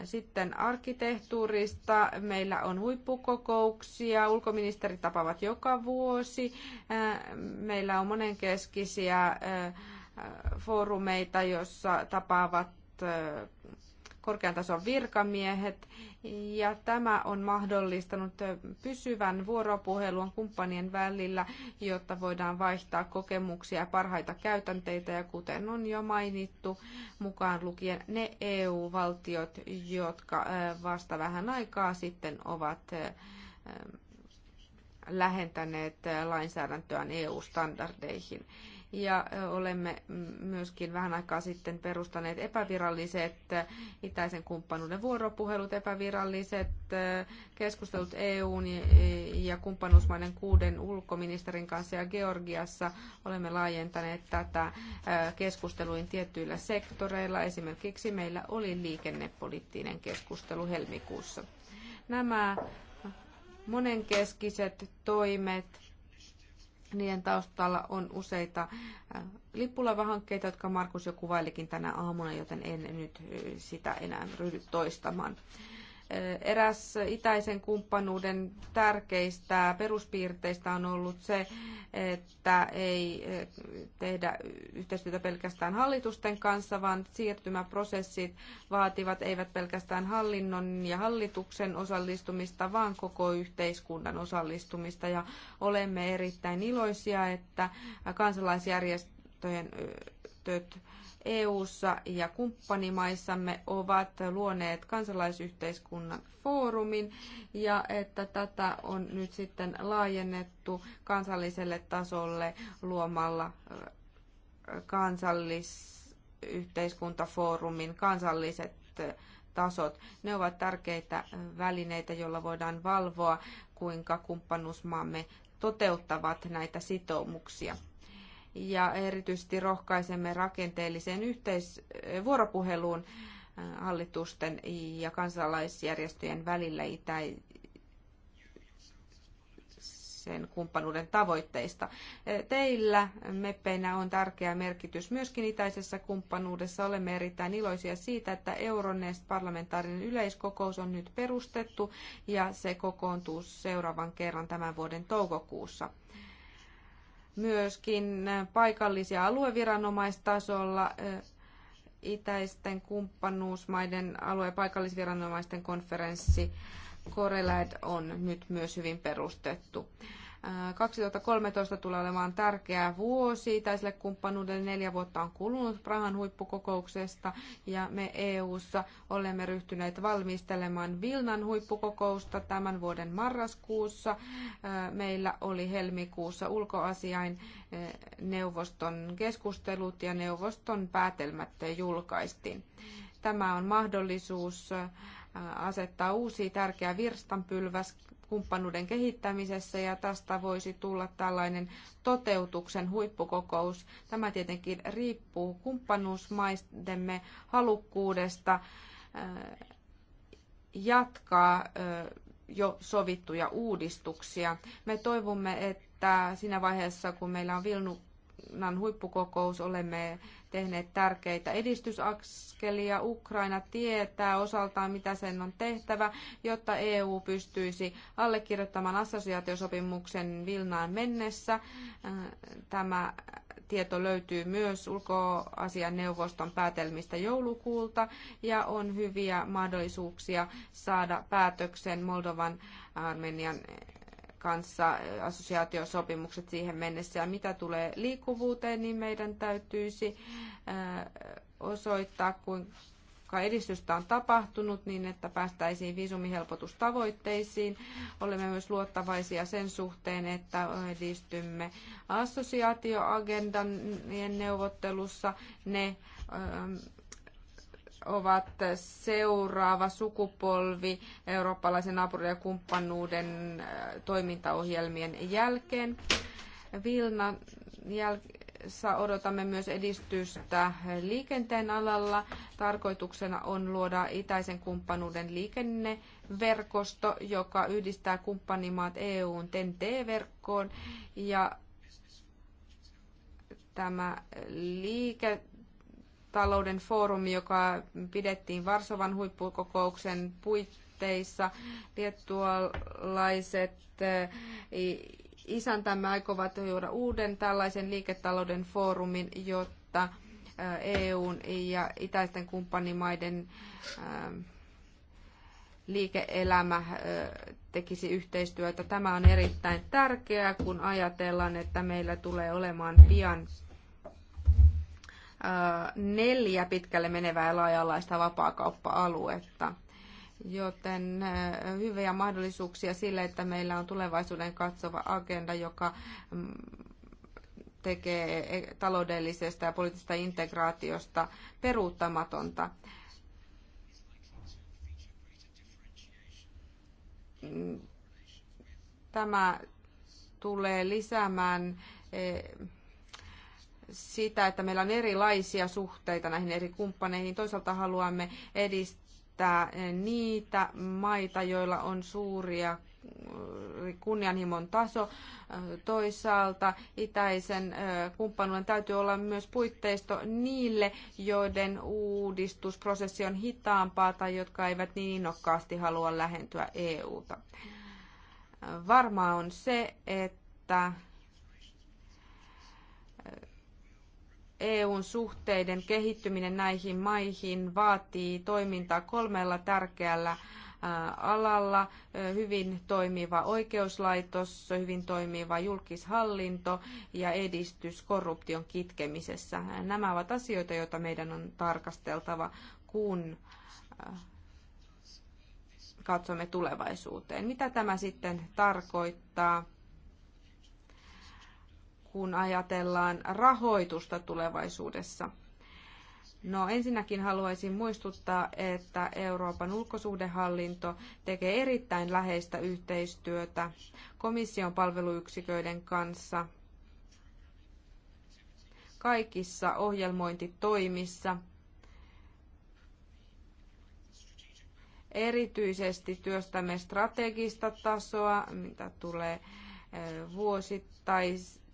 Sitten arkkitehtuurista meillä on huippukokouksia, ulkoministerit tapaavat joka vuosi, meillä on monenkeskisiä foorumeita, joissa tapaavat korkean tason virkamiehet, ja tämä on mahdollistanut pysyvän vuoropuhelun kumppanien välillä, jotta voidaan vaihtaa kokemuksia ja parhaita käytänteitä, ja kuten on jo mainittu, mukaan lukien ne EU-valtiot, jotka vasta vähän aikaa sitten ovat lähentäneet lainsäädäntöään EU-standardeihin ja olemme myöskin vähän aikaa sitten perustaneet epäviralliset itäisen kumppanuuden vuoropuhelut, epäviralliset keskustelut EUn e, ja kumppanuusmaiden kuuden ulkoministerin kanssa ja Georgiassa olemme laajentaneet tätä keskusteluin tiettyillä sektoreilla. Esimerkiksi meillä oli liikennepoliittinen keskustelu helmikuussa. Nämä monenkeskiset toimet niiden taustalla on useita äh, lippulaivahankkeita, jotka Markus jo kuvailikin tänä aamuna, joten en nyt äh, sitä enää ryhdy toistamaan. Eräs itäisen kumppanuuden tärkeistä peruspiirteistä on ollut se, että ei eh, tehdä yhteistyötä pelkästään hallitusten kanssa, vaan siirtymäprosessit vaativat eivät pelkästään hallinnon ja hallituksen osallistumista, vaan koko yhteiskunnan osallistumista. Ja olemme erittäin iloisia, että kansalaisjärjestöjen EU:ssa ja kumppanimaissamme ovat luoneet kansalaisyhteiskunnan foorumin ja että tätä on nyt sitten laajennettu kansalliselle tasolle luomalla kansallisyhteiskuntafoorumin kansalliset tasot. Ne ovat tärkeitä välineitä, joilla voidaan valvoa, kuinka kumppanuusmaamme toteuttavat näitä sitoumuksia ja erityisesti rohkaisemme rakenteelliseen yhteis- vuoropuheluun äh, hallitusten ja kansalaisjärjestöjen välillä itäisen kumppanuuden tavoitteista. Äh, teillä meppeinä on tärkeä merkitys myöskin itäisessä kumppanuudessa. Olemme erittäin iloisia siitä, että Euronest parlamentaarinen yleiskokous on nyt perustettu ja se kokoontuu seuraavan kerran tämän vuoden toukokuussa myöskin paikallisia alueviranomaistasolla itäisten kumppanuusmaiden alue- ja paikallisviranomaisten konferenssi Korelad on nyt myös hyvin perustettu. 2013 tulee olemaan tärkeä vuosi. Itäiselle kumppanuudelle neljä vuotta on kulunut Prahan huippukokouksesta ja me EU:ssa olemme ryhtyneet valmistelemaan Vilnan huippukokousta tämän vuoden marraskuussa. Meillä oli helmikuussa ulkoasiain neuvoston keskustelut ja neuvoston päätelmät julkaistiin. Tämä on mahdollisuus asettaa uusi tärkeä virstanpylväs kumppanuuden kehittämisessä ja tästä voisi tulla tällainen toteutuksen huippukokous. Tämä tietenkin riippuu kumppanuusmaistemme halukkuudesta äh, jatkaa äh, jo sovittuja uudistuksia. Me toivomme, että siinä vaiheessa, kun meillä on Vilnu Ukrainan huippukokous olemme tehneet tärkeitä edistysaskelia. Ukraina tietää osaltaan, mitä sen on tehtävä, jotta EU pystyisi allekirjoittamaan assosiaatiosopimuksen Vilnaan mennessä. Tämä tieto löytyy myös neuvoston päätelmistä joulukuulta ja on hyviä mahdollisuuksia saada päätöksen Moldovan, Armenian kanssa assosiaatiosopimukset siihen mennessä. Ja mitä tulee liikkuvuuteen, niin meidän täytyisi osoittaa, kuinka edistystä on tapahtunut niin, että päästäisiin viisumihelpotustavoitteisiin. Olemme myös luottavaisia sen suhteen, että edistymme assosiaatioagendan neuvottelussa. Ne ovat seuraava sukupolvi eurooppalaisen naapurin ja kumppanuuden äh, toimintaohjelmien jälkeen. Vilna jäl- odotamme myös edistystä liikenteen alalla. Tarkoituksena on luoda itäisen kumppanuuden liikenneverkosto, joka yhdistää kumppanimaat EUn TEN-T-verkkoon ja tämä liike talouden foorumi, joka pidettiin Varsovan huippukokouksen puitteissa. Liettualaiset eh, isäntämme aikovat juoda uuden tällaisen liiketalouden foorumin, jotta eh, EUn ja itäisten kumppanimaiden eh, liike-elämä tekisi yhteistyötä. Tämä on erittäin tärkeää, kun ajatellaan, että meillä tulee olemaan pian neljä pitkälle menevää ja laaja vapaakauppa-aluetta. Joten äh, hyviä mahdollisuuksia sille, että meillä on tulevaisuuden katsova agenda, joka mm, tekee e, taloudellisesta ja poliittisesta integraatiosta peruuttamatonta. Mm, tämä tulee lisäämään e, sitä, että meillä on erilaisia suhteita näihin eri kumppaneihin. Toisaalta haluamme edistää niitä maita, joilla on suuria äh, kunnianhimon taso. Äh, toisaalta itäisen äh, kumppanuuden täytyy olla myös puitteisto niille, joiden uudistusprosessi on hitaampaa tai jotka eivät niin innokkaasti halua lähentyä EUta. Varmaa on se, että EUn suhteiden kehittyminen näihin maihin vaatii toimintaa kolmella tärkeällä alalla. Hyvin toimiva oikeuslaitos, hyvin toimiva julkishallinto ja edistys korruption kitkemisessä. Nämä ovat asioita, joita meidän on tarkasteltava, kun katsomme tulevaisuuteen. Mitä tämä sitten tarkoittaa? kun ajatellaan rahoitusta tulevaisuudessa? No ensinnäkin haluaisin muistuttaa, että Euroopan ulkosuhdehallinto tekee erittäin läheistä yhteistyötä komission palveluyksiköiden kanssa kaikissa ohjelmointitoimissa, erityisesti työstämme strategista tasoa, mitä tulee eh, vuosittaisiin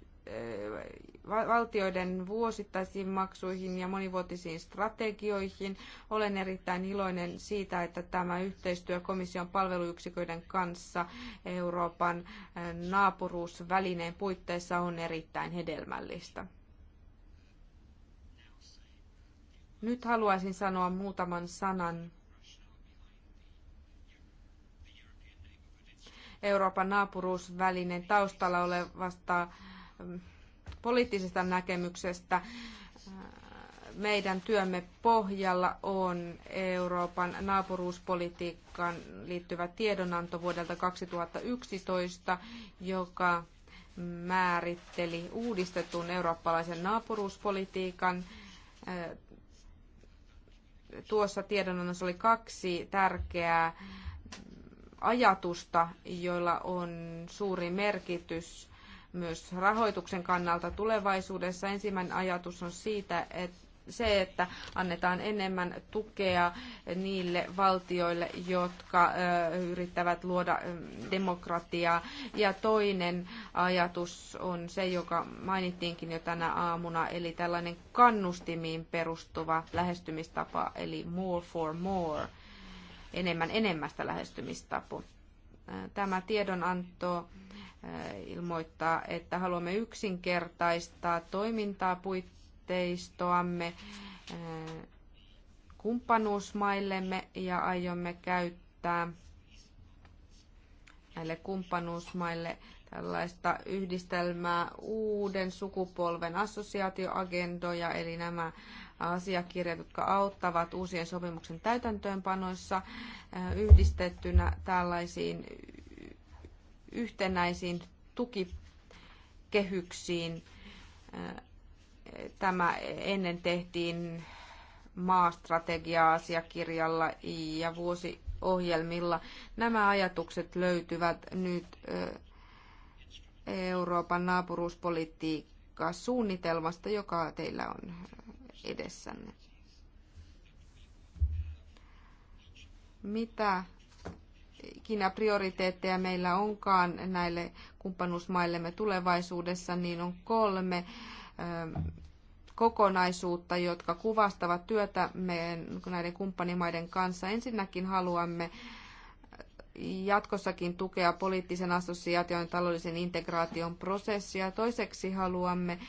valtioiden vuosittaisiin maksuihin ja monivuotisiin strategioihin. Olen erittäin iloinen siitä, että tämä yhteistyö komission palveluyksiköiden kanssa Euroopan eh, naapuruusvälineen puitteissa on erittäin hedelmällistä. Nyt haluaisin sanoa muutaman sanan Euroopan naapuruusvälineen taustalla olevasta poliittisesta näkemyksestä meidän työmme pohjalla on Euroopan naapuruuspolitiikkaan liittyvä tiedonanto vuodelta 2011, joka määritteli uudistetun eurooppalaisen naapuruuspolitiikan. Tuossa tiedonannossa oli kaksi tärkeää ajatusta, joilla on suuri merkitys myös rahoituksen kannalta tulevaisuudessa. Ensimmäinen ajatus on siitä, että se, että annetaan enemmän tukea niille valtioille, jotka yrittävät luoda demokratiaa. Ja toinen ajatus on se, joka mainittiinkin jo tänä aamuna, eli tällainen kannustimiin perustuva lähestymistapa, eli more for more, enemmän enemmästä lähestymistapa. Tämä tiedonanto Äh, ilmoittaa, että haluamme yksinkertaistaa toimintaa puitteistoamme äh, kumppanuusmaillemme ja aiomme käyttää näille kumppanuusmaille tällaista yhdistelmää uuden sukupolven assosiaatioagendoja, eli nämä asiakirjat, jotka auttavat uusien sopimuksen täytäntöönpanoissa äh, yhdistettynä tällaisiin yhtenäisiin tukikehyksiin. Tämä ennen tehtiin maastrategia-asiakirjalla ja vuosiohjelmilla. Nämä ajatukset löytyvät nyt Euroopan naapuruuspolitiikka suunnitelmasta, joka teillä on edessänne. Mitä ikinä prioriteetteja meillä onkaan näille kumppanuusmaillemme tulevaisuudessa, niin on kolme ähm, kokonaisuutta, jotka kuvastavat työtä meidän näiden kumppanimaiden kanssa. Ensinnäkin haluamme jatkossakin tukea poliittisen assosiaation ja taloudellisen integraation prosessia. Toiseksi haluamme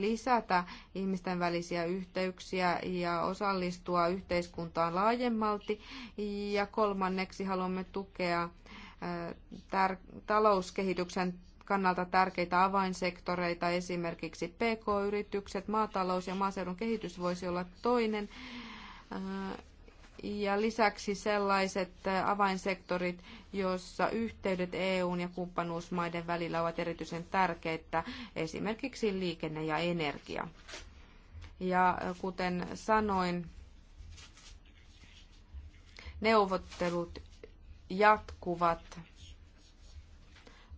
lisätä ihmisten välisiä yhteyksiä ja osallistua yhteiskuntaan laajemmalti. Ja kolmanneksi haluamme tukea äh, talouskehityksen kannalta tärkeitä avainsektoreita, esimerkiksi PK-yritykset, maatalous ja maaseudun kehitys voisi olla toinen äh, ja lisäksi sellaiset avainsektorit, joissa yhteydet EUn ja kumppanuusmaiden välillä ovat erityisen tärkeitä, esimerkiksi liikenne ja energia. Ja kuten sanoin, neuvottelut jatkuvat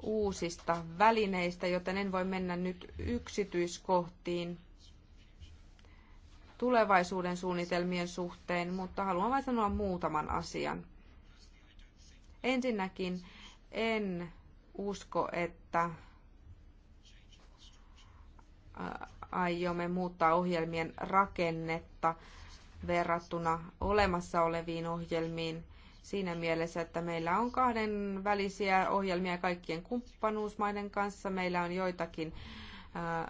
uusista välineistä, joten en voi mennä nyt yksityiskohtiin tulevaisuuden suunnitelmien suhteen, mutta haluan vain sanoa muutaman asian. Ensinnäkin en usko, että äh, aiomme muuttaa ohjelmien rakennetta verrattuna olemassa oleviin ohjelmiin siinä mielessä, että meillä on kahden välisiä ohjelmia kaikkien kumppanuusmaiden kanssa. Meillä on joitakin äh,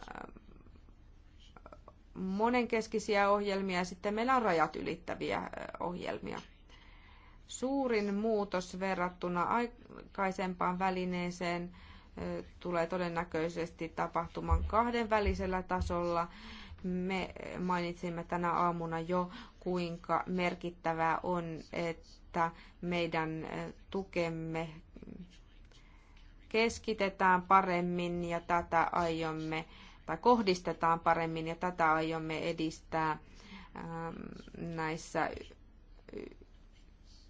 monenkeskisiä ohjelmia ja sitten meillä on rajat ylittäviä ohjelmia. Suurin muutos verrattuna aikaisempaan välineeseen tulee todennäköisesti tapahtuman kahdenvälisellä tasolla. Me mainitsimme tänä aamuna jo, kuinka merkittävää on, että meidän tukemme keskitetään paremmin ja tätä aiomme tai kohdistetaan paremmin ja tätä aiomme edistää ähm, näissä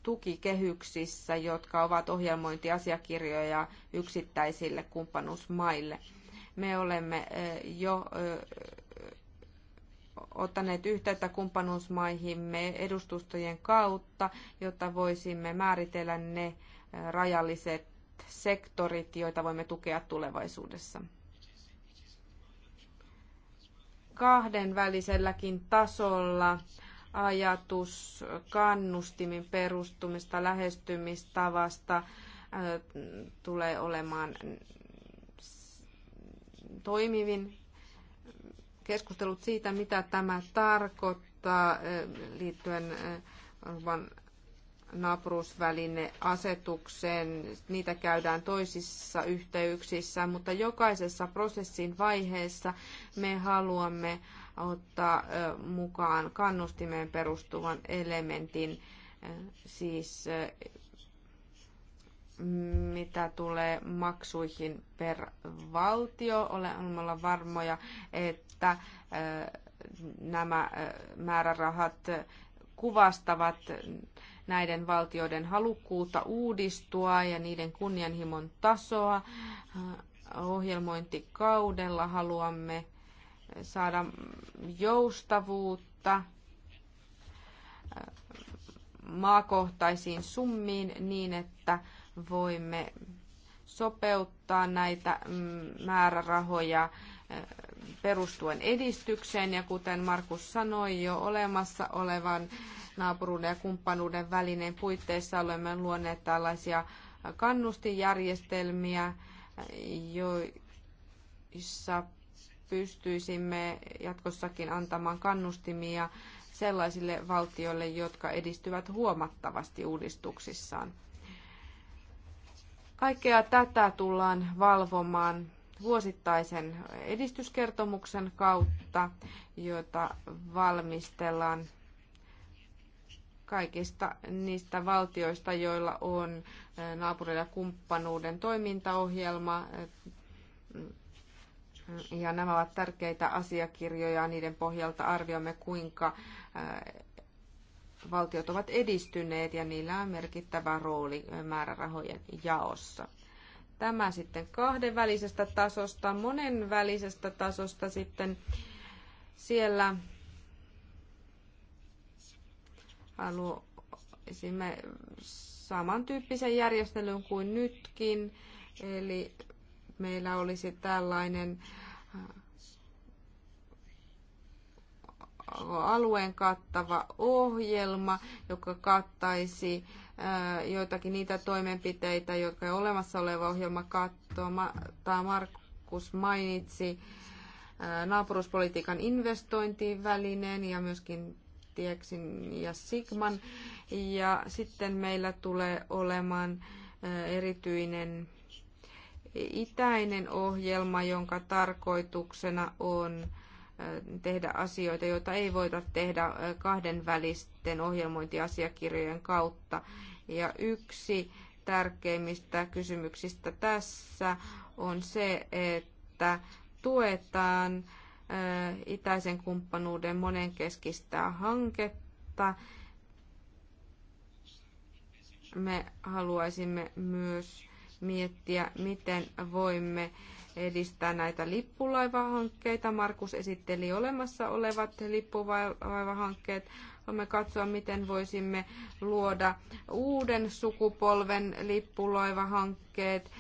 tukikehyksissä, jotka ovat ohjelmointiasiakirjoja yksittäisille kumppanuusmaille. Me olemme äh, jo äh, ottaneet yhteyttä kumppanuusmaihimme edustustojen kautta, jotta voisimme määritellä ne äh, rajalliset sektorit, joita voimme tukea tulevaisuudessa kahdenväliselläkin tasolla ajatus kannustimin perustumista, lähestymistavasta tulee olemaan toimivin. Keskustelut siitä, mitä tämä tarkoittaa liittyen naapuruusvälineasetukseen. Niitä käydään toisissa yhteyksissä, mutta jokaisessa prosessin vaiheessa me haluamme ottaa mukaan kannustimeen perustuvan elementin, siis mitä tulee maksuihin per valtio. Olemme varmoja, että nämä määrärahat kuvastavat näiden valtioiden halukkuutta uudistua ja niiden kunnianhimon tasoa. Ohjelmointikaudella haluamme saada joustavuutta maakohtaisiin summiin niin, että voimme sopeuttaa näitä määrärahoja perustuen edistykseen ja kuten Markus sanoi jo olemassa olevan naapuruuden ja kumppanuuden välineen puitteissa olemme luoneet tällaisia kannustijärjestelmiä, joissa pystyisimme jatkossakin antamaan kannustimia sellaisille valtioille, jotka edistyvät huomattavasti uudistuksissaan. Kaikkea tätä tullaan valvomaan vuosittaisen edistyskertomuksen kautta, jota valmistellaan kaikista niistä valtioista, joilla on naapureilla kumppanuuden toimintaohjelma. Ja nämä ovat tärkeitä asiakirjoja. Niiden pohjalta arvioimme, kuinka valtiot ovat edistyneet ja niillä on merkittävä rooli määrärahojen jaossa. Tämä sitten kahdenvälisestä tasosta, monenvälisestä tasosta sitten siellä haluaisimme samantyyppisen järjestelyn kuin nytkin, eli meillä olisi tällainen äh, alueen kattava ohjelma, joka kattaisi äh, joitakin niitä toimenpiteitä, jotka jo olemassa oleva ohjelma kattoo. Tämä Markus mainitsi äh, naapuruspolitiikan investointiin välineen ja myöskin Tieksin ja Sigman. Ja sitten meillä tulee olemaan erityinen itäinen ohjelma, jonka tarkoituksena on tehdä asioita, joita ei voida tehdä kahdenvälisten ohjelmointiasiakirjojen kautta. Ja yksi tärkeimmistä kysymyksistä tässä on se, että tuetaan itäisen kumppanuuden monenkeskistä hanketta. Me haluaisimme myös miettiä, miten voimme edistää näitä lippulaivahankkeita. Markus esitteli olemassa olevat lippulaivahankkeet. Voimme katsoa, miten voisimme luoda uuden sukupolven lippulaivahankkeet,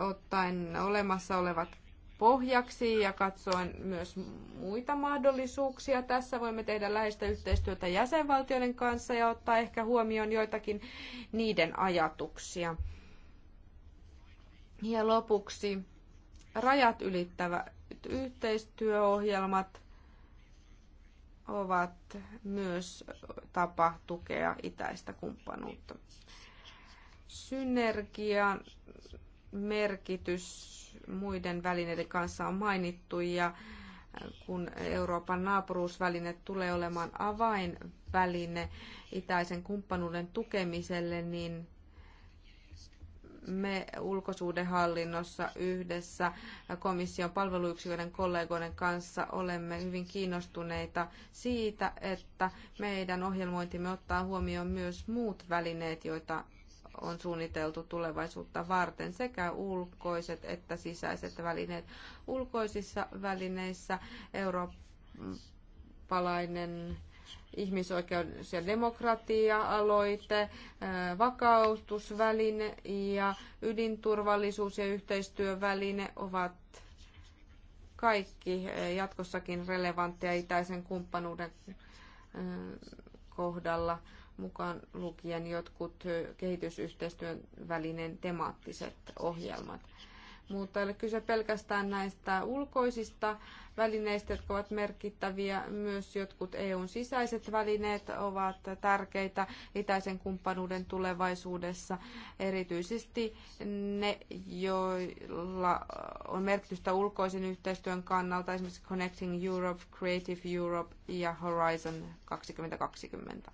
ottaen olemassa olevat pohjaksi ja katsoin myös muita mahdollisuuksia. Tässä voimme tehdä läheistä yhteistyötä jäsenvaltioiden kanssa ja ottaa ehkä huomioon joitakin niiden ajatuksia. Ja lopuksi rajat ylittävät yhteistyöohjelmat ovat myös tapa tukea itäistä kumppanuutta. Synergian merkitys muiden välineiden kanssa on mainittu ja äh, kun Euroopan naapuruusväline tulee olemaan avainväline itäisen kumppanuuden tukemiselle, niin me ulkosuudenhallinnossa yhdessä komission palveluyksiköiden kollegoiden kanssa olemme hyvin kiinnostuneita siitä, että meidän ohjelmointimme ottaa huomioon myös muut välineet, joita on suunniteltu tulevaisuutta varten sekä ulkoiset että sisäiset välineet. Ulkoisissa välineissä eurooppalainen ihmisoikeus- ja demokratia-aloite, vakautusväline ja ydinturvallisuus- ja yhteistyöväline ovat kaikki jatkossakin relevantteja itäisen kumppanuuden kohdalla mukaan lukien jotkut kehitysyhteistyön välinen temaattiset ohjelmat. Mutta ei ole kyse pelkästään näistä ulkoisista välineistä, jotka ovat merkittäviä. Myös jotkut EUn sisäiset välineet ovat tärkeitä itäisen kumppanuuden tulevaisuudessa, erityisesti ne, joilla on merkitystä ulkoisen yhteistyön kannalta, esimerkiksi Connecting Europe, Creative Europe ja Horizon 2020.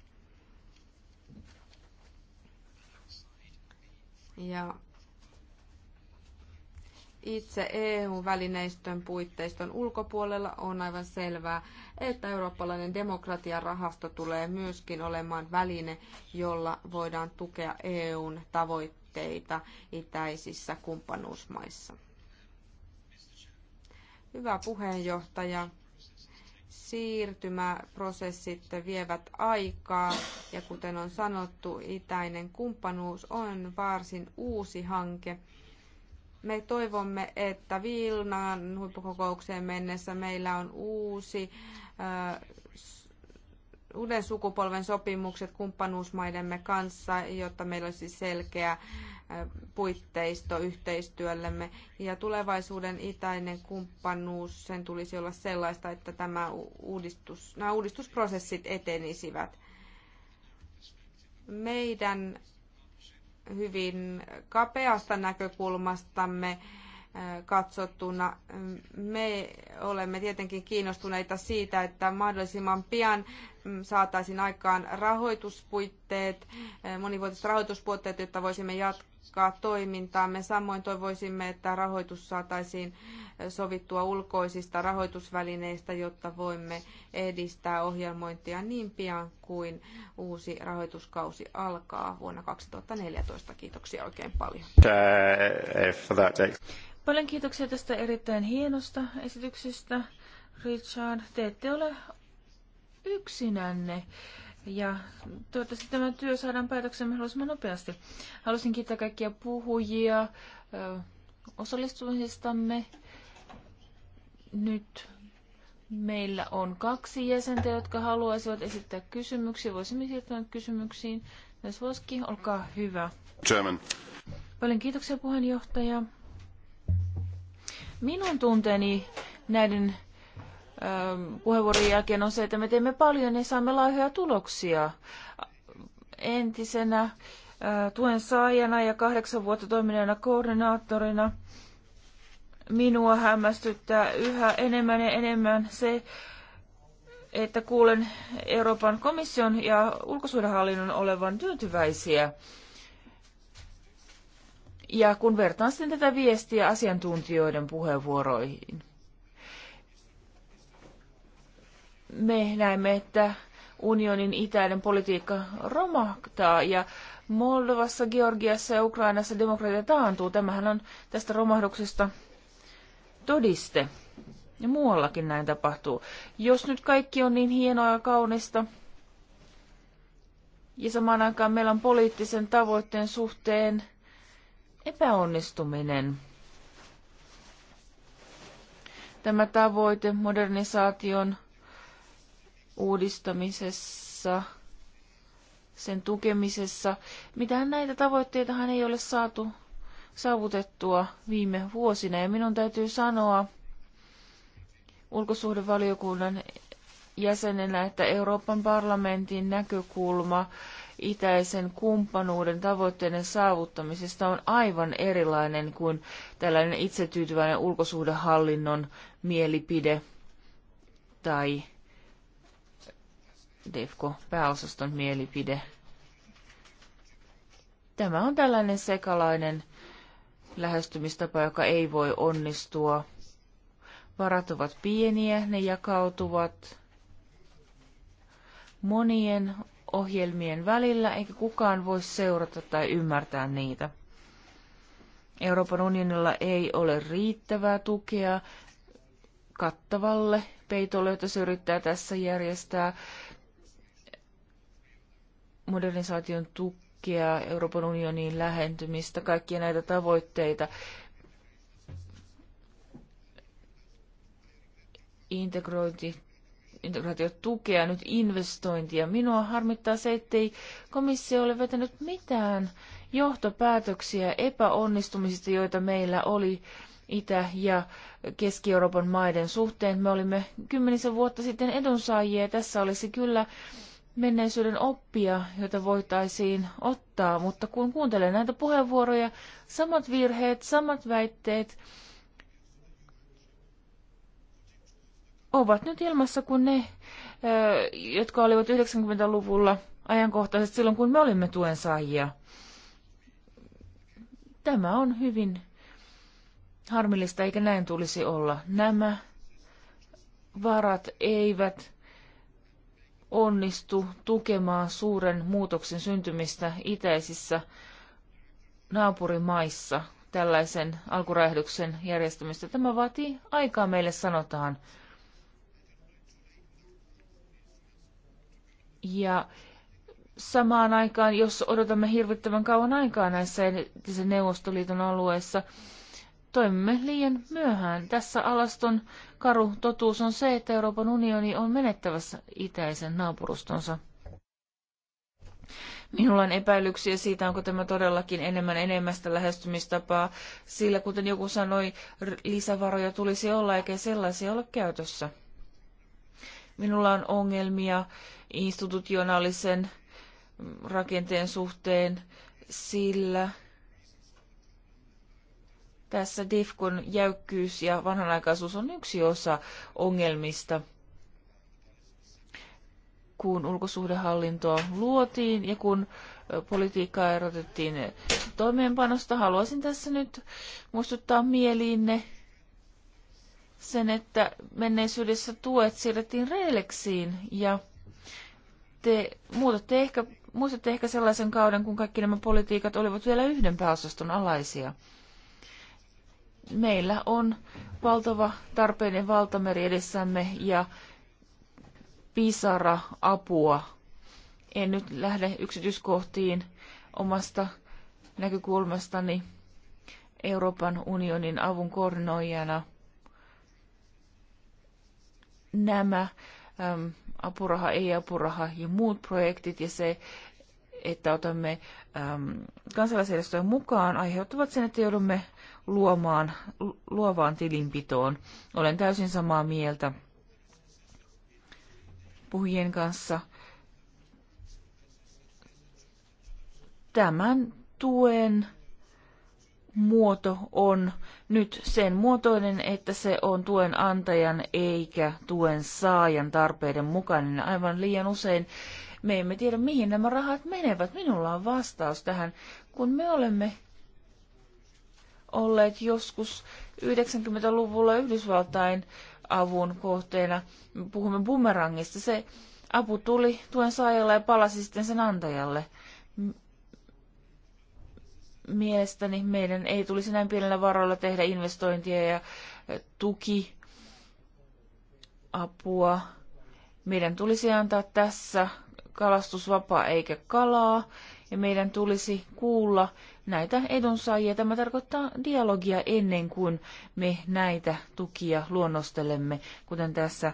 Ja itse EU-välineistön puitteiston ulkopuolella on aivan selvää, että eurooppalainen demokratiarahasto tulee myöskin olemaan väline, jolla voidaan tukea EUn tavoitteita itäisissä kumppanuusmaissa. Hyvä puheenjohtaja siirtymäprosessit vievät aikaa ja kuten on sanottu, itäinen kumppanuus on varsin uusi hanke. Me toivomme, että Vilnan huippukokoukseen mennessä meillä on uusi äh, uuden sukupolven sopimukset kumppanuusmaidemme kanssa, jotta meillä olisi selkeä puitteisto yhteistyöllemme. Ja tulevaisuuden itäinen kumppanuus, sen tulisi olla sellaista, että tämä uudistus, nämä uudistusprosessit etenisivät. Meidän hyvin kapeasta näkökulmastamme katsottuna. Me olemme tietenkin kiinnostuneita siitä, että mahdollisimman pian mm, saataisiin aikaan rahoituspuitteet, monivuotiset rahoituspuitteet, jotta voisimme jatkaa jatkaa toimintaamme. Samoin toivoisimme, että rahoitus saataisiin sovittua ulkoisista rahoitusvälineistä, jotta voimme edistää ohjelmointia niin pian kuin uusi rahoituskausi alkaa vuonna 2014. Kiitoksia oikein paljon. Paljon kiitoksia tästä erittäin hienosta esityksestä. Richard, te ette ole yksinänne. Ja toivottavasti tämä työ saadaan päätöksen mahdollisimman nopeasti. Haluaisin kiittää kaikkia puhujia osallistumistamme. Nyt meillä on kaksi jäsentä, jotka haluaisivat esittää kysymyksiä. Voisimme siirtyä kysymyksiin. Jos Voski, olkaa hyvä. Chairman. Paljon kiitoksia puheenjohtaja. Minun tunteeni näiden Ähm, puheenvuoron jälkeen on se, että me teemme paljon ja saamme laihoja tuloksia. Entisenä äh, tuen saajana ja kahdeksan vuotta toimineena koordinaattorina minua hämmästyttää yhä enemmän ja enemmän se, että kuulen Euroopan komission ja ulkosuudenhallinnon olevan tyytyväisiä. Ja kun vertaan sitten tätä viestiä asiantuntijoiden puheenvuoroihin, me näemme, että unionin itäinen politiikka romahtaa ja Moldovassa, Georgiassa ja Ukrainassa demokratia taantuu. Tämähän on tästä romahduksesta todiste. Ja muuallakin näin tapahtuu. Jos nyt kaikki on niin hienoa ja kaunista, ja samaan aikaan meillä on poliittisen tavoitteen suhteen epäonnistuminen. Tämä tavoite modernisaation uudistamisessa, sen tukemisessa. Mitään näitä tavoitteitahan ei ole saatu saavutettua viime vuosina. Ja minun täytyy sanoa ulkosuhdevaliokunnan jäsenenä, että Euroopan parlamentin näkökulma itäisen kumppanuuden tavoitteiden saavuttamisesta on aivan erilainen kuin tällainen itsetyytyväinen ulkosuhdehallinnon mielipide tai DEFCO-pääosaston mielipide. Tämä on tällainen sekalainen lähestymistapa, joka ei voi onnistua. Varat ovat pieniä, ne jakautuvat monien ohjelmien välillä, eikä kukaan voi seurata tai ymmärtää niitä. Euroopan unionilla ei ole riittävää tukea kattavalle peitolle, jota se yrittää tässä järjestää modernisaation tukea, Euroopan unionin lähentymistä, kaikkia näitä tavoitteita. Integrointi, tukea nyt investointia. Minua harmittaa se, ettei komissio ole vetänyt mitään johtopäätöksiä epäonnistumisista, joita meillä oli Itä- ja Keski-Euroopan maiden suhteen. Me olimme kymmenisen vuotta sitten edunsaajia ja tässä olisi kyllä menneisyyden oppia, joita voitaisiin ottaa, mutta kun kuuntelee näitä puheenvuoroja, samat virheet, samat väitteet ovat nyt ilmassa kuin ne, jotka olivat 90-luvulla ajankohtaisesti silloin, kun me olimme tuen saajia. Tämä on hyvin harmillista, eikä näin tulisi olla. Nämä varat eivät onnistu tukemaan suuren muutoksen syntymistä itäisissä naapurimaissa tällaisen alkuräjähdyksen järjestämistä. Tämä vaatii aikaa, meille sanotaan. Ja samaan aikaan, jos odotamme hirvittävän kauan aikaa näissä entisen Neuvostoliiton alueissa, Toimimme liian myöhään. Tässä alaston karu totuus on se, että Euroopan unioni on menettävässä itäisen naapurustonsa. Minulla on epäilyksiä siitä, onko tämä todellakin enemmän enemmästä lähestymistapaa, sillä kuten joku sanoi, lisävaroja tulisi olla eikä sellaisia ole käytössä. Minulla on ongelmia institutionaalisen rakenteen suhteen, sillä tässä DIFKon jäykkyys ja vanhanaikaisuus on yksi osa ongelmista, kun ulkosuhdehallintoa luotiin ja kun politiikkaa erotettiin toimeenpanosta. Haluaisin tässä nyt muistuttaa mieliinne sen, että menneisyydessä tuet siirrettiin reileksiin ja te muutatte ehkä, muistatte ehkä sellaisen kauden, kun kaikki nämä politiikat olivat vielä yhden pääosaston alaisia meillä on valtava tarpeiden valtameri edessämme ja pisara apua. En nyt lähde yksityiskohtiin omasta näkökulmastani Euroopan unionin avun koordinoijana. Nämä äm, apuraha, ei-apuraha ja muut projektit ja se, että otamme äm, kansalaisjärjestöjä mukaan, aiheuttavat sen, että joudumme luomaan, luovaan tilinpitoon. Olen täysin samaa mieltä puhujien kanssa. Tämän tuen muoto on nyt sen muotoinen, että se on tuen antajan eikä tuen saajan tarpeiden mukainen. Aivan liian usein me emme tiedä, mihin nämä rahat menevät. Minulla on vastaus tähän. Kun me olemme olleet joskus 90-luvulla Yhdysvaltain avun kohteena. Puhumme bumerangista. Se apu tuli tuen saajalle ja palasi sitten sen antajalle. Mielestäni meidän ei tulisi näin pienellä varoilla tehdä investointia ja eh, tuki apua. Meidän tulisi antaa tässä kalastusvapaa eikä kalaa ja meidän tulisi kuulla näitä edunsaajia. Tämä tarkoittaa dialogia ennen kuin me näitä tukia luonnostelemme, kuten tässä äh,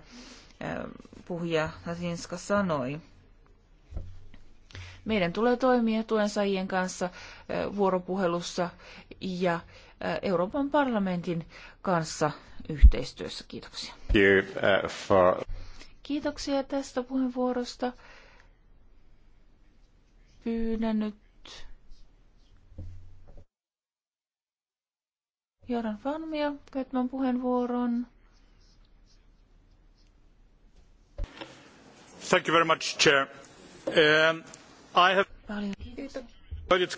puhuja Hasinska sanoi. Meidän tulee toimia tuensaajien kanssa äh, vuoropuhelussa ja äh, Euroopan parlamentin kanssa yhteistyössä. Kiitoksia. Uh, Kiitoksia tästä puheenvuorosta. Pyydän nyt Joran Fanmia käyttämään puheenvuoron. Thank you very much, Chair. Um, I have... Paljon kiitoksia. Paljon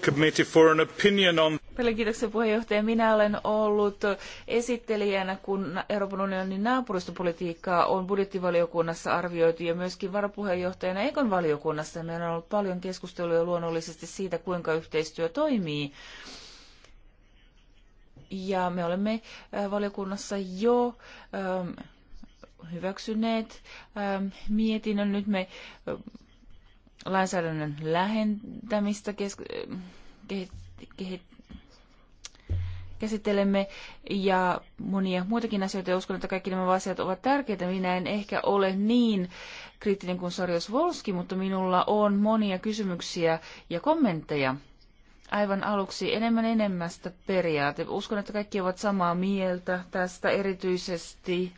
kiitoksia puheenjohtaja. Minä olen ollut esittelijänä, kun Euroopan unionin naapuristopolitiikkaa on budjettivaliokunnassa arvioitu ja myöskin varapuheenjohtajana Ekon valiokunnassa. Meillä on ollut paljon keskustelua luonnollisesti siitä, kuinka yhteistyö toimii ja me olemme äh, valiokunnassa jo ähm, hyväksyneet ähm, mietinnön. Nyt me äh, lainsäädännön lähentämistä kesk- äh, käsittelemme ja monia muitakin asioita. Ja uskon, että kaikki nämä asiat ovat tärkeitä. Minä en ehkä ole niin kriittinen kuin Sarjos Volski, mutta minulla on monia kysymyksiä ja kommentteja aivan aluksi enemmän enemmästä periaate. Uskon, että kaikki ovat samaa mieltä tästä erityisesti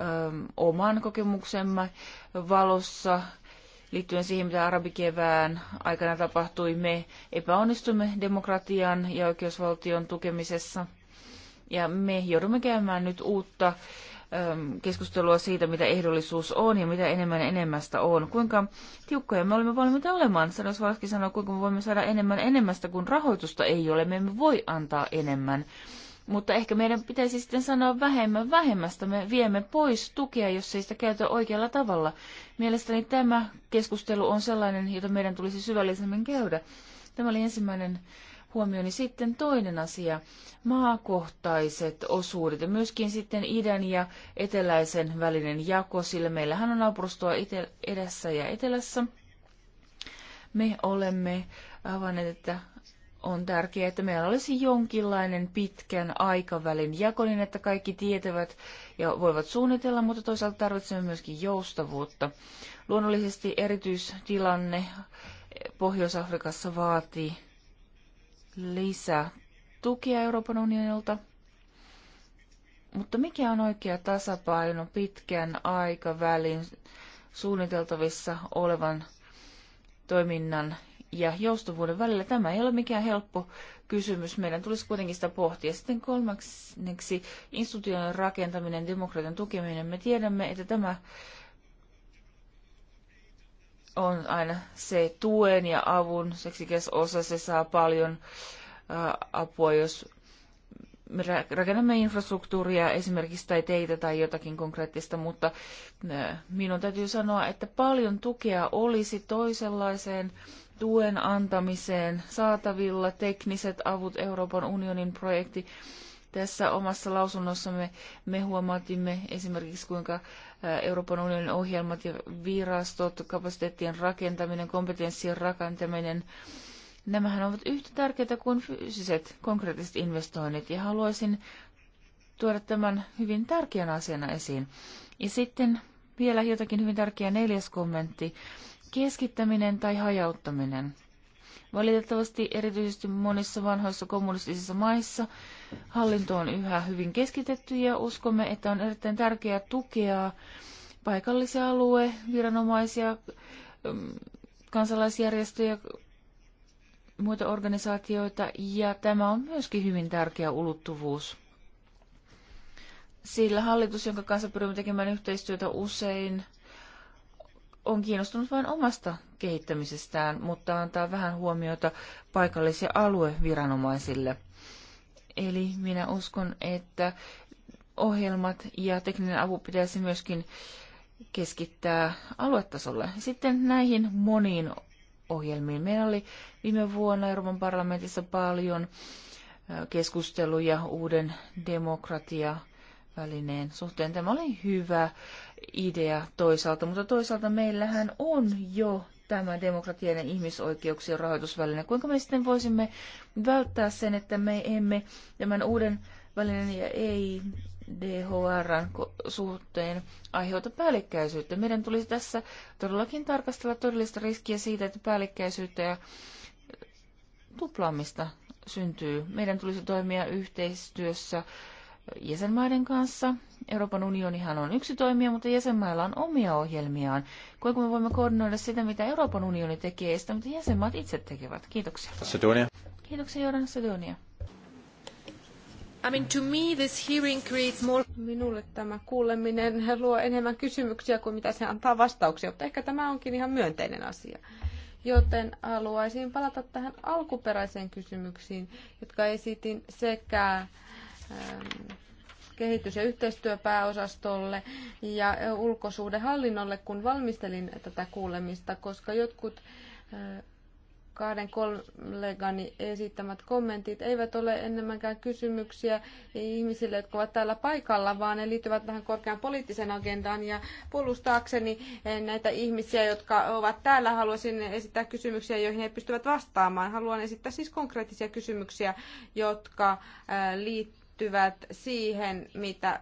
ö, oman kokemuksemme valossa liittyen siihen, mitä arabikevään aikana tapahtui. Me epäonnistumme demokratian ja oikeusvaltion tukemisessa ja me joudumme käymään nyt uutta Ähm, keskustelua siitä, mitä ehdollisuus on ja mitä enemmän enemmästä on. Kuinka tiukkoja me olemme valmiita olemaan? Sanois Valski sanoi, kuinka me voimme saada enemmän enemmästä, kun rahoitusta ei ole. Me emme voi antaa enemmän. Mutta ehkä meidän pitäisi sitten sanoa vähemmän vähemmästä. Me viemme pois tukea, jos ei sitä käytä oikealla tavalla. Mielestäni tämä keskustelu on sellainen, jota meidän tulisi syvällisemmin käydä. Tämä oli ensimmäinen huomioni. Sitten toinen asia, maakohtaiset osuudet ja myöskin sitten idän ja eteläisen välinen jako, sillä meillähän on naapurustoa edessä ja etelässä. Me olemme avanneet, että on tärkeää, että meillä olisi jonkinlainen pitkän aikavälin jako niin, että kaikki tietävät ja voivat suunnitella, mutta toisaalta tarvitsemme myöskin joustavuutta. Luonnollisesti erityistilanne Pohjois-Afrikassa vaatii lisää tukia Euroopan unionilta. Mutta mikä on oikea tasapaino pitkän aikavälin suunniteltavissa olevan toiminnan ja joustavuuden välillä. Tämä ei ole mikään helppo kysymys. Meidän tulisi kuitenkin sitä pohtia. Sitten kolmanneksi instituutioiden rakentaminen, demokratian tukeminen. Me tiedämme, että tämä on aina se tuen ja avun seksikäs osa. Se saa paljon apua, jos me rakennamme infrastruktuuria esimerkiksi tai teitä tai jotakin konkreettista, mutta minun täytyy sanoa, että paljon tukea olisi toisenlaiseen tuen antamiseen saatavilla tekniset avut Euroopan unionin projekti. Tässä omassa lausunnossamme me huomautimme esimerkiksi, kuinka Euroopan unionin ohjelmat ja virastot, kapasiteettien rakentaminen, kompetenssien rakentaminen. Nämähän ovat yhtä tärkeitä kuin fyysiset, konkreettiset investoinnit, ja haluaisin tuoda tämän hyvin tärkeän asiana esiin. Ja sitten vielä jotakin hyvin tärkeä neljäs kommentti. Keskittäminen tai hajauttaminen. Valitettavasti erityisesti monissa vanhoissa kommunistisissa maissa hallinto on yhä hyvin keskitetty ja uskomme, että on erittäin tärkeää tukea paikallisia alue, viranomaisia, mm, kansalaisjärjestöjä, muita organisaatioita ja tämä on myöskin hyvin tärkeä ulottuvuus. Sillä hallitus, jonka kanssa pyrimme tekemään yhteistyötä usein, on kiinnostunut vain omasta kehittämisestään, mutta antaa vähän huomiota paikallis- ja alueviranomaisille. Eli minä uskon, että ohjelmat ja tekninen apu pitäisi myöskin keskittää aluetasolle. Sitten näihin moniin ohjelmiin. Meillä oli viime vuonna Euroopan parlamentissa paljon keskusteluja uuden demokratia välineen suhteen. Tämä oli hyvä idea toisaalta, mutta toisaalta meillähän on jo tämä demokratian ja ihmisoikeuksien rahoitusväline. Kuinka me sitten voisimme välttää sen, että me emme tämän uuden välinen ja ei DHRn suhteen aiheuta päällekkäisyyttä. Meidän tulisi tässä todellakin tarkastella todellista riskiä siitä, että päällekkäisyyttä ja tuplaamista syntyy. Meidän tulisi toimia yhteistyössä jäsenmaiden kanssa. Euroopan unionihan on yksi toimija, mutta jäsenmailla on omia ohjelmiaan. Kuinka me voimme koordinoida sitä, mitä Euroopan unioni tekee ja sitä, mitä jäsenmaat itse tekevät? Kiitoksia. Sedonia. Kiitoksia, Jordan Sedonia. I mean, to me this hearing creates more... Minulle tämä kuuleminen luo enemmän kysymyksiä kuin mitä se antaa vastauksia, mutta ehkä tämä onkin ihan myönteinen asia. Joten haluaisin palata tähän alkuperäiseen kysymyksiin, jotka esitin sekä Ähm, kehitys- ja yhteistyöpääosastolle ja ulkosuhdehallinnolle, kun valmistelin tätä kuulemista, koska jotkut kahden kollegani esittämät kommentit eivät ole enemmänkään kysymyksiä ihmisille, jotka ovat täällä paikalla, vaan ne liittyvät tähän korkean poliittisen agendaan. Ja puolustaakseni e, näitä ihmisiä, jotka ovat täällä, haluaisin esittää kysymyksiä, joihin he pystyvät vastaamaan. Haluan esittää siis konkreettisia kysymyksiä, jotka e, liittyvät liittyvät siihen, mitä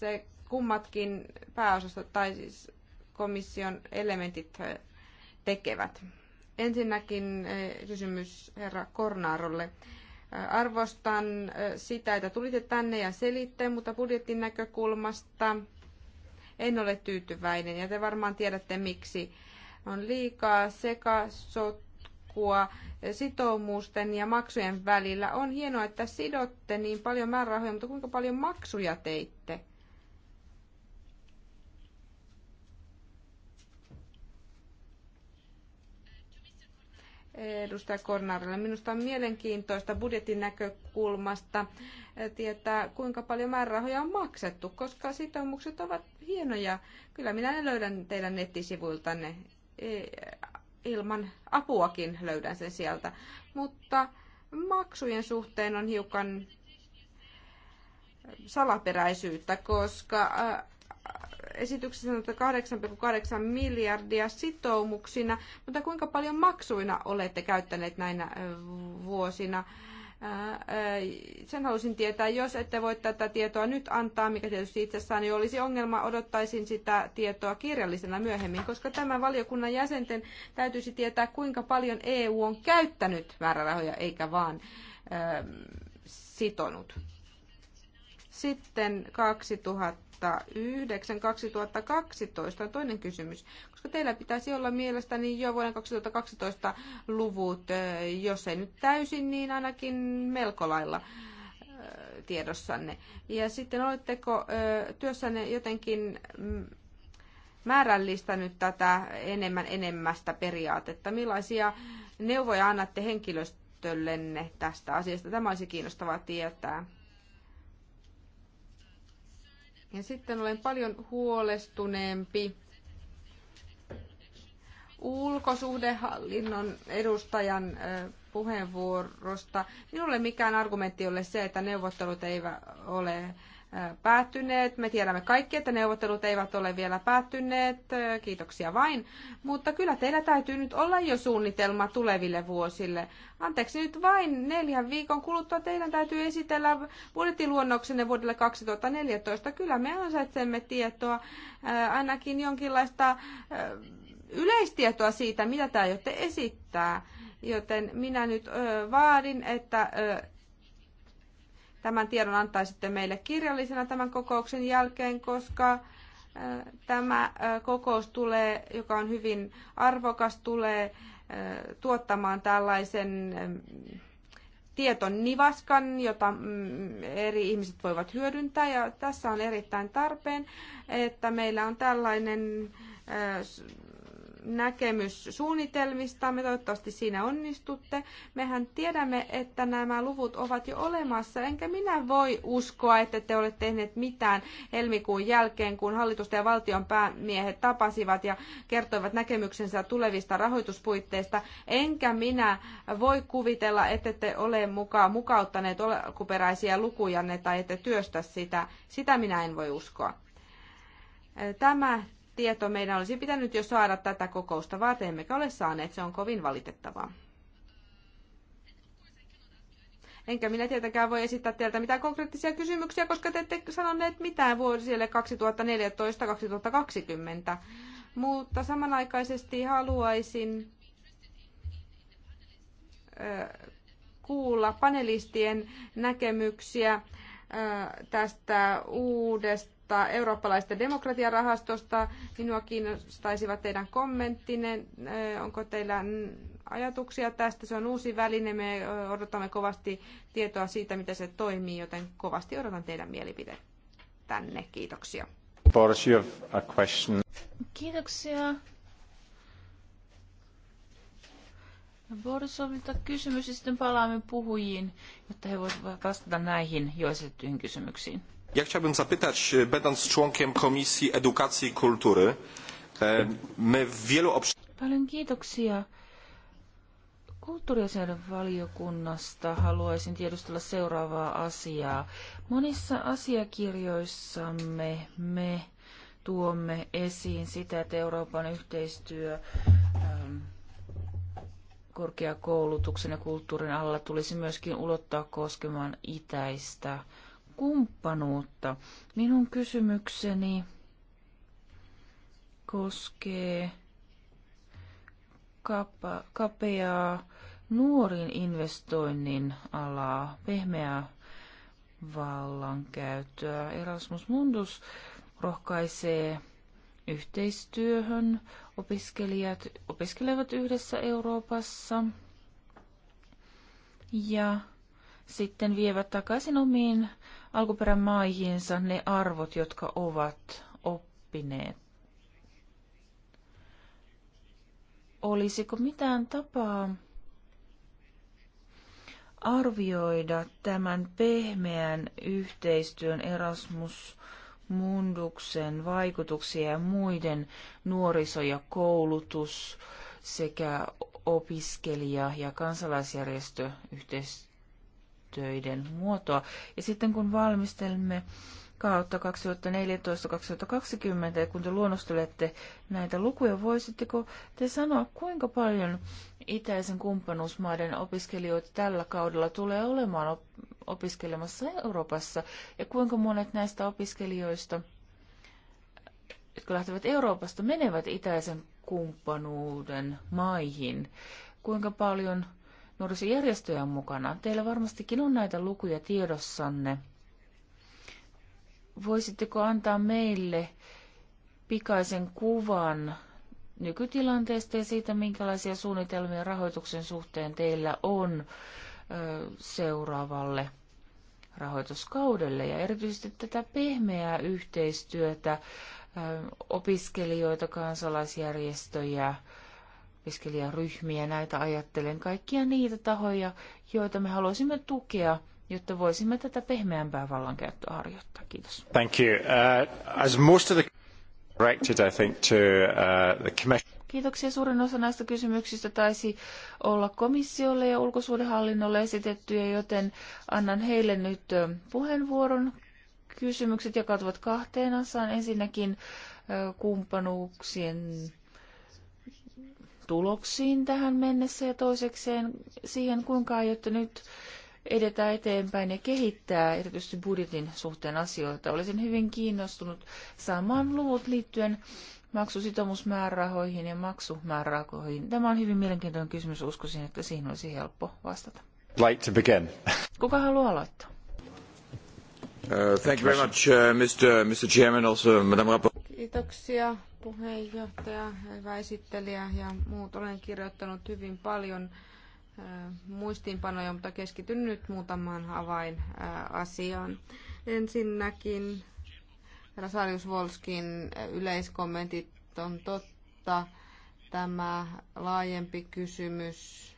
se kummatkin pääosastot tai siis komission elementit tekevät. Ensinnäkin kysymys herra Kornaarolle. Arvostan sitä, että tulitte tänne ja selitte, mutta budjetin näkökulmasta en ole tyytyväinen ja te varmaan tiedätte miksi. On liikaa sekasot sotkua sitoumusten ja maksujen välillä. On hienoa, että sidotte niin paljon määrärahoja, mutta kuinka paljon maksuja teitte? edustaja Kornarille. Minusta on mielenkiintoista budjetin näkökulmasta tietää, kuinka paljon määrärahoja on maksettu, koska sitoumukset ovat hienoja. Kyllä minä ne löydän teidän nettisivuiltanne. E- ilman apuakin löydän sen sieltä. Mutta maksujen suhteen on hiukan salaperäisyyttä, koska äh, esityksessä sanotaan 8,8 miljardia sitoumuksina, mutta kuinka paljon maksuina olette käyttäneet näinä äh, vuosina? Sen halusin tietää, jos ette voi tätä tietoa nyt antaa, mikä tietysti itsessään jo olisi ongelma, odottaisin sitä tietoa kirjallisena myöhemmin, koska tämän valiokunnan jäsenten täytyisi tietää, kuinka paljon EU on käyttänyt määrärahoja eikä vaan sitonut. Sitten 2000 2009-2012 on toinen kysymys, koska teillä pitäisi olla mielestäni jo vuoden 2012 luvut, jos ei nyt täysin, niin ainakin melko lailla tiedossanne. Ja sitten oletteko työssänne jotenkin mm, määrällistänyt tätä enemmän enemmästä periaatetta? Millaisia neuvoja annatte henkilöstölle? tästä asiasta? Tämä olisi kiinnostavaa tietää. Ja sitten olen paljon huolestuneempi ulkosuhdehallinnon edustajan puheenvuorosta. Minulle mikään argumentti ole se, että neuvottelut eivät ole päättyneet. Me tiedämme kaikki, että neuvottelut eivät ole vielä päättyneet, kiitoksia vain. Mutta kyllä teillä täytyy nyt olla jo suunnitelma tuleville vuosille. Anteeksi nyt vain neljän viikon kuluttua teidän täytyy esitellä budjettiluonnoksenne vuodelle 2014. Kyllä me ansaitsemme tietoa, ainakin jonkinlaista yleistietoa siitä, mitä te aiotte esittää. Joten minä nyt vaadin, että tämän tiedon antaisitte meille kirjallisena tämän kokouksen jälkeen, koska äh, tämä äh, kokous tulee, joka on hyvin arvokas, tulee äh, tuottamaan tällaisen ähm, tieton nivaskan, jota mm, eri ihmiset voivat hyödyntää. Ja tässä on erittäin tarpeen, että meillä on tällainen näkemys suunnitelmista. Me toivottavasti siinä onnistutte. Mehän tiedämme, että nämä luvut ovat jo olemassa, enkä minä voi uskoa, että te olette tehneet mitään helmikuun jälkeen, kun hallitusten ja valtion päämiehet tapasivat ja kertoivat näkemyksensä tulevista rahoituspuitteista. Enkä minä voi kuvitella, että te ole mukaan mukauttaneet alkuperäisiä lukujanne tai ette työstä sitä. Sitä minä en voi uskoa. Tämä tieto meidän olisi pitänyt jo saada tätä kokousta varten, emmekä ole saaneet. Se on kovin valitettavaa. Enkä minä tietenkään voi esittää teiltä mitään konkreettisia kysymyksiä, koska te ette sanoneet mitään vuosille 2014-2020. Mutta samanaikaisesti haluaisin kuulla panelistien näkemyksiä tästä uudesta tuosta eurooppalaista demokratiarahastosta. Minua kiinnostaisivat teidän kommenttinen. Onko teillä ajatuksia tästä? Se on uusi väline. Me odotamme kovasti tietoa siitä, miten se toimii, joten kovasti odotan teidän mielipide tänne. Kiitoksia. Boris, you have a question. Kiitoksia. Borisovilta kysymys ja sitten palaamme puhujiin, jotta he voivat vastata näihin jo esitettyihin kysymyksiin. Ja chciałbym zapytać, e, będąc członkiem Komisji Edukacji i Kultury, me w wielu obszarach... Paljon kiitoksia. Kulttuuriasioiden valiokunnasta haluaisin tiedustella seuraavaa asiaa. Monissa asiakirjoissamme me tuomme esiin sitä, että Euroopan yhteistyö ähm, korkeakoulutuksen ja kulttuurin alla tulisi myöskin ulottaa koskemaan itäistä kumppanuutta. Minun kysymykseni koskee kapa, kapeaa nuorin investoinnin alaa, pehmeää vallankäyttöä. Erasmus Mundus rohkaisee yhteistyöhön. Opiskelijat opiskelevat yhdessä Euroopassa ja sitten vievät takaisin omiin alkuperämaihinsa ne arvot, jotka ovat oppineet. Olisiko mitään tapaa arvioida tämän pehmeän yhteistyön Erasmus Munduksen vaikutuksia ja muiden nuoriso- ja koulutus sekä opiskelija- ja kansalaisjärjestöyhteistyön töiden muotoa. Ja sitten kun valmistelemme kautta 2014-2020, ja kun te luonnostelette näitä lukuja, voisitteko te sanoa, kuinka paljon itäisen kumppanuusmaiden opiskelijoita tällä kaudella tulee olemaan opiskelemassa Euroopassa, ja kuinka monet näistä opiskelijoista, jotka lähtevät Euroopasta, menevät itäisen kumppanuuden maihin? Kuinka paljon nuorisojärjestöjä mukana. Teillä varmastikin on näitä lukuja tiedossanne. Voisitteko antaa meille pikaisen kuvan nykytilanteesta ja siitä, minkälaisia suunnitelmia rahoituksen suhteen teillä on seuraavalle rahoituskaudelle ja erityisesti tätä pehmeää yhteistyötä, opiskelijoita, kansalaisjärjestöjä, opiskelijaryhmiä. Näitä ajattelen kaikkia niitä tahoja, joita me haluaisimme tukea, jotta voisimme tätä pehmeämpää vallankäyttöä harjoittaa. Kiitos. Thank you. Uh, as most of the directed, I think, to uh, the commission. Kiitoksia. Suurin osa näistä kysymyksistä taisi olla komissiolle ja ulkosuudenhallinnolle esitettyjä, joten annan heille nyt puheenvuoron. Kysymykset jakautuvat kahteen osaan. Ensinnäkin kumppanuuksien tuloksiin tähän mennessä ja toisekseen siihen, kuinka aiotte nyt edetä eteenpäin ja kehittää erityisesti budjetin suhteen asioita. Olisin hyvin kiinnostunut saamaan luvut liittyen maksusitomusmäärärahoihin ja maksumäärärahoihin. Tämä on hyvin mielenkiintoinen kysymys. Uskoisin, että siihen olisi helppo vastata. Like to begin. Kuka haluaa aloittaa? Uh, thank you very much, uh, Mr. Mr. Chairman, also Madame Kiitoksia puheenjohtaja, hyvä esittelijä ja muut. Olen kirjoittanut hyvin paljon muistiinpanoja, mutta keskityn nyt muutamaan avainasiaan. Ensinnäkin Rasarius Volskin yleiskommentit on totta. Tämä laajempi kysymys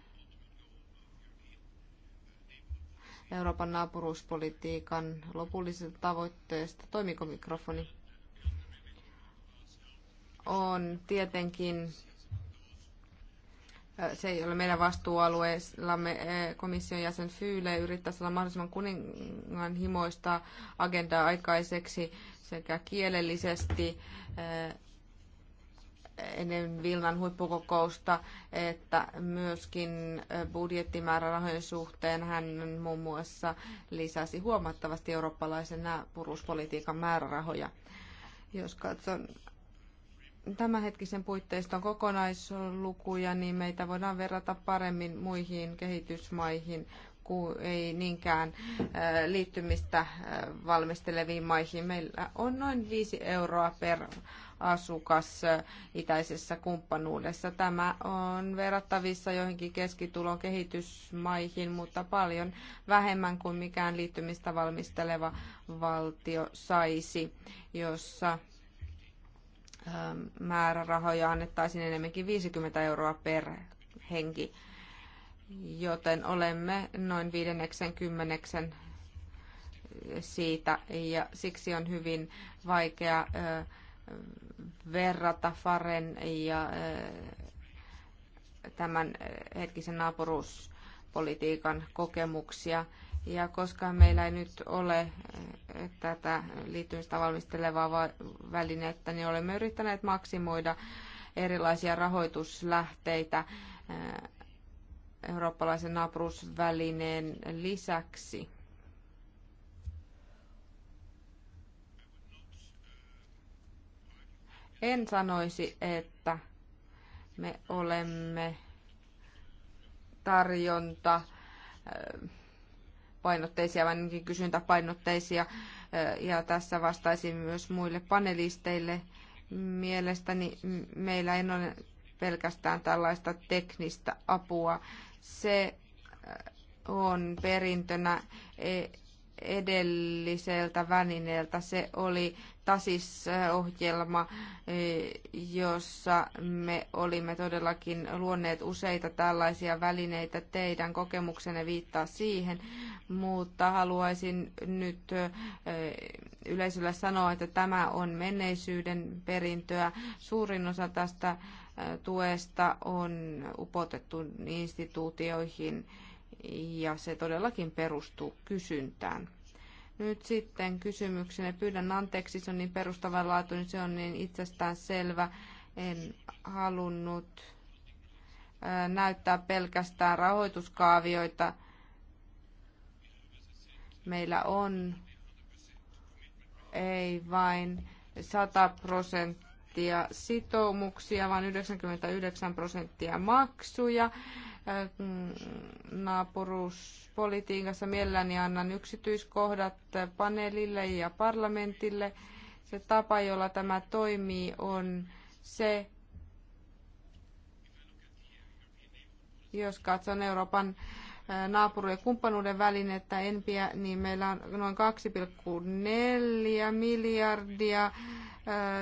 Euroopan naapuruuspolitiikan lopullisesta tavoitteesta. Toimiko mikrofoni? on tietenkin se ei ole meidän vastuualueellamme. Komission jäsen Fyyle yrittää saada mahdollisimman kuninganhimoista agendaa aikaiseksi sekä kielellisesti ennen Vilnan huippukokousta, että myöskin budjettimäärärahojen suhteen hän muun muassa lisäsi huomattavasti eurooppalaisen puruspolitiikan määrärahoja. Jos katson tämänhetkisen puitteiston kokonaislukuja, niin meitä voidaan verrata paremmin muihin kehitysmaihin kuin ei niinkään äh, liittymistä äh, valmisteleviin maihin. Meillä on noin 5 euroa per asukas äh, itäisessä kumppanuudessa. Tämä on verrattavissa joihinkin keskitulon kehitysmaihin, mutta paljon vähemmän kuin mikään liittymistä valmisteleva valtio saisi, jossa Ähm, määrärahoja annettaisiin enemmänkin 50 euroa per henki, joten olemme noin 50 siitä ja siksi on hyvin vaikea verrata Faren ja tämän hetkisen naapuruuspolitiikan kokemuksia. Ja koska meillä ei nyt ole eh, tätä liittymistä valmistelevaa välinettä, niin olemme yrittäneet maksimoida erilaisia rahoituslähteitä eh, eurooppalaisen naapurusvälineen lisäksi. En sanoisi, että me olemme tarjonta eh, painotteisia, vaan ainakin kysyntäpainotteisia. Ja tässä vastaisin myös muille panelisteille. Mielestäni meillä ei ole pelkästään tällaista teknistä apua. Se on perintönä e-, edelliseltä välineeltä. Se oli TASIS-ohjelma, jossa me olimme todellakin luonneet useita tällaisia välineitä. Teidän kokemuksenne viittaa siihen, mutta haluaisin nyt yleisölle sanoa, että tämä on menneisyyden perintöä. Suurin osa tästä tuesta on upotettu instituutioihin ja se todellakin perustuu kysyntään. Nyt sitten kysymyksenä. Pyydän anteeksi, se on niin perustavanlaatuinen, se on niin itsestään selvä. En halunnut näyttää pelkästään rahoituskaavioita. Meillä on ei vain 100 prosenttia sitoumuksia, vaan 99 prosenttia maksuja naapuruuspolitiikassa. Mielelläni annan yksityiskohdat paneelille ja parlamentille. Se tapa, jolla tämä toimii, on se, jos katson Euroopan naapuru- ja kumppanuuden välinettä ENPIä, niin meillä on noin 2,4 miljardia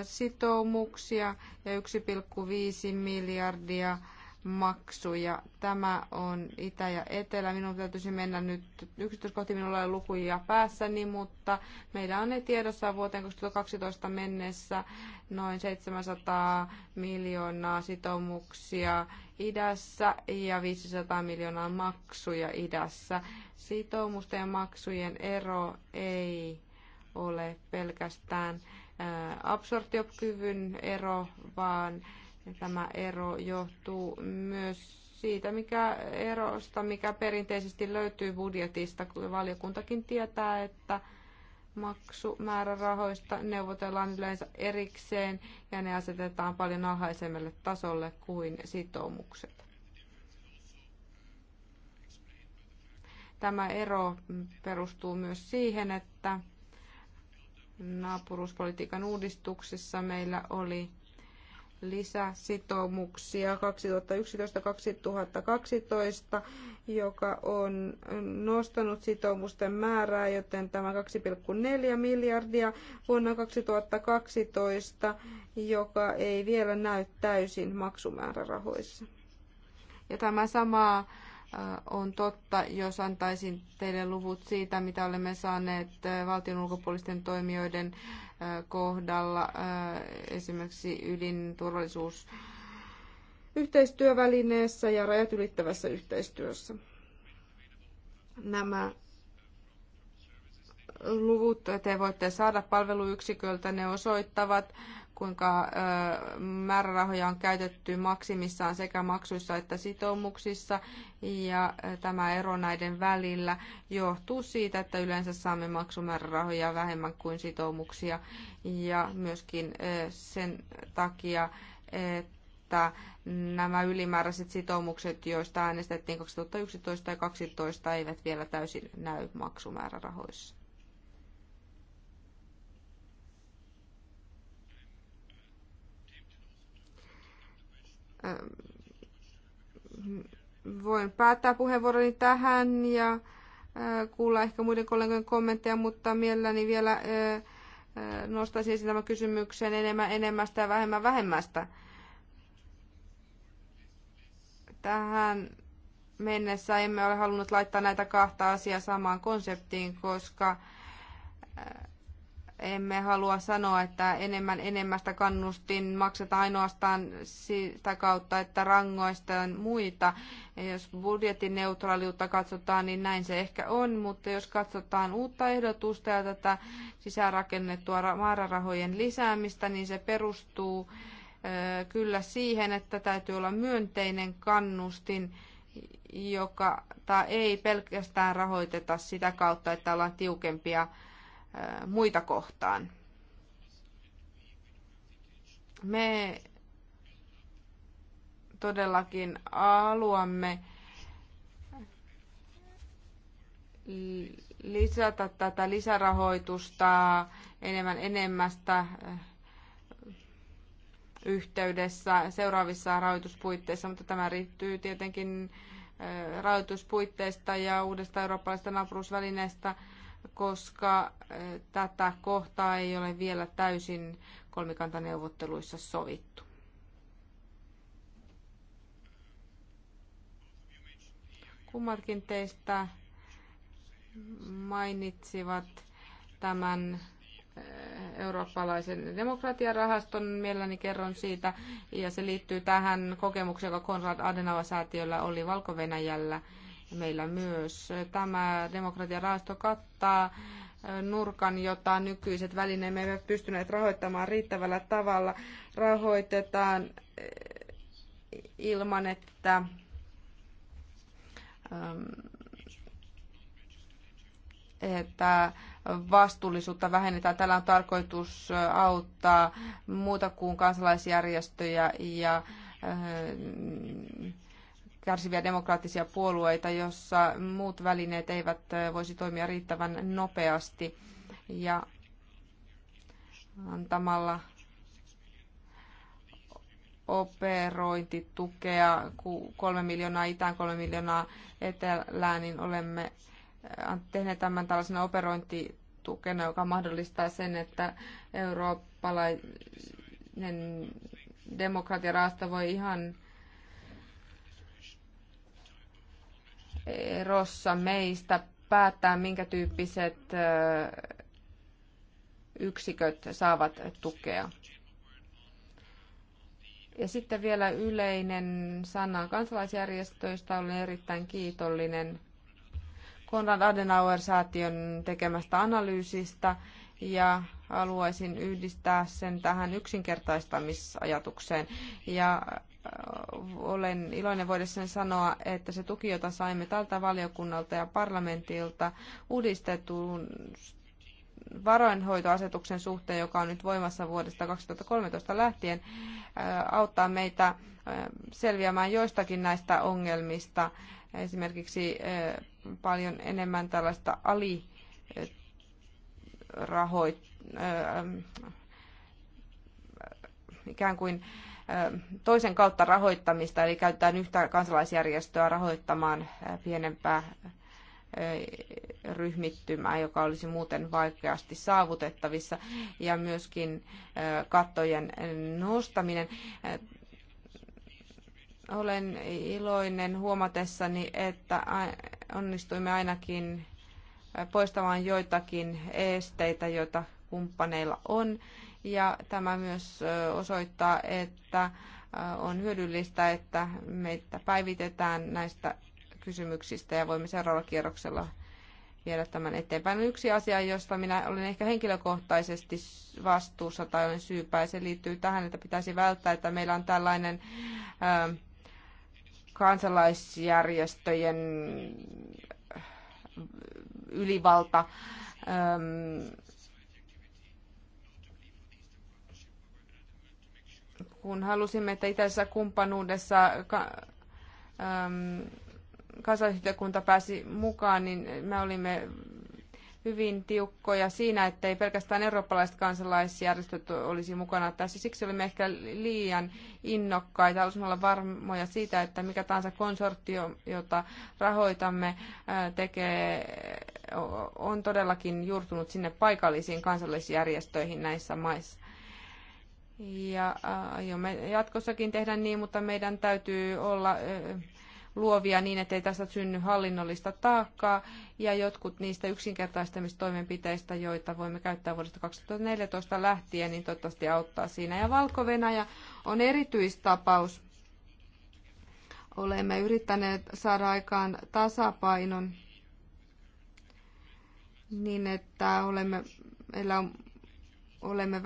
sitoumuksia ja 1,5 miljardia maksuja. Tämä on Itä ja Etelä. Minun täytyisi mennä nyt yksityiskohtiin, minulla ei lukuja päässäni, mutta meillä on ne tiedossa vuoteen 2012 mennessä noin 700 miljoonaa sitoumuksia idässä ja 500 miljoonaa maksuja idässä. Sitoumusten ja maksujen ero ei ole pelkästään absorptiokyvyn ero, vaan Tämä ero johtuu myös siitä mikä erosta, mikä perinteisesti löytyy budjetista, kun valiokuntakin tietää, että maksumäärärahoista neuvotellaan yleensä erikseen ja ne asetetaan paljon alhaisemmalle tasolle kuin sitoumukset. Tämä ero perustuu myös siihen, että naapuruuspolitiikan uudistuksessa meillä oli lisäsitoumuksia 2011-2012, joka on nostanut sitoumusten määrää, joten tämä 2,4 miljardia vuonna 2012, joka ei vielä näy täysin maksumäärärahoissa. Ja tämä sama Äh, on totta, jos antaisin teille luvut siitä, mitä olemme saaneet äh, valtion ulkopuolisten toimijoiden äh, kohdalla, esimerkiksi ydinturvallisuus yhteistyövälineessä ja rajat ylittävässä yhteistyössä. Nämä luvut te voitte saada palveluyksiköltä, ne osoittavat kuinka määrärahoja on käytetty maksimissaan sekä maksuissa että sitoumuksissa. Ja tämä ero näiden välillä johtuu siitä, että yleensä saamme maksumäärärahoja vähemmän kuin sitoumuksia. Ja myöskin sen takia, että nämä ylimääräiset sitoumukset, joista äänestettiin 2011 ja 2012, eivät vielä täysin näy maksumäärärahoissa. Ähm, voin päättää puheenvuoroni tähän ja äh, kuulla ehkä muiden kollegojen kommentteja, mutta mielelläni vielä äh, äh, nostaisin esiin tämän kysymyksen enemmän enemmästä ja vähemmän vähemmästä. Tähän mennessä emme ole halunnut laittaa näitä kahta asiaa samaan konseptiin, koska emme halua sanoa, että enemmän enemmästä kannustin makseta ainoastaan sitä kautta, että rangoistaan muita. Ja jos budjetin neutraaliutta katsotaan, niin näin se ehkä on, mutta jos katsotaan uutta ehdotusta ja tätä sisärakennettua määrärahojen lisäämistä, niin se perustuu kyllä siihen, että täytyy olla myönteinen kannustin, joka tai ei pelkästään rahoiteta sitä kautta, että ollaan tiukempia muita kohtaan. Me todellakin haluamme lisätä tätä lisärahoitusta enemmän enemmästä yhteydessä seuraavissa rahoituspuitteissa, mutta tämä riittyy tietenkin rahoituspuitteista ja uudesta eurooppalaisesta naapuruusvälineestä koska eh, tätä kohtaa ei ole vielä täysin kolmikantaneuvotteluissa sovittu. Kummatkin teistä mainitsivat tämän eh, eurooppalaisen demokratiarahaston, mielelläni kerron siitä, ja se liittyy tähän kokemukseen, joka Konrad Adenauer-säätiöllä oli Valko-Venäjällä meillä myös. Tämä demokratiarahasto kattaa nurkan, jota nykyiset välineemme eivät pystyneet rahoittamaan riittävällä tavalla. Rahoitetaan eh, ilman, että ehm, että vastuullisuutta vähennetään. Tällä on tarkoitus auttaa muuta kuin kansalaisjärjestöjä ja ehm, kärsiviä demokraattisia puolueita, jossa muut välineet eivät voisi toimia riittävän nopeasti ja antamalla operointitukea kolme miljoonaa itään, kolme miljoonaa etelään, niin olemme tehneet tämän tällaisena operointitukena, joka mahdollistaa sen, että eurooppalainen demokratiaraasta voi ihan erossa meistä päättää, minkä tyyppiset yksiköt saavat tukea. Ja sitten vielä yleinen sana kansalaisjärjestöistä. Olen erittäin kiitollinen Konrad Adenauer-säätiön tekemästä analyysistä ja haluaisin yhdistää sen tähän yksinkertaistamisajatukseen. Ja äh, olen iloinen voidessani sanoa, että se tuki, jota saimme tältä valiokunnalta ja parlamentilta uudistetun varoinhoitoasetuksen suhteen, joka on nyt voimassa vuodesta 2013 lähtien, äh, auttaa meitä äh, selviämään joistakin näistä ongelmista. Esimerkiksi paljon enemmän tällaista ali rahoit, äh, äh, ikään kuin äh, toisen kautta rahoittamista, eli käytetään yhtä kansalaisjärjestöä rahoittamaan pienempää ryhmittymää, joka olisi muuten vaikeasti saavutettavissa, ja myöskin kattojen nostaminen. Olen iloinen huomatessani, että onnistuimme ainakin poistamaan joitakin esteitä, joita kumppaneilla on. Ja tämä myös osoittaa, että on hyödyllistä, että meitä päivitetään näistä kysymyksistä ja voimme seuraavalla kierroksella viedä tämän eteenpäin. Yksi asia, josta minä olen ehkä henkilökohtaisesti vastuussa tai olen syypää, ja se liittyy tähän, että pitäisi välttää, että meillä on tällainen ö, kansalaisjärjestöjen ylivalta kun halusimme, että itäisessä kumppanuudessa ka, ähm, kansallisyhteiskunta pääsi mukaan, niin me olimme hyvin tiukkoja siinä, että ei pelkästään eurooppalaiset kansalaisjärjestöt olisi mukana tässä. Siksi olimme ehkä liian innokkaita. Haluaisimme olla varmoja siitä, että mikä tahansa konsortio, jota rahoitamme, tekee on todellakin juurtunut sinne paikallisiin kansallisjärjestöihin näissä maissa. Ja aiomme jatkossakin tehdä niin, mutta meidän täytyy olla luovia niin, ettei tästä synny hallinnollista taakkaa ja jotkut niistä yksinkertaistamistoimenpiteistä, joita voimme käyttää vuodesta 2014 lähtien, niin toivottavasti auttaa siinä. Ja valko on erityistapaus. Olemme yrittäneet saada aikaan tasapainon niin, että olemme, meillä on, olemme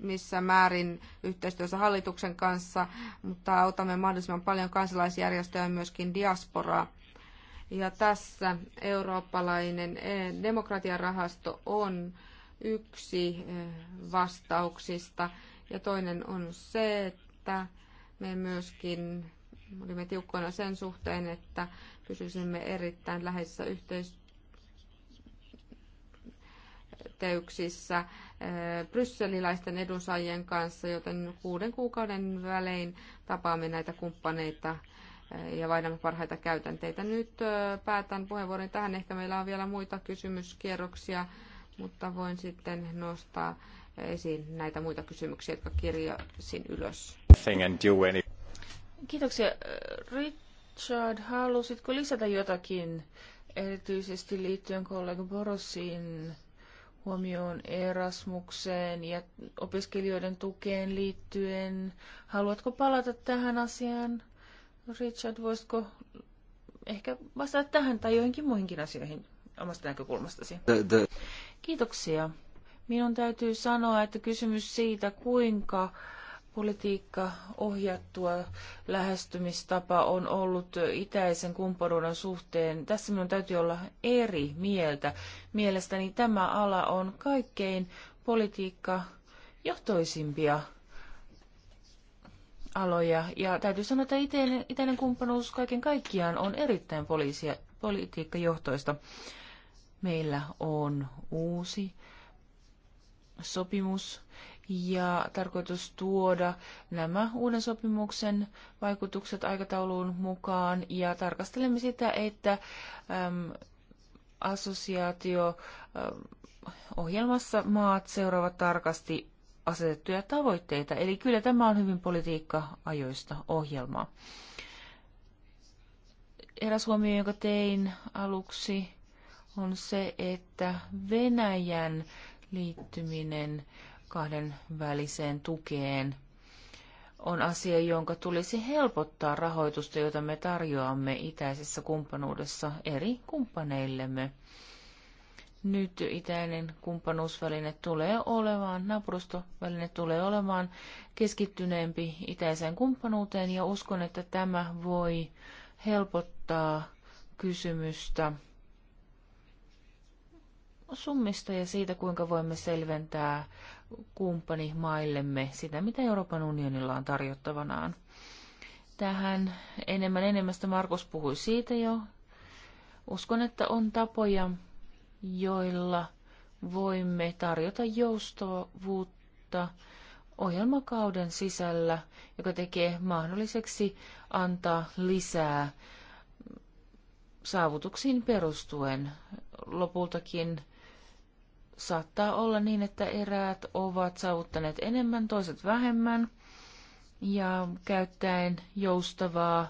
missä määrin yhteistyössä hallituksen kanssa, mutta autamme mahdollisimman paljon kansalaisjärjestöjä ja myöskin diasporaa. Ja tässä eurooppalainen eh, demokratiarahasto on yksi eh, vastauksista. Ja toinen on se, että me myöskin olimme tiukkoina sen suhteen, että pysyisimme erittäin läheisessä yhteistyössä yhteyksissä eh, brysselilaisten edunsaajien kanssa, joten kuuden kuukauden välein tapaamme näitä kumppaneita eh, ja vaihdamme parhaita käytänteitä. Nyt eh, päätän puheenvuoron tähän. Ehkä meillä on vielä muita kysymyskierroksia, mutta voin sitten nostaa esiin näitä muita kysymyksiä, jotka kirjasin ylös. Kiitoksia. Richard, halusitko lisätä jotakin erityisesti liittyen kollega Borosiin? huomioon Erasmukseen ja opiskelijoiden tukeen liittyen. Haluatko palata tähän asiaan? Richard, voisitko ehkä vastata tähän tai joihinkin muihinkin asioihin omasta näkökulmastasi? Kiitoksia. Minun täytyy sanoa, että kysymys siitä, kuinka äh, politiikka ohjattua lähestymistapa on ollut itäisen kumppanuuden suhteen. Tässä minun täytyy olla eri mieltä. Mielestäni tämä ala on kaikkein politiikka johtoisimpia aloja. Ja täytyy sanoa, että itäinen, kumppanuus kaiken kaikkiaan on erittäin poliisia, politiikkajohtoista. Meillä on uusi sopimus ja tarkoitus tuoda nämä uuden sopimuksen vaikutukset aikatauluun mukaan ja tarkastelemme sitä, että äm, assosiaatio äm, ohjelmassa maat seuraavat tarkasti asetettuja tavoitteita. Eli kyllä tämä on hyvin politiikka-ajoista ohjelmaa. Eräs huomio, jonka tein aluksi, on se, että Venäjän liittyminen kahden väliseen tukeen on asia, jonka tulisi helpottaa rahoitusta, jota me tarjoamme itäisessä kumppanuudessa eri kumppaneillemme. Nyt itäinen kumppanuusväline tulee olemaan, naapurustoväline tulee olemaan keskittyneempi itäiseen kumppanuuteen ja uskon, että tämä voi helpottaa kysymystä summista ja siitä, kuinka voimme selventää kumppanimaillemme sitä, mitä Euroopan unionilla on tarjottavanaan. Tähän enemmän enemmästä Markus puhui siitä jo. Uskon, että on tapoja, joilla voimme tarjota joustavuutta ohjelmakauden sisällä, joka tekee mahdolliseksi antaa lisää saavutuksiin perustuen lopultakin saattaa olla niin, että eräät ovat saavuttaneet enemmän, toiset vähemmän, ja käyttäen joustavaa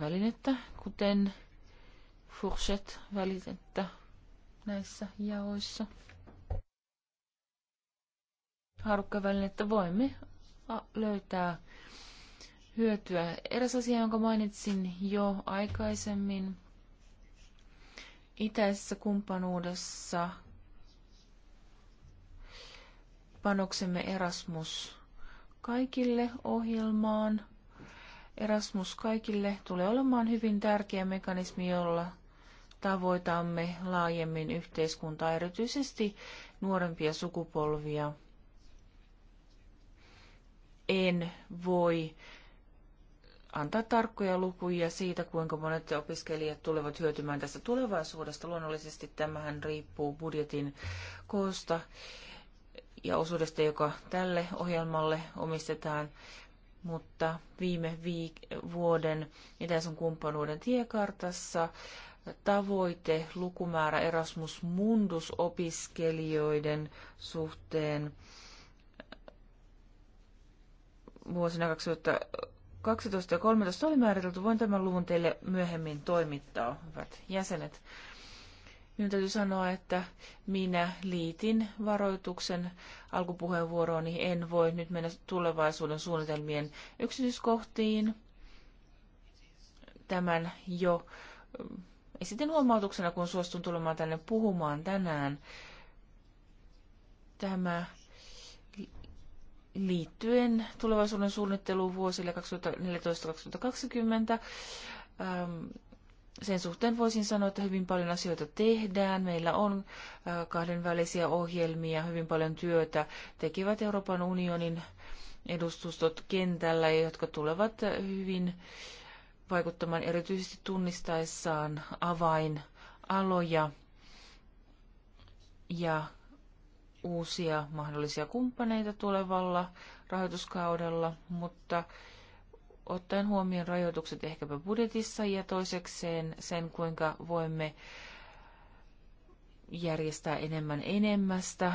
välinettä, kuten Fourchet-välinettä näissä jaoissa. Harukkavälinettä voimme löytää hyötyä. Eräs asia, jonka mainitsin jo aikaisemmin, Itäisessä kumppanuudessa panoksemme Erasmus kaikille ohjelmaan. Erasmus kaikille tulee olemaan hyvin tärkeä mekanismi, jolla tavoitamme laajemmin yhteiskuntaa, erityisesti nuorempia sukupolvia. En voi antaa tarkkoja lukuja siitä, kuinka monet opiskelijat tulevat hyötymään tästä tulevaisuudesta. Luonnollisesti tämähän riippuu budjetin koosta ja osuudesta, joka tälle ohjelmalle omistetaan. Mutta viime viik- vuoden itäisen kumppanuuden tiekartassa tavoite lukumäärä Erasmus Mundus-opiskelijoiden suhteen vuosina 2000 12 ja 13 oli määritelty. Voin tämän luvun teille myöhemmin toimittaa, hyvät jäsenet. Minun täytyy sanoa, että minä liitin varoituksen niin En voi nyt mennä tulevaisuuden suunnitelmien yksityiskohtiin. Tämän jo eh, esitin huomautuksena, kun suostun tulemaan tänne puhumaan tänään. Tämä liittyen tulevaisuuden suunnitteluun vuosille 2014-2020. Ähm, sen suhteen voisin sanoa, että hyvin paljon asioita tehdään. Meillä on äh, kahdenvälisiä ohjelmia, hyvin paljon työtä tekevät Euroopan unionin edustustot kentällä, jotka tulevat äh, hyvin vaikuttamaan erityisesti tunnistaessaan avainaloja ja uusia mahdollisia kumppaneita tulevalla rahoituskaudella, mutta ottaen huomioon rajoitukset ehkäpä budjetissa ja toisekseen sen, kuinka voimme järjestää enemmän enemmästä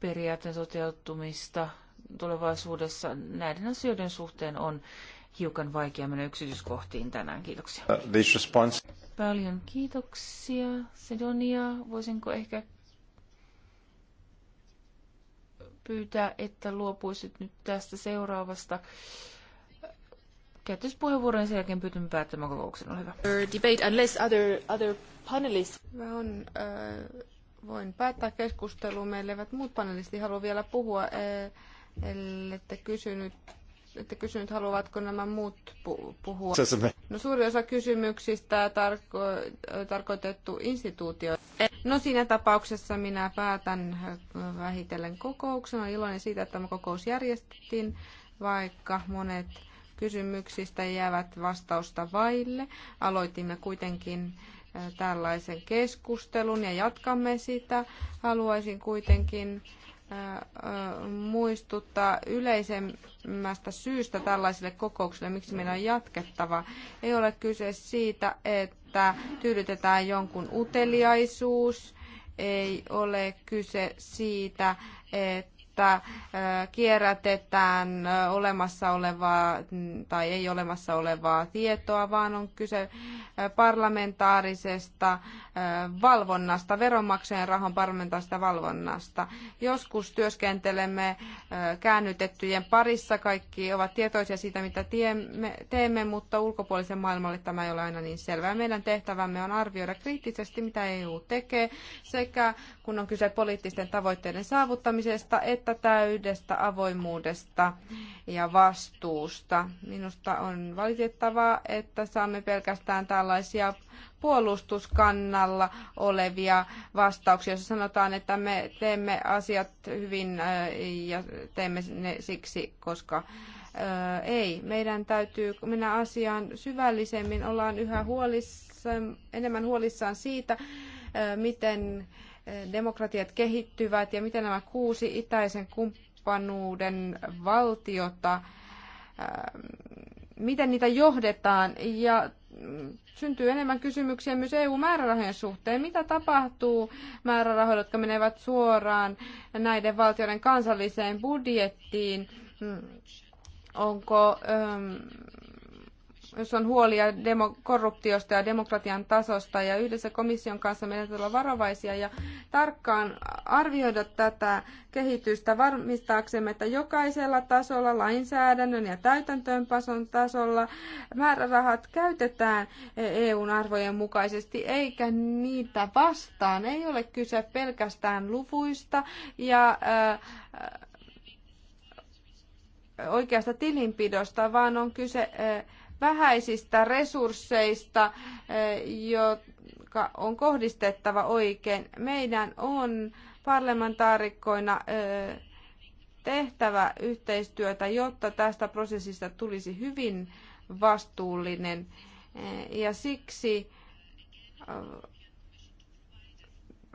periaatteen toteuttumista tulevaisuudessa näiden asioiden suhteen on hiukan vaikea mennä yksityiskohtiin tänään. Kiitoksia. Uh, Paljon kiitoksia, Sedonia. Voisinko ehkä pyytää, että luopuisit nyt tästä seuraavasta käytöspuheenvuoron ja sen jälkeen pyytämme päättämään kokouksen. Ole hyvä. Debate unless other, other panelists. Mä on, äh, voin päättää keskustelua. Meillä eivät muut panelistit halua vielä puhua. Äh, ellette kysynyt että kysynyt, haluavatko nämä muut puhua. No suuri osa kysymyksistä tarko- tarkoitettu instituutio. No siinä tapauksessa minä päätän vähitellen kokouksen. Olen iloinen siitä, että tämä kokous järjestettiin, vaikka monet kysymyksistä jäävät vastausta vaille. Aloitimme kuitenkin eh, tällaisen keskustelun ja jatkamme sitä. Haluaisin kuitenkin muistuttaa yleisemmästä syystä tällaisille kokouksille, miksi meidän on jatkettava. Ei ole kyse siitä, että tyydytetään jonkun uteliaisuus, ei ole kyse siitä, että että äh, kierrätetään olemassa olevaa tai ei olemassa olevaa tietoa, vaan on kyse äh, parlamentaarisesta äh, valvonnasta, veronmaksajan rahan parlamentaarisesta valvonnasta. Joskus työskentelemme käännytettyjen parissa, kaikki ovat tietoisia siitä, mitä teemme, mutta ulkopuolisen maailmalle tämä ei ole aina niin selvää. Meidän tehtävämme on arvioida kriittisesti, mitä EU tekee, sekä kun on kyse poliittisten tavoitteiden saavuttamisesta, että että täydestä avoimuudesta ja vastuusta. Minusta on valitettavaa, että saamme pelkästään tällaisia puolustuskannalla olevia vastauksia, jos sanotaan, että me teemme asiat hyvin äh, ja teemme ne siksi, koska äh, ei, meidän täytyy mennä asiaan syvällisemmin, ollaan yhä huolissa, enemmän huolissaan siitä, äh, miten demokratiat kehittyvät ja miten nämä kuusi itäisen kumppanuuden valtiota, ähm, miten niitä johdetaan ja mm, syntyy enemmän kysymyksiä myös EU-määrärahojen suhteen. Mitä tapahtuu määrärahoille, jotka menevät suoraan näiden valtioiden kansalliseen budjettiin? Mm, onko ähm, jos on huolia demo, korruptiosta ja demokratian tasosta ja yhdessä komission kanssa meidän tulee olla varovaisia ja tarkkaan arvioida tätä kehitystä varmistaaksemme, että jokaisella tasolla, lainsäädännön ja täytäntöönpason tasolla määrärahat käytetään e EUn arvojen mukaisesti eikä niitä vastaan. Ei ole kyse pelkästään luvuista ja äh, äh oikeasta tilinpidosta, vaan on kyse äh, vähäisistä resursseista, eh, jotka on kohdistettava oikein. Meidän on parlamentaarikkoina eh, tehtävä yhteistyötä, jotta tästä prosessista tulisi hyvin vastuullinen. Eh, ja siksi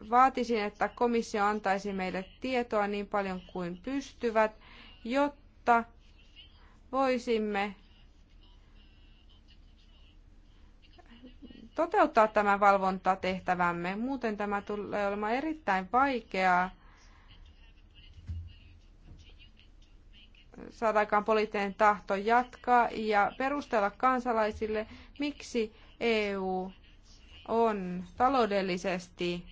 vaatisin, että komissio antaisi meille tietoa niin paljon kuin pystyvät, jotta voisimme toteuttaa tämä valvontatehtävämme. Muuten tämä tulee olemaan erittäin vaikeaa saadaan poliittinen tahto jatkaa ja perustella kansalaisille, miksi EU on taloudellisesti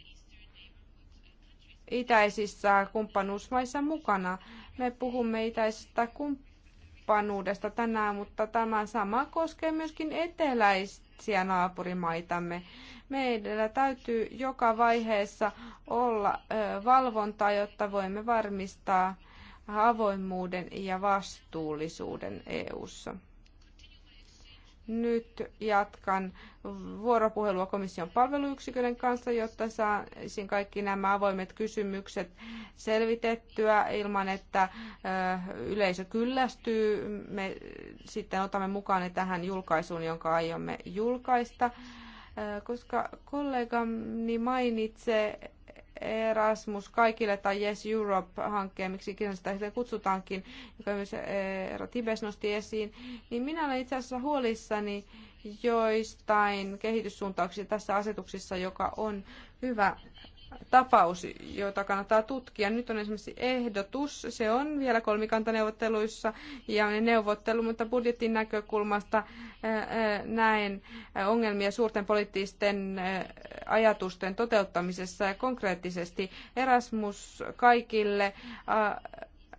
itäisissä kumppanuusmaissa mukana. Me puhumme itäisestä kumppanuudesta tänään, mutta tämä sama koskee myöskin eteläistä metsiä naapurimaitamme. Meillä täytyy joka vaiheessa olla valvontaa, jotta voimme varmistaa avoimuuden ja vastuullisuuden EU:ssa. Nyt jatkan vuoropuhelua komission palveluyksikön kanssa, jotta saisin kaikki nämä avoimet kysymykset selvitettyä ilman, että yleisö kyllästyy. Me sitten otamme mukaan ne tähän julkaisuun, jonka aiomme julkaista koska kollegani mainitsee Erasmus kaikille tai Yes Europe-hankkeen, miksi sitä sitä kutsutaankin, joka myös eh, Eero Tibes nosti esiin, niin minä olen itse asiassa huolissani joistain kehityssuuntauksia tässä asetuksessa, joka on hyvä tapaus, jota kannattaa tutkia. Nyt on esimerkiksi ehdotus, se on vielä kolmikantaneuvotteluissa ja neuvottelu, mutta budjetin näkökulmasta näen ongelmia suurten poliittisten ajatusten toteuttamisessa ja konkreettisesti Erasmus kaikille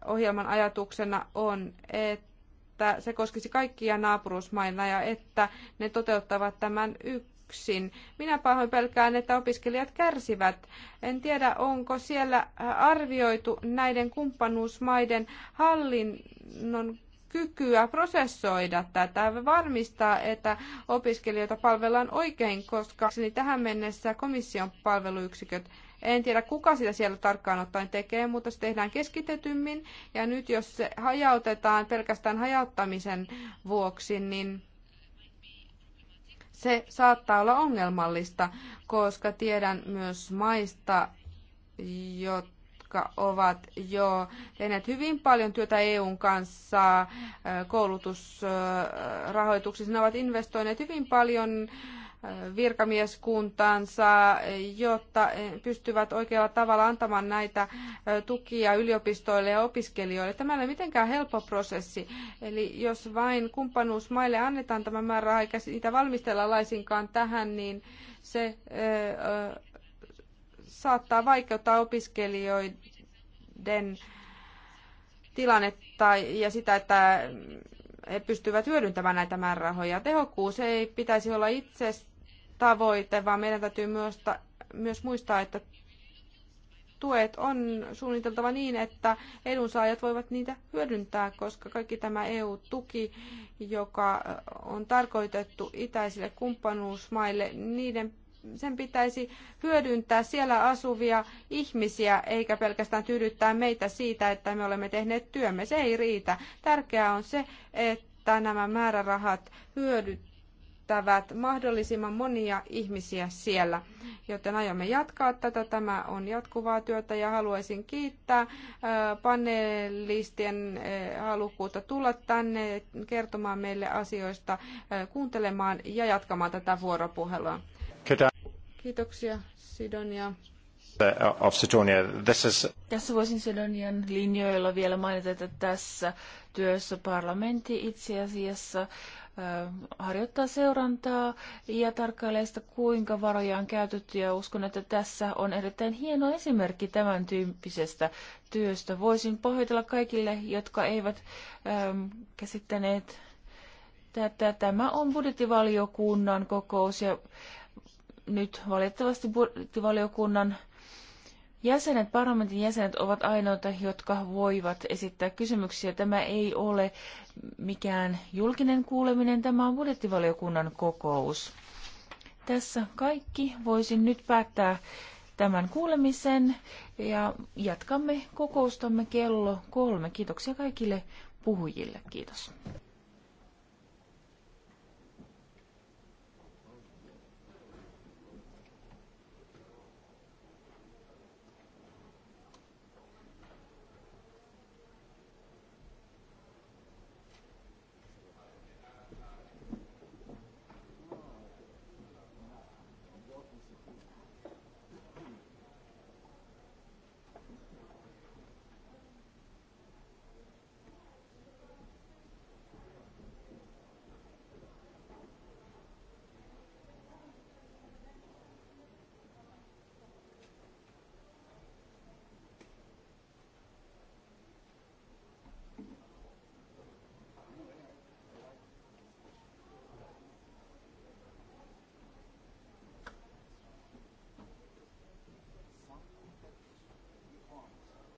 ohjelman ajatuksena on, että se koskisi kaikkia naapurusmailla ja että ne toteuttavat tämän yksi yksin. Minä pahoin pelkään, että opiskelijat kärsivät. En tiedä, onko siellä äh, arvioitu näiden kumppanuusmaiden hallinnon kykyä prosessoida tätä ja varmistaa, että opiskelijoita palvellaan oikein, koska tähän mennessä komission palveluyksiköt en tiedä, kuka sitä siellä tarkkaan ottaen tekee, mutta se tehdään keskitetymmin. Ja nyt jos se hajautetaan pelkästään hajauttamisen vuoksi, niin se saattaa olla ongelmallista, koska tiedän myös maista, jotka ovat jo tehneet hyvin paljon työtä EUn kanssa koulutusrahoituksissa. Ne ovat investoineet hyvin paljon virkamieskuntaansa, jotta pystyvät oikealla tavalla antamaan näitä tukia yliopistoille ja opiskelijoille. Tämä ei ole mitenkään helppo prosessi. Eli jos vain kumppanuusmaille annetaan tämä määrä eikä niitä valmistella laisinkaan tähän, niin se saattaa vaikeuttaa opiskelijoiden tilannetta ja sitä, että he pystyvät hyödyntämään näitä määrärahoja. Tehokkuus ei pitäisi olla itsestä tavoite, vaan meidän täytyy myös, myös muistaa, että tuet on suunniteltava niin, että edunsaajat voivat niitä hyödyntää, koska kaikki tämä EU-tuki, joka on tarkoitettu itäisille kumppanuusmaille, niiden sen pitäisi hyödyntää siellä asuvia ihmisiä, eikä pelkästään tyydyttää meitä siitä, että me olemme tehneet työmme. Se ei riitä. Tärkeää on se, että nämä määrärahat hyödyttävät yhdistävät mahdollisimman monia ihmisiä siellä. Joten aiomme jatkaa tätä. Tämä on jatkuvaa työtä ja haluaisin kiittää panelistien halukkuutta tulla tänne kertomaan meille asioista, kuuntelemaan ja jatkamaan tätä vuoropuhelua. Kiitoksia Sidonia. Of Sidonia. This is... Tässä voisin Sidonian linjoilla vielä mainita, että tässä työssä parlamentti itse asiassa harjoittaa seurantaa ja tarkkailee sitä, kuinka varoja on käytetty. Ja uskon, että tässä on erittäin hieno esimerkki tämän tyyppisestä työstä. Voisin pahoitella kaikille, jotka eivät äm, käsittäneet tätä. Tämä on budjettivaliokunnan kokous ja nyt valitettavasti budjettivaliokunnan jäsenet, parlamentin jäsenet ovat ainoita, jotka voivat esittää kysymyksiä. Tämä ei ole mikään julkinen kuuleminen, tämä on budjettivaliokunnan kokous. Tässä kaikki. Voisin nyt päättää tämän kuulemisen ja jatkamme kokoustamme kello kolme. Kiitoksia kaikille puhujille. Kiitos.